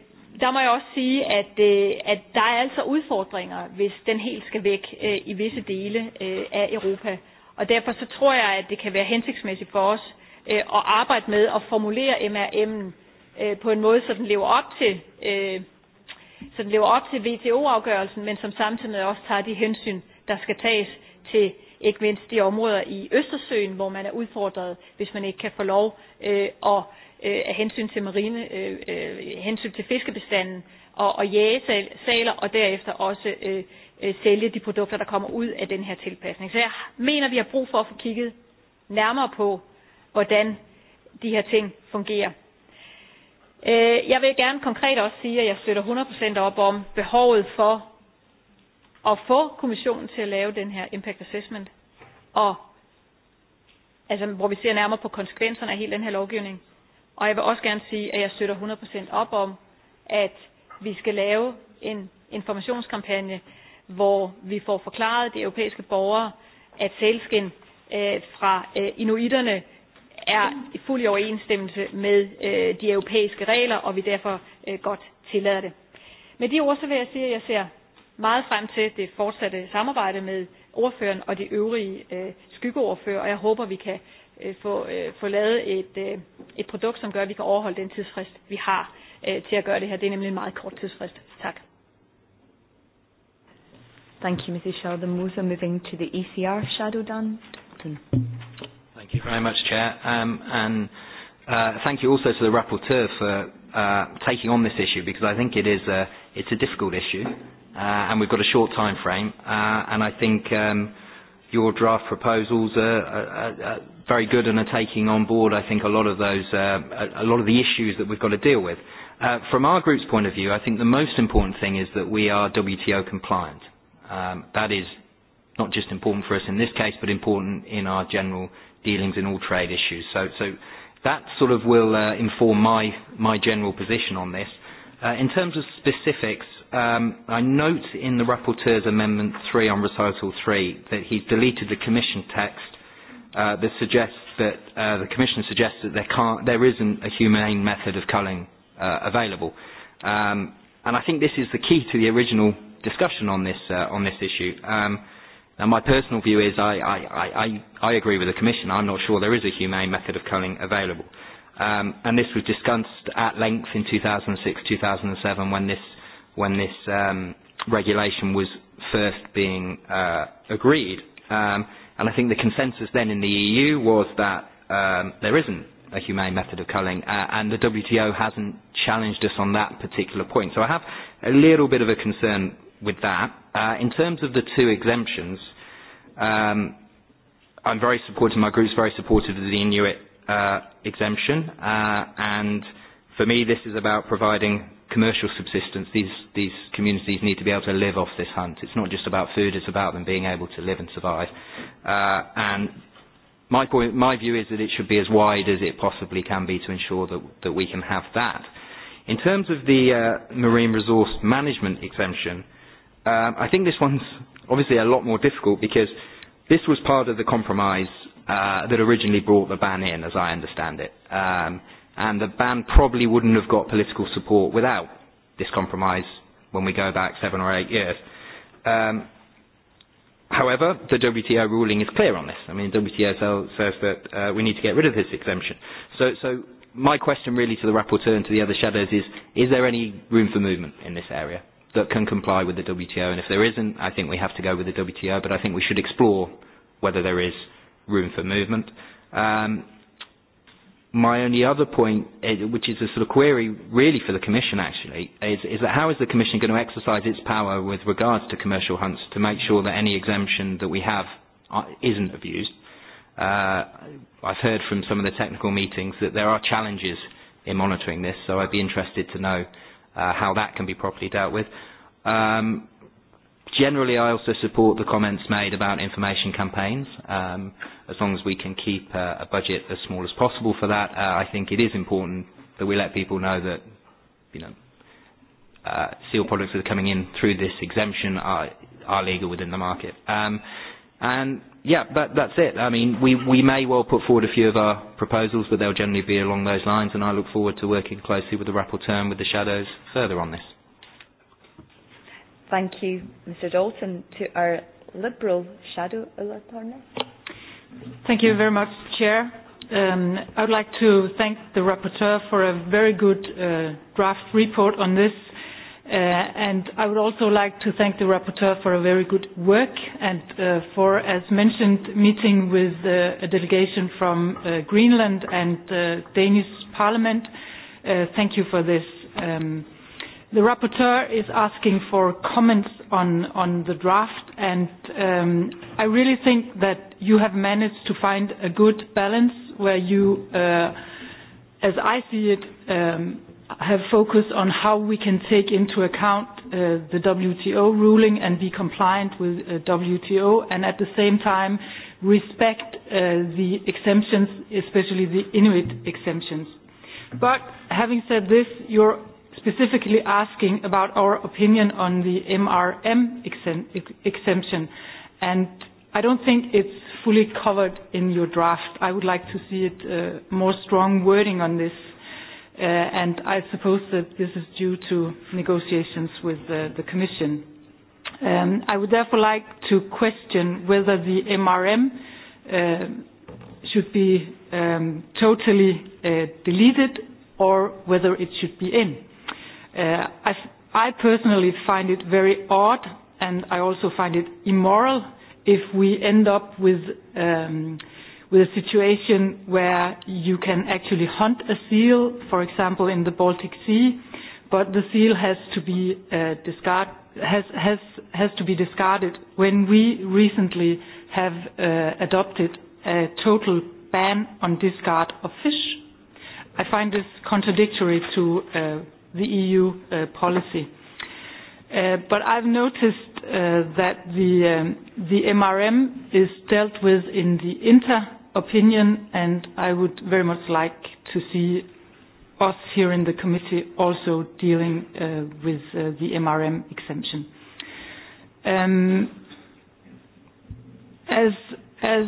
der må jeg også sige, at, øh, at der er altså udfordringer, hvis den helt skal væk øh, i visse dele øh, af Europa. Og derfor så tror jeg, at det kan være hensigtsmæssigt for os øh, at arbejde med at formulere MRM'en øh, på en måde, så den lever op til øh, som lever op til vto afgørelsen men som samtidig også tager de hensyn, der skal tages til ikke mindst de områder i Østersøen, hvor man er udfordret, hvis man ikke kan få lov øh, og øh, af hensyn til marine, øh, øh hensyn til fiskebestanden og, og jage saler, og derefter også øh, øh, sælge de produkter, der kommer ud af den her tilpasning. Så jeg mener, vi har brug for at få kigget nærmere på, hvordan de her ting fungerer. Øh, jeg vil gerne konkret også sige, at jeg støtter 100% op om behovet for at få kommissionen til at lave den her impact assessment, og altså, hvor vi ser nærmere på konsekvenserne af hele den her lovgivning. Og jeg vil også gerne sige, at jeg støtter 100% op om, at vi skal lave en informationskampagne, hvor vi får forklaret de europæiske borgere, at sælskin øh, fra øh, inuiterne er i fuld overensstemmelse med øh, de europæiske regler, og vi derfor øh, godt tillader det. Med de ord så vil jeg sige, at jeg ser meget frem til det fortsatte samarbejde med ordføreren og de øvrige øh, skyggeordfører, og jeg håber, vi kan øh, få, øh, få lavet et, øh, et produkt, som gør, at vi kan overholde den tidsfrist, vi har øh, til at gøre det her. Det er nemlig en meget kort tidsfrist. Tak. Thank you, Mrs. Sheldon are Moving to the ECR shadow, Dan. Thank you very much, Chair. Um, and uh, thank you also to the rapporteur for uh, taking on this issue because I think it is a, it's a difficult issue uh, and we've got a short time frame. Uh, and I think um, your draft proposals are, very good and are taking on board, I think, a lot of those, uh, a lot of the issues that we've got to deal with. Uh, from our group's point of view, I think the most important thing is that we are WTO compliant. Um, that is not just important for us in this case, but important in our general dealings in all trade issues. So, so that sort of will uh, inform my, my general position on this. Uh, in terms of specifics, um, I note in the Rapporteur's Amendment three on Recital 3 that he's deleted the Commission text uh, that suggests that uh, the Commission suggests that there, can't, there isn't a humane method of culling uh, available. Um, and I think this is the key to the original discussion on this, uh, on this issue. Um, Now, my personal view is I, I, I, I agree with the Commission. I'm not sure there is a humane method of culling available. Um, and this was discussed at length in 2006-2007 when this, when this um, regulation was first being uh, agreed. Um, and I think the consensus then in the EU was that um, there isn't a humane method of culling, uh, and the WTO hasn't challenged us on that particular point. So I have a little bit of a concern with that. Uh, in terms of the two exemptions, um, I'm very supportive, my group's very supportive of the Inuit uh, exemption, uh, and for me this is about providing commercial subsistence. These, these communities need to be able to live off this hunt. It's not just about food, it's about them being able to live and survive. Uh, and my, point, my view is that it should be as wide as it possibly can be to ensure that, that we can have that. In terms of the uh, marine resource management exemption, uh, Um, I think this one's obviously a lot more difficult because this was part of the compromise uh, that originally brought the ban in, as I understand it. Um, and the ban probably wouldn't have got political support without this compromise when we go back seven or eight years. Um, however, the WTO ruling is clear on this. I mean, WTO says that uh, we need to get rid of this exemption. So, so my question really to the rapporteur and to the other shadows is, is there any room for movement in this area? that can comply with the WTO. And if there isn't, I think we have to go with the WTO, but I think we should explore whether there is room for movement. Um, my only other point, uh, which is a sort of query really for the Commission actually, is, is that how is the Commission going to exercise its power with regards to commercial hunts to make sure that any exemption that we have uh, isn't abused? Uh, I've heard from some of the technical meetings that there are challenges in monitoring this, so I'd be interested to know uh, how that can be properly dealt with. Um, generally, I also support the comments made about information campaigns. Um, as long as we can keep uh, a budget as small as possible for that, uh, I think it is important that we let people know that, you know, uh, seal products that are coming in through this exemption are, are legal within the market. Um, and Yeah, that, that's it. I mean, we, we may well put forward a few of our proposals, but they'll generally be along those lines, and I look forward to working closely with the rapporteur and with the shadows further on this. Thank you, Mr. Dalton. To our Liberal shadow, Ulla Turner. Thank you very much, Chair. Um, I would like to thank the rapporteur for a very good uh, draft report on this Uh, and I would also like to thank the rapporteur for a very good work and uh, for, as mentioned, meeting with uh, a delegation from uh, Greenland and the uh, Danish Parliament. Thank you for this. Um, the rapporteur is asking for comments on, on the draft, and um, I really think that you have managed to find a good balance where you, as I see it, um, have focused on how we can take into account uh, the WTO ruling and be compliant with uh, WTO and at the same time respect uh, the exemptions, especially the Inuit exemptions. But having said this, you're specifically asking about our opinion on the MRM exemption. And I don't think it's fully covered in your draft. I would like to see it uh, more strong wording on this. Uh, and I suppose that this is due to negotiations with the, the Commission. Um, I would therefore like to question whether the MRM uh, should be um, totally uh, deleted or whether it should be in. Uh, I, I personally find it very odd and I also find it immoral if we end up with um, with a situation where you can actually hunt a seal, for example, in the Baltic Sea, but the seal has to be uh, discard has has has to be discarded. When we recently have uh, adopted a total ban on discard of fish, I find this contradictory to uh, the EU uh, policy. Uh, but I've noticed uh, that the um, the MRM is dealt with in the Inter opinion and I would very much like to see us here in the committee also dealing uh, with uh, the MRM exemption. Um, as, as,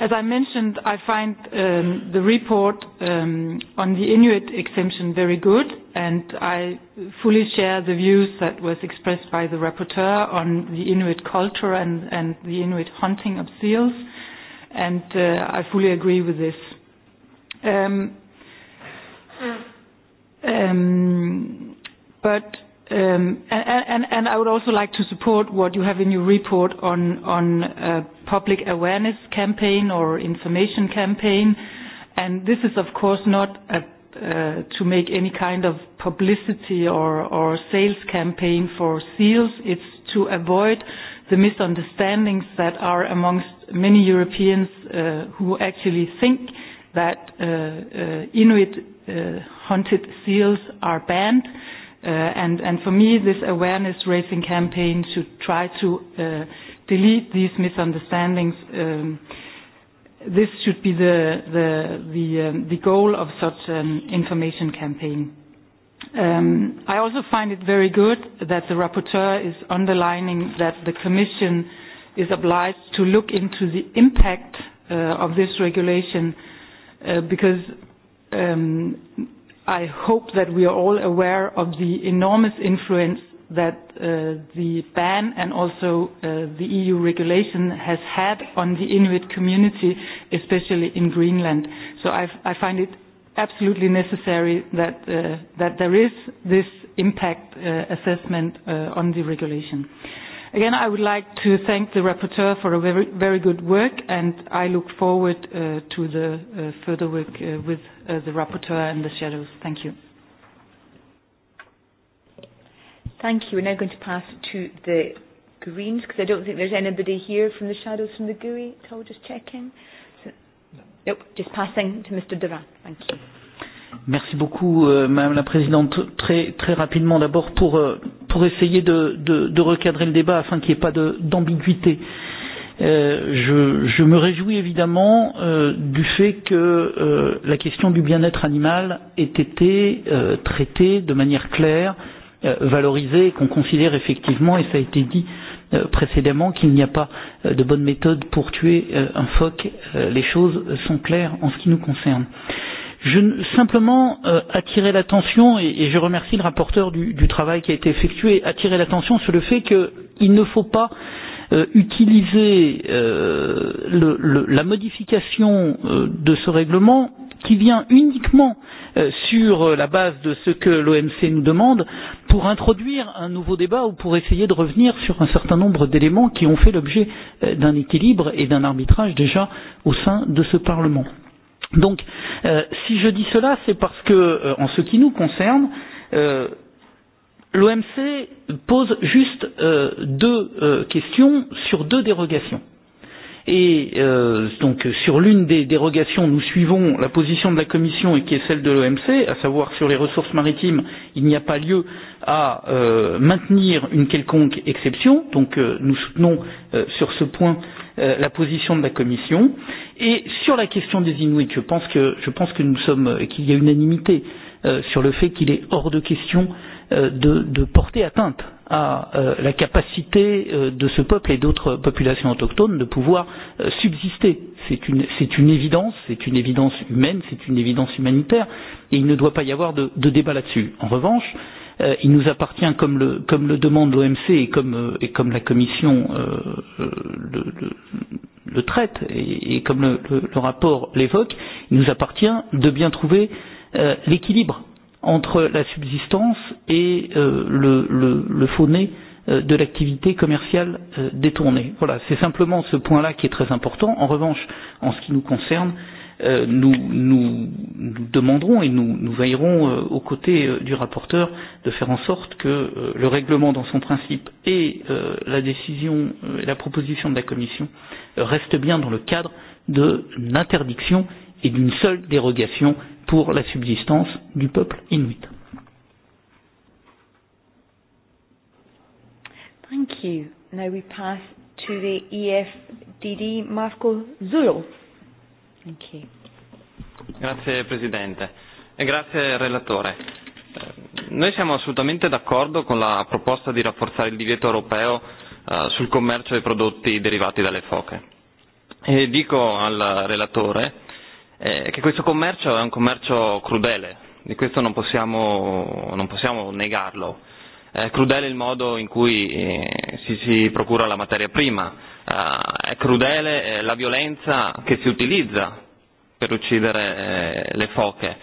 as I mentioned, I find um, the report um, on the Inuit exemption very good and I fully share the views that was expressed by the rapporteur on the Inuit culture and, and the Inuit hunting of seals and uh, I fully agree with this. Um, um, but um, and, and, and I would also like to support what you have in your report on on a uh, public awareness campaign or information campaign, and this is of course not a, uh, to make any kind of publicity or or sales campaign for seals. It's to avoid the misunderstandings that are amongst many Europeans uh, who actually think that uh, uh, Inuit uh, hunted seals are banned. Uh, and, and for me, this awareness raising campaign should try to uh, delete these misunderstandings. Um, this should be the, the, the, um, the goal of such an information campaign. Um, I also find it very good that the rapporteur is underlining that the Commission is obliged to look into the impact uh, of this regulation uh, because um, I hope that we are all aware of the enormous influence that uh, the ban and also uh, the EU regulation has had on the Inuit community, especially in Greenland. So I've, I find it absolutely necessary that, uh, that there is this impact uh, assessment uh, on the regulation. Again, I would like to thank the rapporteur for a very, very good work, and I look forward uh, to the uh, further work uh, with uh, the rapporteur and the shadows. Thank you. Thank you. We're now going to pass to the Greens, because I don't think there's anybody here from the shadows from the GUI, so just check in. Nope, just passing to Mr. Duran. Thank you. Merci beaucoup, euh, Madame la Présidente. Très, très rapidement, d'abord, pour, euh, pour essayer de, de, de recadrer le débat afin qu'il n'y ait pas d'ambiguïté. Euh, je, je me réjouis évidemment euh, du fait que euh, la question du bien-être animal ait été euh, traitée de manière claire, euh, valorisée, qu'on considère effectivement, et ça a été dit, euh, Euh, précédemment qu'il n'y a pas euh, de bonne méthode pour tuer euh, un phoque. Les choses sont claires en ce qui nous concerne. Je simplement euh, attirer l'attention et, et je remercie le rapporteur du, du travail qui a été effectué, attirer l'attention sur le fait qu'il ne faut pas euh, utiliser euh, le, le, la modification de ce règlement qui vient uniquement euh, sur euh, la base de ce que l'OMC nous demande pour introduire un nouveau débat ou pour essayer de revenir sur un certain nombre d'éléments qui ont fait l'objet euh, d'un équilibre et d'un arbitrage déjà au sein de ce Parlement. Donc euh, si je dis cela, c'est parce que euh, en ce qui nous concerne, euh, l'OMC pose juste deux questions sur deux dérogations Et euh, donc sur l'une des dérogations, nous suivons la position de la Commission et qui est celle de l'OMC, à savoir sur les ressources maritimes, il n'y a pas lieu à euh, maintenir une quelconque exception. Donc euh, nous soutenons euh, sur ce point euh, la position de la Commission. Et sur la question des Inuits, je pense que, je pense que nous sommes, euh, qu'il y a unanimité sur le fait qu'il est hors de question Euh, de, de porter atteinte à euh, la capacité euh, de ce peuple et d'autres populations autochtones de pouvoir subsister. C'est une, une évidence, c'est une évidence humaine, c'est une évidence humanitaire, et il ne doit pas y avoir de, de débat là-dessus. En revanche, il nous appartient, comme le, comme le demande l'OMC et comme, et comme la Commission euh, le, le, le traite et, et comme le, le, le rapport l'évoque, il nous appartient de bien trouver euh, l'équilibre entre la subsistance et euh, le, le, le fauné euh, de l'activité commerciale euh, détournée. Voilà, c'est simplement ce point-là qui est très important. En revanche, en ce qui nous concerne, euh, nous, nous, nous demanderons et nous, nous veillerons euh, aux côtés du rapporteur de faire en sorte que le règlement dans son principe et la décision et la proposition de la Commission restent bien dans le cadre de l'interdiction et d'une seule dérogation pour la subsistance du peuple inuit. Thank you. Now we pass to the EFDD Marco Zullo. Thank you. Grazie Presidente e grazie Relatore. Eh, noi siamo assolutamente d'accordo con la proposta di rafforzare il divieto europeo uh, sul commercio dei prodotti derivati dalle foche. E dico al Relatore Eh, che questo commercio è un commercio crudele, di questo non possiamo, non possiamo negarlo. È eh, crudele il modo in cui eh, si, si procura la materia prima, eh, è crudele eh, la violenza che si utilizza per uccidere le foche.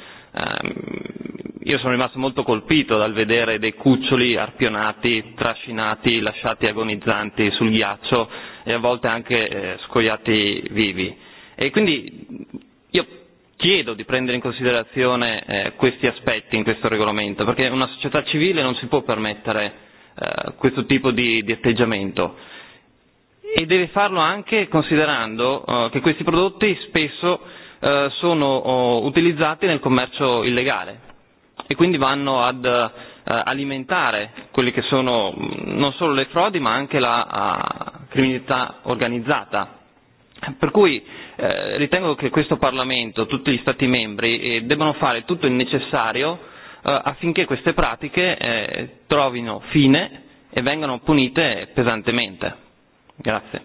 Io sono rimasto molto colpito dal vedere dei cuccioli arpionati, trascinati, lasciati agonizzanti sul ghiaccio e a volte anche scoiati vivi. E quindi chiedo di prendere in considerazione eh, questi aspetti in questo regolamento, perché una società civile non si può permettere eh, questo tipo di, di atteggiamento e deve farlo anche considerando eh, che questi prodotti spesso eh, sono oh, utilizzati nel commercio illegale e quindi vanno ad eh, alimentare quelli che sono mm, non solo le frodi ma anche la ah, criminalità organizzata. Per cui Eh, ritengo che questo Parlamento, tutti gli Stati membri eh, debbano fare tutto il necessario eh, affinché queste pratiche trovino fine e vengano punite pesantemente. Grazie.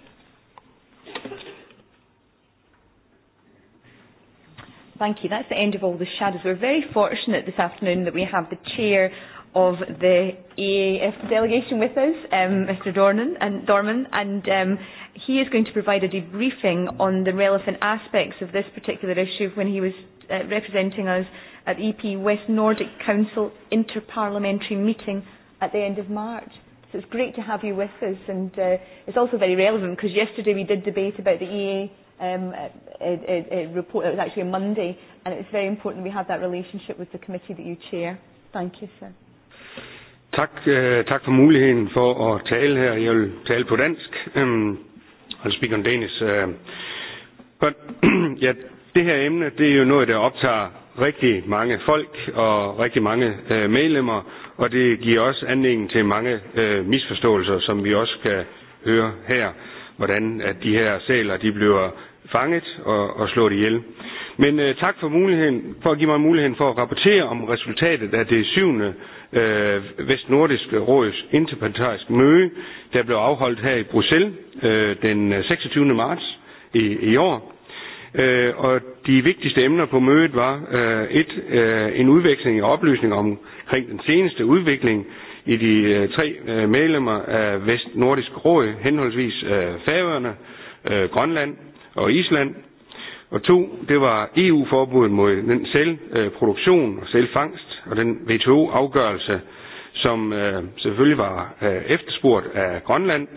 Thank you. That's the end of all the shadows. We're very fortunate this afternoon that we have the chair of the EAF delegation with us, um, Mr. Dornan and Dorman, and um, he is going to provide a debriefing on the relevant aspects of this particular issue when he was uh, representing us at the EP West Nordic Council interparliamentary meeting at the end of March. So it's great to have you with us and uh, it's also very relevant because yesterday we did debate about the EA um, a, a, a report. It was actually a Monday and it's very important we have that relationship with the committee that you chair. Thank you, sir. Tak, øh, tak for muligheden for at tale her. Jeg vil tale på dansk. I'll speak on Danish. Øh, but, ja, det her emne, det er jo noget, der optager rigtig mange folk og rigtig mange øh, medlemmer, og det giver også anledning til mange øh, misforståelser, som vi også kan høre her, hvordan at de her sæler de bliver fanget og, og slået ihjel. Men øh, tak for, muligheden, for at give mig muligheden for at rapportere om resultatet af det syvende øh, Vestnordisk Råds interpartarisk møde, der blev afholdt her i Bruxelles øh, den 26. Øh, marts i, i år. Øh, og de vigtigste emner på mødet var øh, et, øh, en udveksling af oplysning omkring den seneste udvikling i de tre øh, medlemmer af Vestnordisk Råd, henholdsvis øh, Færøerne, Grønland og Island. Og to, det var EU-forbuddet mod den selvproduktion og selvfangst og den WTO-afgørelse, som øh, selvfølgelig var øh, efterspurgt af Grønland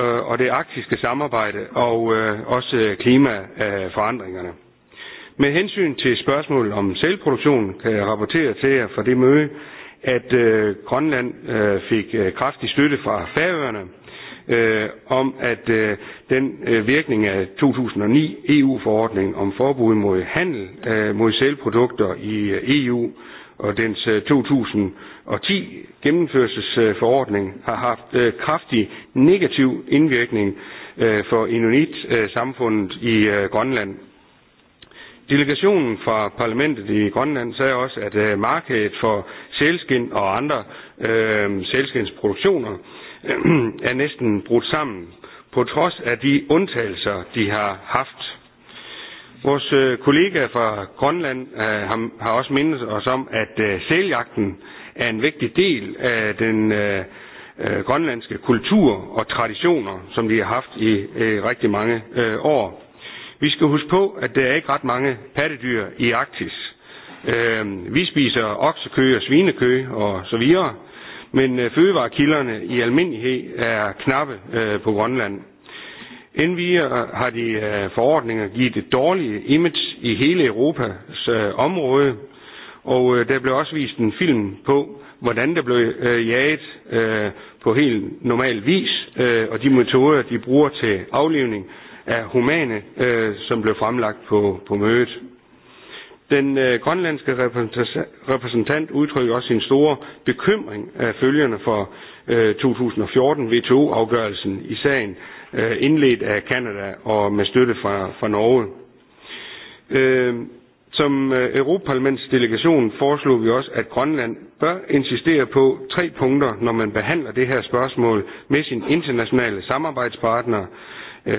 øh, og det arktiske samarbejde og øh, også klimaforandringerne. Med hensyn til spørgsmålet om selvproduktion kan jeg rapportere til jer fra det møde, at øh, Grønland øh, fik kraftig støtte fra Færøerne om, at den virkning af 2009 EU-forordningen om forbud mod handel øh, mod selvprodukter i EU og dens 2010 øh, gennemførelsesforordning har haft øh, kraftig negativ indvirkning øh, for inuit-samfundet i Grønland. Delegationen fra parlamentet i Grønland sagde også, at markedet for sælskind og andre øh, sælskindsproduktioner er næsten brudt sammen, på trods af de undtagelser, de har haft. Vores øh, kollega fra Grønland øh, har også mindet os om, at øh, sæljagten er en vigtig del af den grønlandske kultur og traditioner, som de har haft i rigtig mange år. Vi skal huske på, at der er ikke ret mange pattedyr i Arktis. Vi spiser oksekø og svinekø og så videre, men fødevarekilderne i almindelighed er knappe på Grønland. Endvidere øh, har de øh, forordninger givet et dårligt image i hele Europas øh, område, og der blev også vist en film på, hvordan der blev jaget på helt normal vis, og de metoder, de bruger til aflivning af humane, som blev fremlagt på, på mødet. Den øh, grønlandske repræsentant udtrykker også sin store bekymring af følgerne for øh, 2014 VTO-afgørelsen i sagen Øh, indledt af Kanada og med støtte fra, fra Norge. Øh, som som øh, Europaparlamentsdelegation foreslog vi også, at Grønland bør insistere på tre punkter, når man behandler det her spørgsmål med sin internationale samarbejdspartner.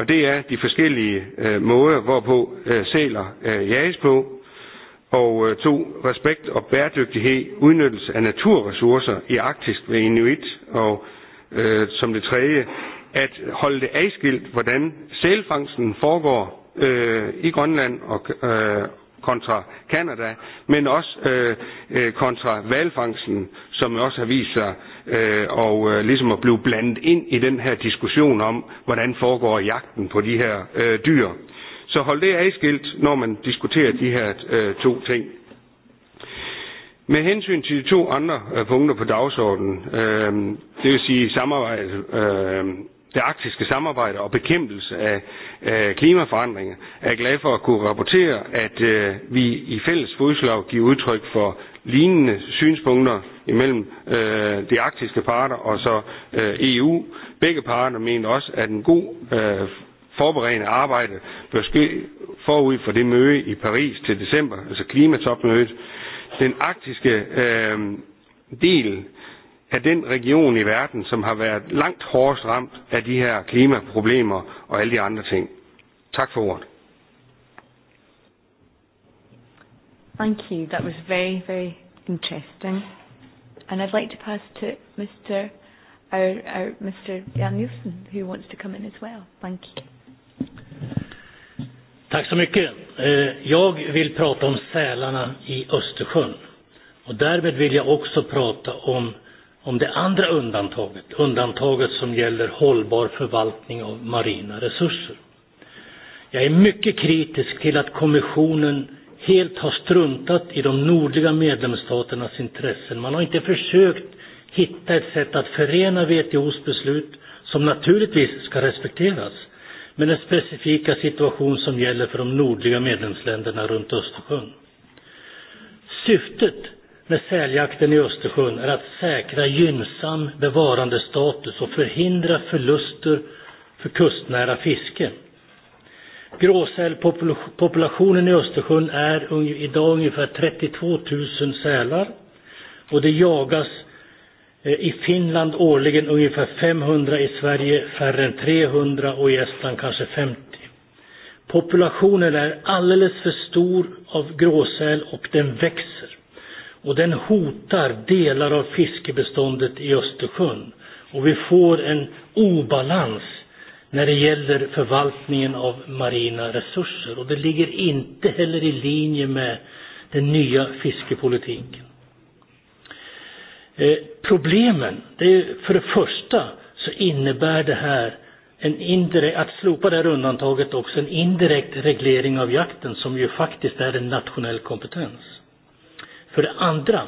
og det er de forskellige måder, hvorpå sæler jages på, og to, respekt og bæredygtighed, udnyttelse af naturressourcer i arktisk ved Inuit og Øh, som det tredje, at holde det adskilt, hvordan sælfangsten foregår øh, i Grønland og øh, kontra Kanada, men også øh, øh kontra valfangsten, som også har vist sig øh, og øh, ligesom at blive blandet ind i den her diskussion om, hvordan foregår jagten på de her øh, dyr. Så hold det adskilt, når man diskuterer de her øh, to ting. Med hensyn til de to andre øh, punkter på dagsordenen, øh, det vil sige samarbejde, øh, det arktiske samarbejde og bekæmpelse af øh, klimaforandringer, er jeg glad for at kunne rapportere, at øh, vi i fælles fodslag giver udtryk for lignende synspunkter imellem øh, de arktiske parter og så øh, EU. Begge parter mener også, at en god øh, forberedende arbejde bør ske forud for det møde i Paris til december, altså klimatopmødet, den arktiske øh, del af den region i verden, som har været langt hårdest ramt af de her klimaproblemer og alle de andre ting. Tak for ordet. Thank you. That was very, very interesting. And I'd like to pass to Mr. Our, our Mr. Jan Nielsen, who wants to come in as well. Thank you. Tack så mycket. Eh, jag vill prata om sälarna i Östersjön. Och därmed vill jag också prata om, om det andra undantaget, undantaget som gäller hållbar förvaltning av marina resurser. Jag är mycket kritisk till att kommissionen helt har struntat i de nordliga medlemsstaternas intressen. Man har inte försökt hitta ett sätt att förena WTOs beslut som naturligtvis ska respekteras med den specifika situation som gäller för de nordliga medlemsländerna runt Östersjön. Syftet med säljakten i Östersjön är att säkra gynnsam bevarande status och förhindra förluster för kustnära fiske. Gråsälpopulationen i Östersjön är idag ungefär 32 000 sälar och det jagas Eh, I Finland årligen ungefär 500, i Sverige färre än 300 och i Estland kanske 50. Populationen är alldeles för stor av gråsäl och den växer. Och den hotar delar av fiskebeståndet i Östersjön. Och vi får en obalans när det gäller förvaltningen av marina resurser. Och det ligger inte heller i linje med den nya fiskepolitiken. Eh, Problemen, det är för det första så innebär det här en indirekt, att slopa det här undantaget också en indirekt reglering av jakten som ju faktiskt är en nationell kompetens. För det andra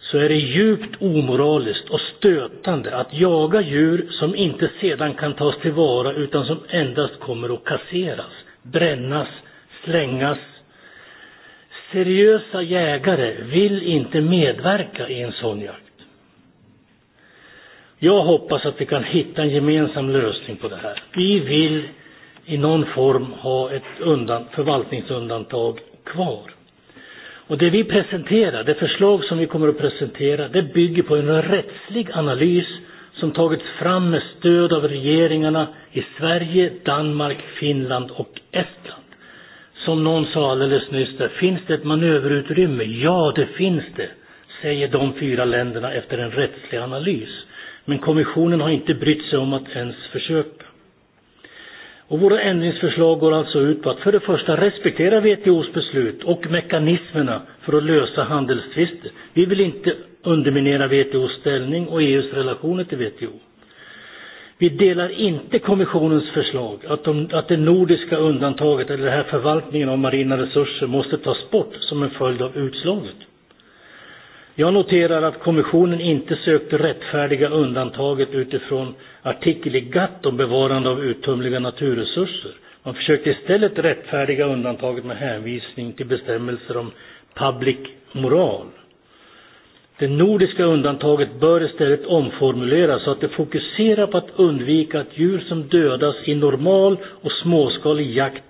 så är det djupt omoraliskt och stötande att jaga djur som inte sedan kan tas tillvara utan som endast kommer att kasseras, brännas, slängas. Seriösa jägare vill inte medverka i en sån jakt. Jag hoppas att vi kan hitta en gemensam lösning på det här. Vi vill i någon form ha ett undan, förvaltningsundantag kvar. Och det vi presenterar, det förslag som vi kommer att presentera, det bygger på en rättslig analys som tagits fram med stöd av regeringarna i Sverige, Danmark, Finland och Estland. Som någon sa alldeles nyss, där, finns det ett manöverutrymme? Ja, det finns det, säger de fyra länderna efter en rättslig analys. Men kommissionen har inte brytt sig om att ens försöka. Och våra ändringsförslag går alltså ut på att för det första respektera VTO's beslut och mekanismerna för att lösa handelstvister. Vi vill inte underminera WTOs ställning och EUs relationer till WTO. Vi delar inte kommissionens förslag att, de, att det nordiska undantaget eller här förvaltningen av marina resurser måste tas bort som en följd av utslaget. Jag noterar att kommissionen inte sökte rättfärdiga undantaget utifrån artikel i GATT om bevarande av uttömliga naturresurser. Man försökte istället rättfärdiga undantaget med hänvisning till bestämmelser om public moral. Det nordiska undantaget bör istället omformuleras så att det fokuserar på att undvika att djur som dödas i normal och småskalig jakt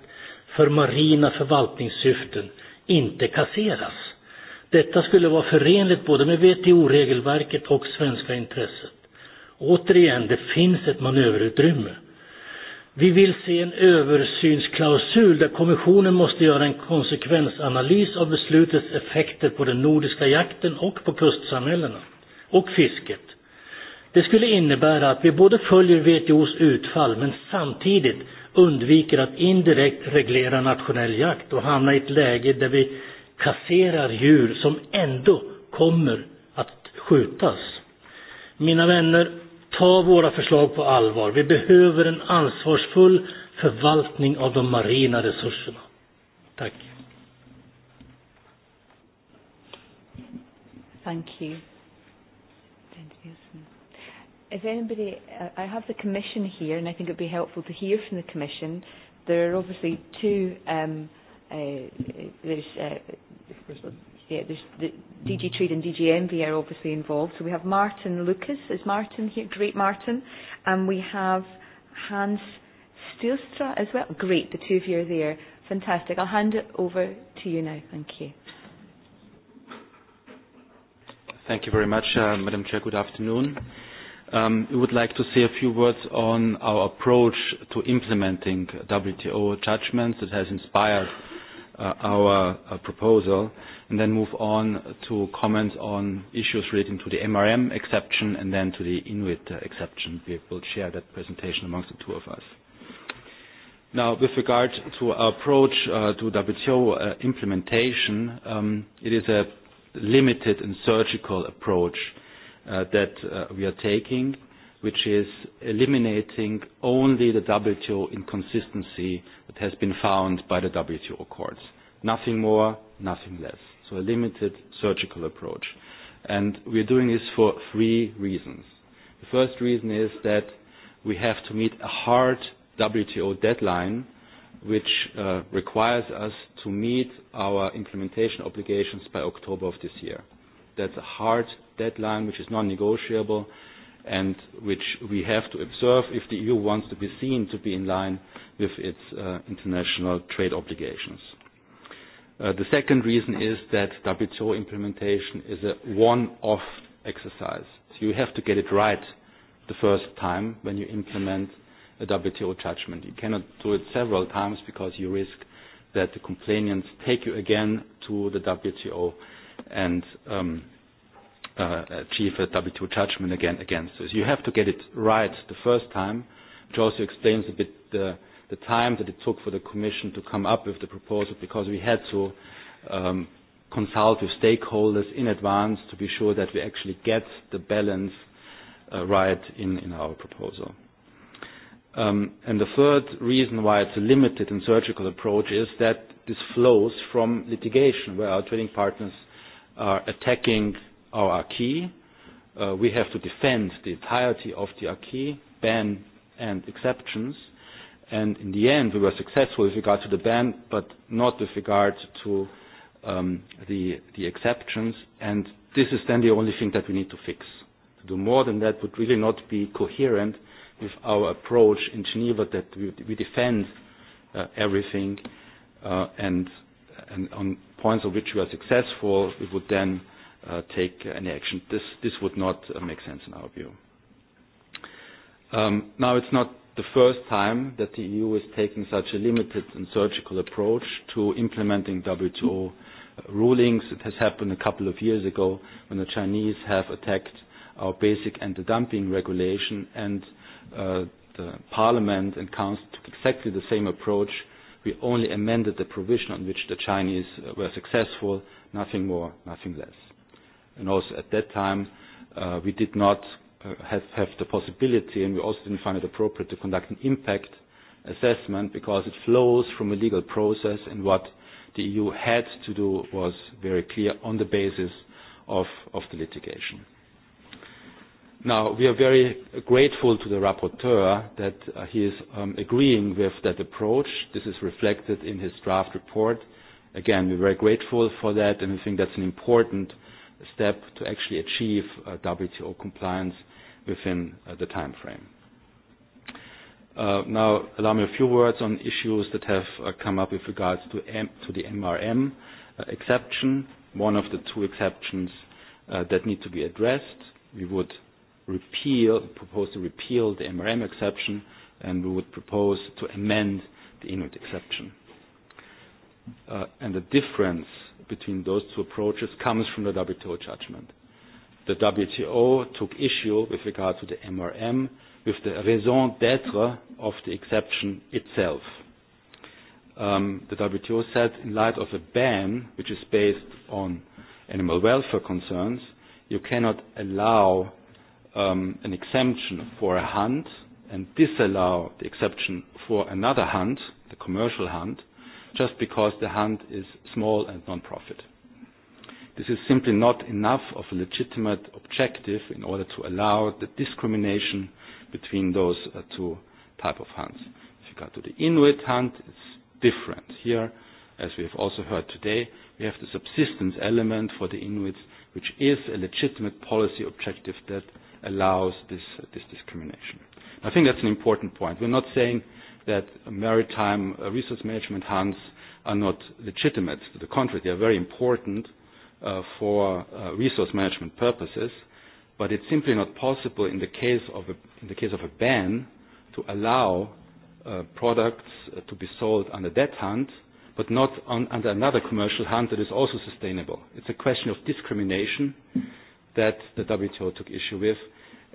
för marina förvaltningssyften inte kasseras. Detta skulle vara förenligt både med WTO-regelverket och svenska intresset. Återigen, det finns ett manöverutrymme. Vi vill se en översynsklausul där kommissionen måste göra en konsekvensanalys av beslutets effekter på den nordiska jakten och på kustsamhällena och fisket. Det skulle innebära att vi både följer WTOs utfall men samtidigt undviker att indirekt reglera nationell jakt och hamna i ett läge där vi kasserar djur som ändå kommer att skjutas. Mina vänner, ta våra förslag på allvar. Vi behöver en ansvarsfull förvaltning av de marina resurserna. Tack. Thank you. If anybody, uh, I have the Commission here, and I think it would be helpful to hear from the Commission. There are obviously two um, there's, uh, yeah, there's the DG Trade and DG Envy are obviously involved. So we have Martin Lucas. Is Martin here? Great, Martin. And we have Hans Stilstra as well. Great, the two of you are there. Fantastic. I'll hand it over to you now. Thank you. Thank you very much, uh, Madam Chair. Good afternoon. Um, we would like to say a few words on our approach to implementing WTO judgments that has inspired Uh, our uh, proposal and then move on to comments on issues relating to the MRM exception and then to the INWIT uh, exception. We will share that presentation amongst the two of us. Now, with regard to our approach uh, to WTO implementation, um, it is a limited and surgical approach that we are taking which is eliminating only the WTO inconsistency that has been found by the WTO courts. Nothing more, nothing less. So a limited surgical approach. And we're doing this for three reasons. The first reason is that we have to meet a hard WTO deadline which uh, requires us to meet our implementation obligations by October of this year. That's a hard deadline which is non-negotiable and which we have to observe if the EU wants to be seen to be in line with its uh, international trade obligations. Uh, the second reason is that WTO implementation is a one-off exercise. So you have to get it right the first time when you implement a WTO judgment. You cannot do it several times because you risk that the complainants take you again to the WTO and um, uh, achieve a W2 judgment again against this. You have to get it right the first time, which also explains a bit the, the time that it took for the Commission to come up with the proposal because we had to um, consult with stakeholders in advance to be sure that we actually get the balance uh, right in, in our proposal. Um, and the third reason why it's a limited and surgical approach is that this flows from litigation where our trading partners are attacking our acquis. Uh, we have to defend the entirety of the acquis, ban and exceptions. And in the end, we were successful with regard to the ban, but not with regard to um, the, the exceptions. And this is then the only thing that we need to fix. To do more than that would really not be coherent with our approach in Geneva that we, we defend uh, everything uh, and, and on points on which we are successful, we would then Uh, take any action. This, this would not uh, make sense in our view. Um, now, it's not the first time that the EU is taking such a limited and surgical approach to implementing WTO rulings. It has happened a couple of years ago when the Chinese have attacked our basic anti-dumping regulation and uh, the Parliament and Council took exactly the same approach. We only amended the provision on which the Chinese were successful, nothing more, nothing less. And also at that time, uh, we did not uh, have, have the possibility, and we also didn't find it appropriate to conduct an impact assessment because it flows from a legal process, and what the EU had to do was very clear on the basis of, of the litigation. Now, we are very grateful to the rapporteur that uh, he is um, agreeing with that approach. This is reflected in his draft report. Again, we're very grateful for that, and we think that's an important step to actually achieve uh, WTO compliance within uh, the time frame. Uh, now, allow me a few words on issues that have uh, come up with regards to, to the MRM exception, one of the two exceptions that need to be addressed. We would repeal, propose to repeal the MRM exception, and we would propose to amend the Inuit exception. and the difference between those two approaches comes from the WTO judgment. The WTO took issue with regard to the MRM with the raison d'être of the exception itself. Um, the WTO said in light of a ban which is based on animal welfare concerns, you cannot allow um, an exemption for a hunt and disallow the exception for another hunt, the commercial hunt, just because the hunt is small and non-profit. This is simply not enough of a legitimate objective in order to allow the discrimination between those uh, two type of hunts. If you go to the Inuit hunt, it's different. Here, as we have also heard today, we have the subsistence element for the Inuits, which is a legitimate policy objective that allows this, this discrimination. I think that's an important point. We're not saying that maritime uh, resource management hunts are not legitimate. To the contrary, they are very important uh, for uh, resource management purposes, but it's simply not possible in the case of a, in the case of a ban to allow products to be sold under that hunt, but not on, under another commercial hunt that is also sustainable. It's a question of discrimination that the WTO took issue with,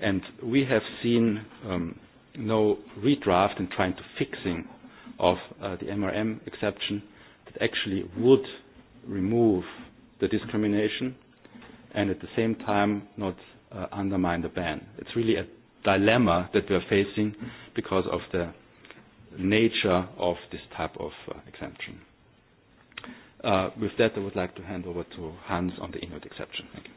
and we have seen um, no redraft and trying to fixing of uh, the MRM exception that actually would remove the discrimination and at the same time not uh, undermine the ban. It's really a dilemma that we are facing because of the nature of this type of uh, exemption. Uh, with that, I would like to hand over to Hans on the Inuit exception. Thank you.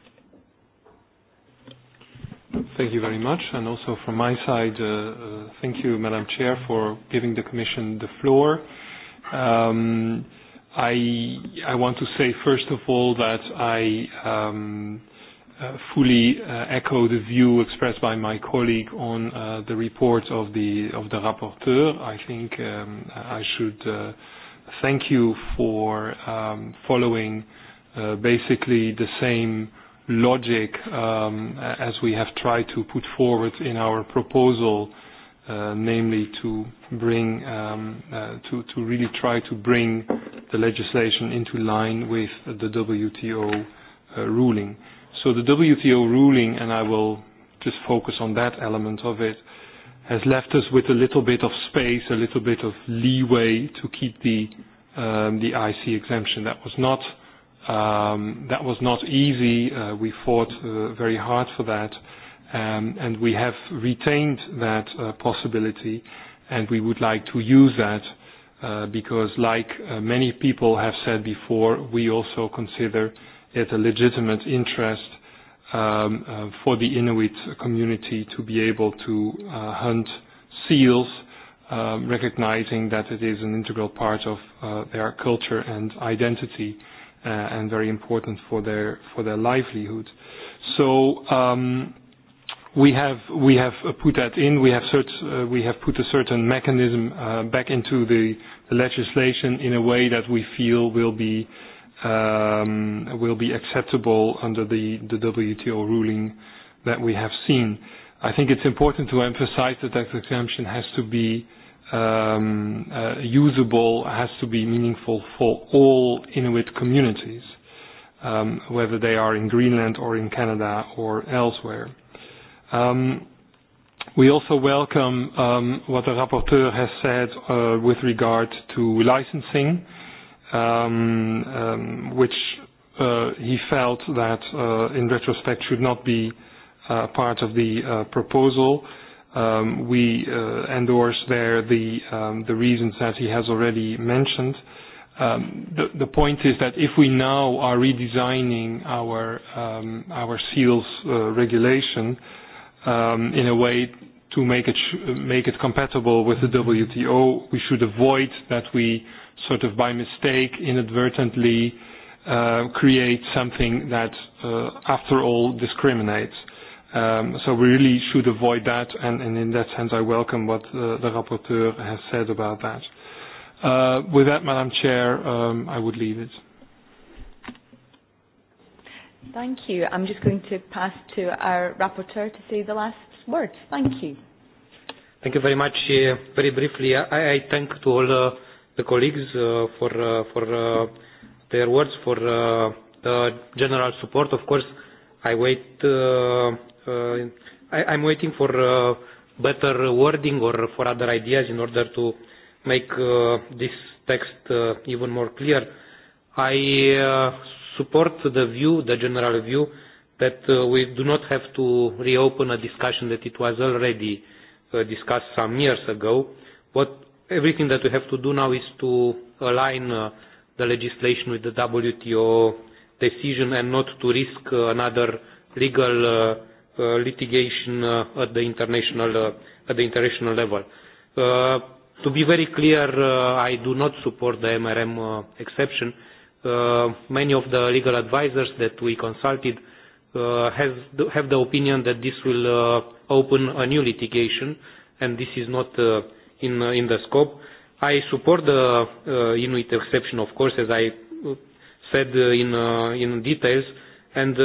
Thank you very much. And also from my side, uh, uh, thank you, Madam Chair, for giving the Commission the floor. Um, I, I want to say, first of all, that I um, uh, fully uh, echo the view expressed by my colleague on uh, the report of the, of the rapporteur. I think um, I should uh, thank you for um, following uh, basically the same uh, logic um, as we have tried to put forward in our proposal, uh, namely to bring um, uh, to to really try to bring the legislation into line with the WTO uh, ruling. So the WTO ruling, and I will just focus on that element of it, has left us with a little bit of space, a little bit of leeway to keep the um, the IC exemption. That was not Um, that was not easy. Uh, we fought uh, very hard for that, um, and we have retained that uh, possibility, and we would like to use that uh, because, like uh, many people have said before, we also consider it a legitimate interest um, uh, for the Inuit community to be able to uh, hunt seals, um, recognizing that it is an integral part of uh, their culture and identity Uh, and very important for their for their livelihood. So um, we have we have uh, put that in. We have uh, we have put a certain mechanism back into the, the legislation in a way that we feel will be um, will be acceptable under the the WTO ruling that we have seen. I think it's important to emphasize that that exemption has to be um, uh, usable has to be meaningful for all Inuit communities, um, whether they are in Greenland or in Canada or elsewhere. Um, we also welcome um, what the rapporteur has said uh, with regard to licensing, um, um, which uh, he felt that uh, in retrospect should not be uh, part of the uh, proposal. Um, we uh, endorse there the, um, the reasons as he has already mentioned. Um, the, the point is that if we now are redesigning our, um, our seals uh, regulation um, in a way to make it, sh make it compatible with the WTO, we should avoid that we sort of by mistake inadvertently uh, create something that uh, after all discriminates. Um, so we really should avoid that, and, and in that sense, I welcome what the rapporteur has said about that. Uh, with that, Madam Chair, um, I would leave it. Thank you. I'm just going to pass to our rapporteur to say the last words. Thank you. Thank you very much. Uh, very briefly, I, I thank to all uh, the colleagues uh, for for their words, for the general support. Of course, I wait. Uh, uh, I, I'm waiting for uh, better wording or for other ideas in order to make uh, this text uh, even more clear. I uh, support the view, the general view, that uh, we do not have to reopen a discussion that it was already uh, discussed some years ago. What everything that we have to do now is to align uh, the legislation with the WTO decision and not to risk uh, another legal uh, Uh, litigation uh, at the international uh, at the international level. To be very clear, I do not support the MRM exception. Many of the legal advisors that we consulted has, have the opinion that this will open a new litigation and this is not in, in the scope. I support the Inuit exception, of course, as I said in, in details, and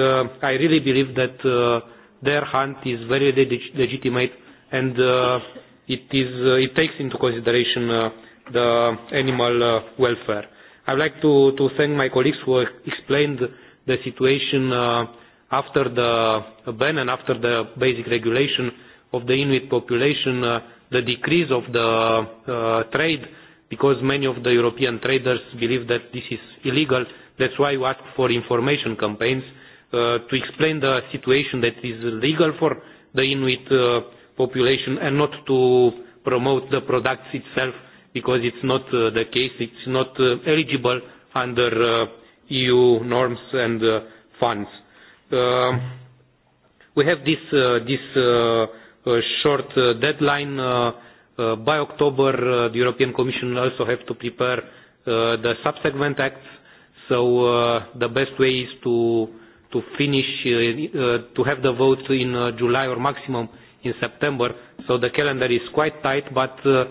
I really believe that their hunt is very legitimate and uh, it, is, uh, it takes into consideration uh, the animal uh, welfare. I would like to, to thank my colleagues who explained the situation uh, after the uh, ban and after the basic regulation of the Inuit population, uh, the decrease of the uh, trade, because many of the European traders believe that this is illegal. That's why we ask for information campaigns Uh, to explain the situation that is legal for the Inuit uh, population and not to promote the products itself because it's not uh, the case, it's not eligible under EU norms and funds. Um, we have this, this short deadline by October, the European Commission also have to prepare the subsequent acts, so the best way is to to finish, uh, uh, to have the vote in uh, July or maximum in September. So the calendar is quite tight, but uh,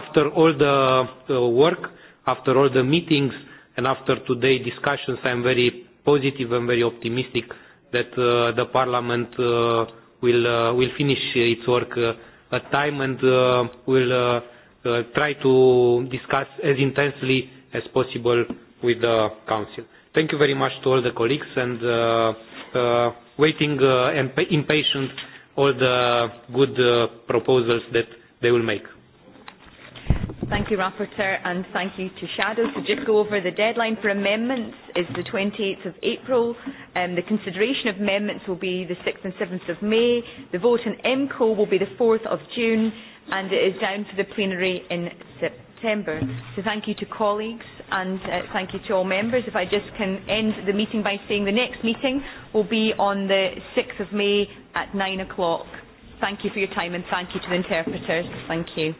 after all the work, after all the meetings, and after today discussions, I am very positive and very optimistic that the Parliament will, will finish its work at time and will Uh, try to discuss as intensely as possible with the Council. Thank you very much to all the colleagues and uh, uh, waiting uh, and pa-, impatient all the good uh, proposals that they will make. Thank you, Rapporteur, and thank you to Shadow. To just go over the deadline for amendments is the 28th of April. Um, the consideration of amendments will be the 6th and 7th of May. The vote on mCO will be the 4th of June, and it is down for the plenary in September. September. So thank you to colleagues and uh, thank you to all members. If I just can end the meeting by saying the next meeting will be on the 6th of May at 9 o'clock. Thank you for your time and thank you to the interpreters. Thank you.